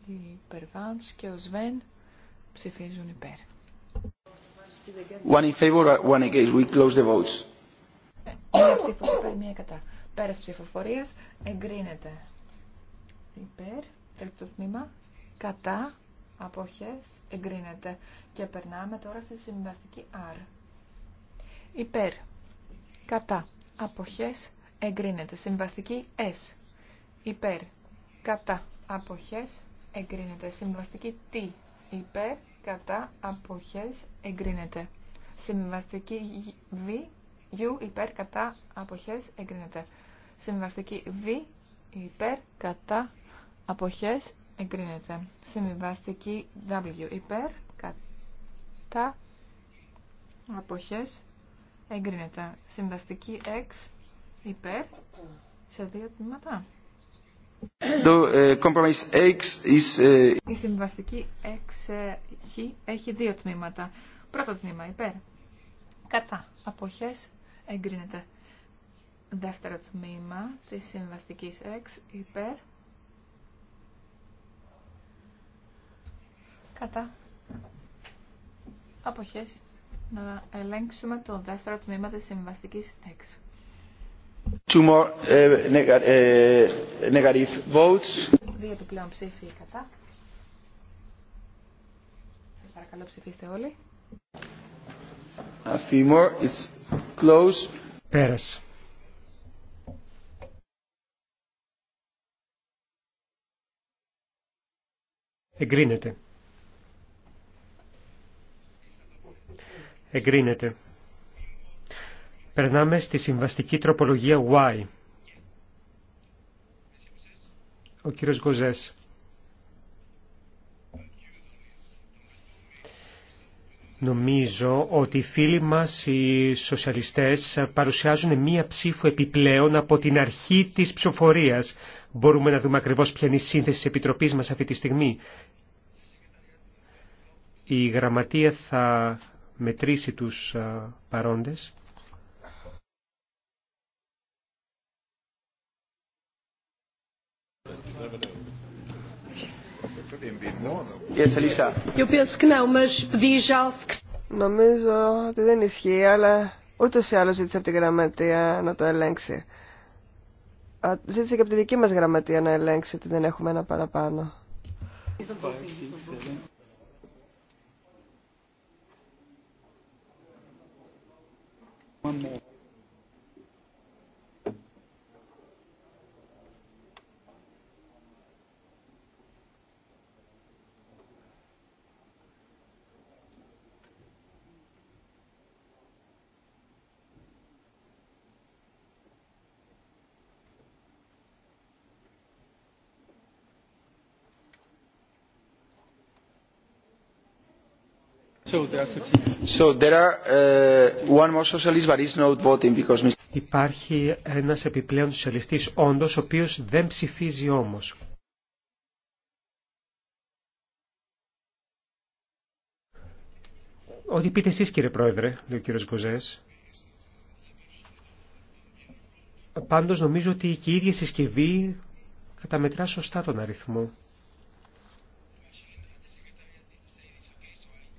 Οι υπερβάντς και ο Σβέν ψηφίζουν υπέρ. One in favor, one against. We close the votes. Μία μία κατά. Πέρας ψηφοφορίας εγκρίνεται. Υπέρ, τρίτο τμήμα, κατά, αποχές, εγκρίνεται. Και περνάμε τώρα στη συμβαστική R. Υπέρ, κατά, αποχές εγκρίνεται. Συμβαστική S. Υπέρ. Κατά. Αποχές εγκρίνεται. Συμβαστική T. Υπέρ. Κατά. Αποχές εγκρίνεται. Συμβαστική V. U. Υπέρ. Κατά. Αποχές εγκρίνεται. Συμβαστική V. Υπέρ. Κατά. Αποχές εγκρίνεται. Συμβαστική W. Υπέρ. Κατά. Αποχές εγκρίνεται. Συμβαστική X υπέρ σε δύο τμήματα. Ε, compromise X is... Ε, Η συμβαστική X ε, έχει δύο τμήματα. Πρώτο τμήμα υπέρ. Κατά. Αποχές εγκρίνεται. Δεύτερο τμήμα της συμβαστικής X υπέρ. Κατά. Αποχές να ελέγξουμε το δεύτερο τμήμα της συμβαστικής 6. Two more, uh, negative votes. Δύο επιπλέον ψήφοι κατά. Σας παρακαλώ ψηφίστε όλοι. A few more is close. Πέρασε. Εγκρίνεται. Εγκρίνεται. Περνάμε στη συμβαστική τροπολογία Y. Ο κύριος Γκοζές. Νομίζω ότι οι φίλοι μας οι σοσιαλιστές παρουσιάζουν μία ψήφο επιπλέον από την αρχή της ψηφοφορίας. Μπορούμε να δούμε ακριβώς ποια είναι η σύνθεση της Επιτροπής μας αυτή τη στιγμή. Η Γραμματεία θα μετρήσει τους παρόντες. Νομίζω ότι δεν ισχύει, αλλά ούτως ή άλλως ζήτησε από τη γραμματεία να το ελέγξει. Ζήτησε και από τη δική μας γραμματεία να ελέγξει ότι δεν έχουμε ένα παραπάνω. One more. So there are, uh, one more socialist, but not voting because... Υπάρχει ένας επιπλέον σοσιαλιστής όντως, ο οποίος δεν ψηφίζει όμως. Ό,τι πείτε εσείς κύριε Πρόεδρε, λέει ο κύριος Γκοζές. Πάντως νομίζω ότι και η ίδια συσκευή καταμετρά σωστά τον αριθμό.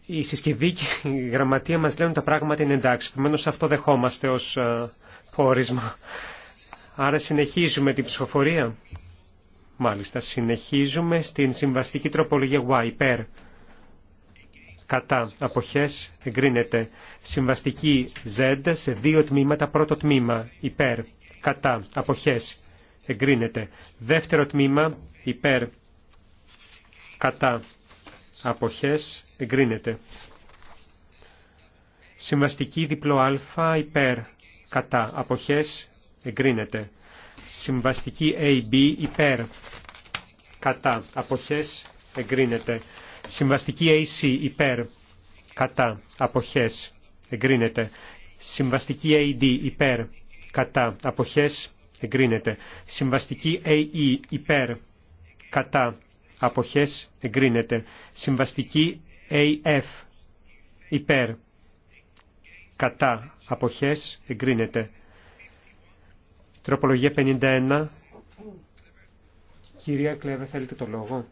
η συσκευή και η γραμματεία μας λένε τα πράγματα είναι εντάξει. Επομένω αυτό δεχόμαστε ως ε, πόρισμα. Άρα συνεχίζουμε την ψηφοφορία. Μάλιστα, συνεχίζουμε στην συμβαστική τροπολογία Y, υπέρ. Κατά αποχές εγκρίνεται συμβαστική Z σε δύο τμήματα. Πρώτο τμήμα υπέρ. Κατά αποχές εγκρίνεται. Δεύτερο τμήμα υπέρ. Κατά αποχές εγκρίνεται. Συμβαστική διπλό α υπέρ κατά αποχές εγκρίνεται. Συμβαστική AB υπέρ κατά αποχές εγκρίνεται. Συμβαστική AC υπέρ κατά αποχές εγκρίνεται. Συμβαστική AD υπέρ κατά αποχές εγκρίνεται. Συμβαστική AE υπέρ κατά αποχές εγκρίνεται. Συμβαστική AF υπέρ κατά αποχές εγκρίνεται. Τροπολογία 51. Κυρία Κλέβε, θέλετε το λόγο.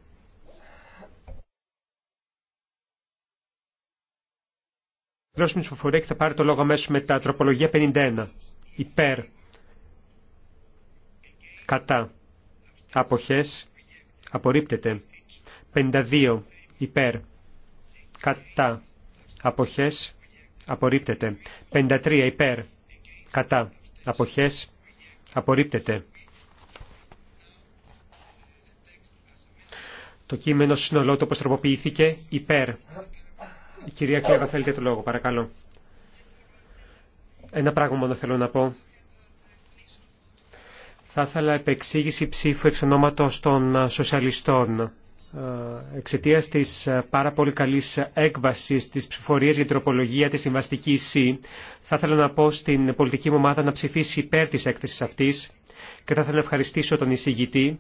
Δώσουμε ψηφοφορία και θα πάρει το λόγο αμέσω μετά. Τροπολογία 51. Υπέρ. Κατά. Αποχές. Απορρίπτεται. 52 υπέρ. Κατά. Αποχές. Απορρίπτεται. 53 υπέρ. Κατά. Αποχές. Απορρίπτεται. Το κείμενο συνολό το τροποποιήθηκε υπέρ. Η κυρία Κλέβα θέλετε το λόγο, παρακαλώ. Ένα πράγμα μόνο θέλω να πω. Θα ήθελα επεξήγηση ψήφου εξ ονόματος των ε, σοσιαλιστών. Ε, Εξαιτία τη ε, πάρα πολύ καλή έκβαση τη ψηφορία για την τροπολογία τη συμβαστική ΣΥ, θα ήθελα να πω στην πολιτική μου ομάδα να ψηφίσει υπέρ τη έκθεση αυτή και θα ήθελα να ευχαριστήσω τον εισηγητή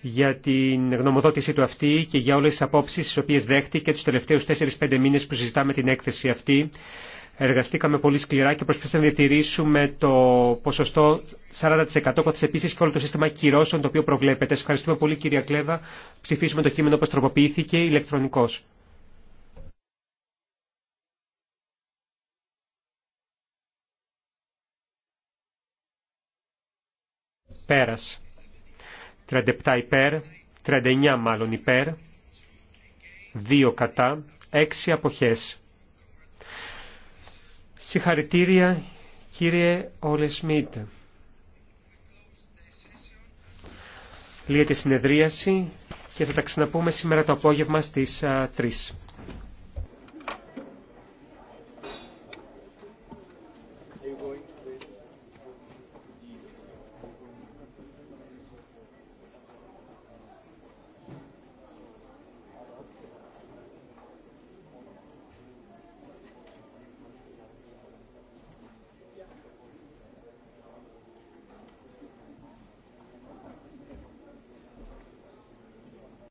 για την γνωμοδότησή του αυτή και για όλε τι απόψει τι οποίε δέχτηκε του τελευταίου 4-5 μήνε που συζητάμε την έκθεση αυτή Εργαστήκαμε πολύ σκληρά και προσπαθήσαμε να διατηρήσουμε το ποσοστό 40% καθώς επίση και όλο το σύστημα κυρώσεων το οποίο προβλέπεται. Σας ευχαριστούμε πολύ κυρία Κλέβα. Ψηφίσουμε το κείμενο όπως τροποποιήθηκε ηλεκτρονικός. Πέρας. 37 υπέρ, 39 μάλλον υπέρ, 2 κατά, 6 αποχές. Συγχαρητήρια κύριε Όλε Σμιτ. Λύεται συνεδρίαση και θα τα ξαναπούμε σήμερα το απόγευμα στις 3.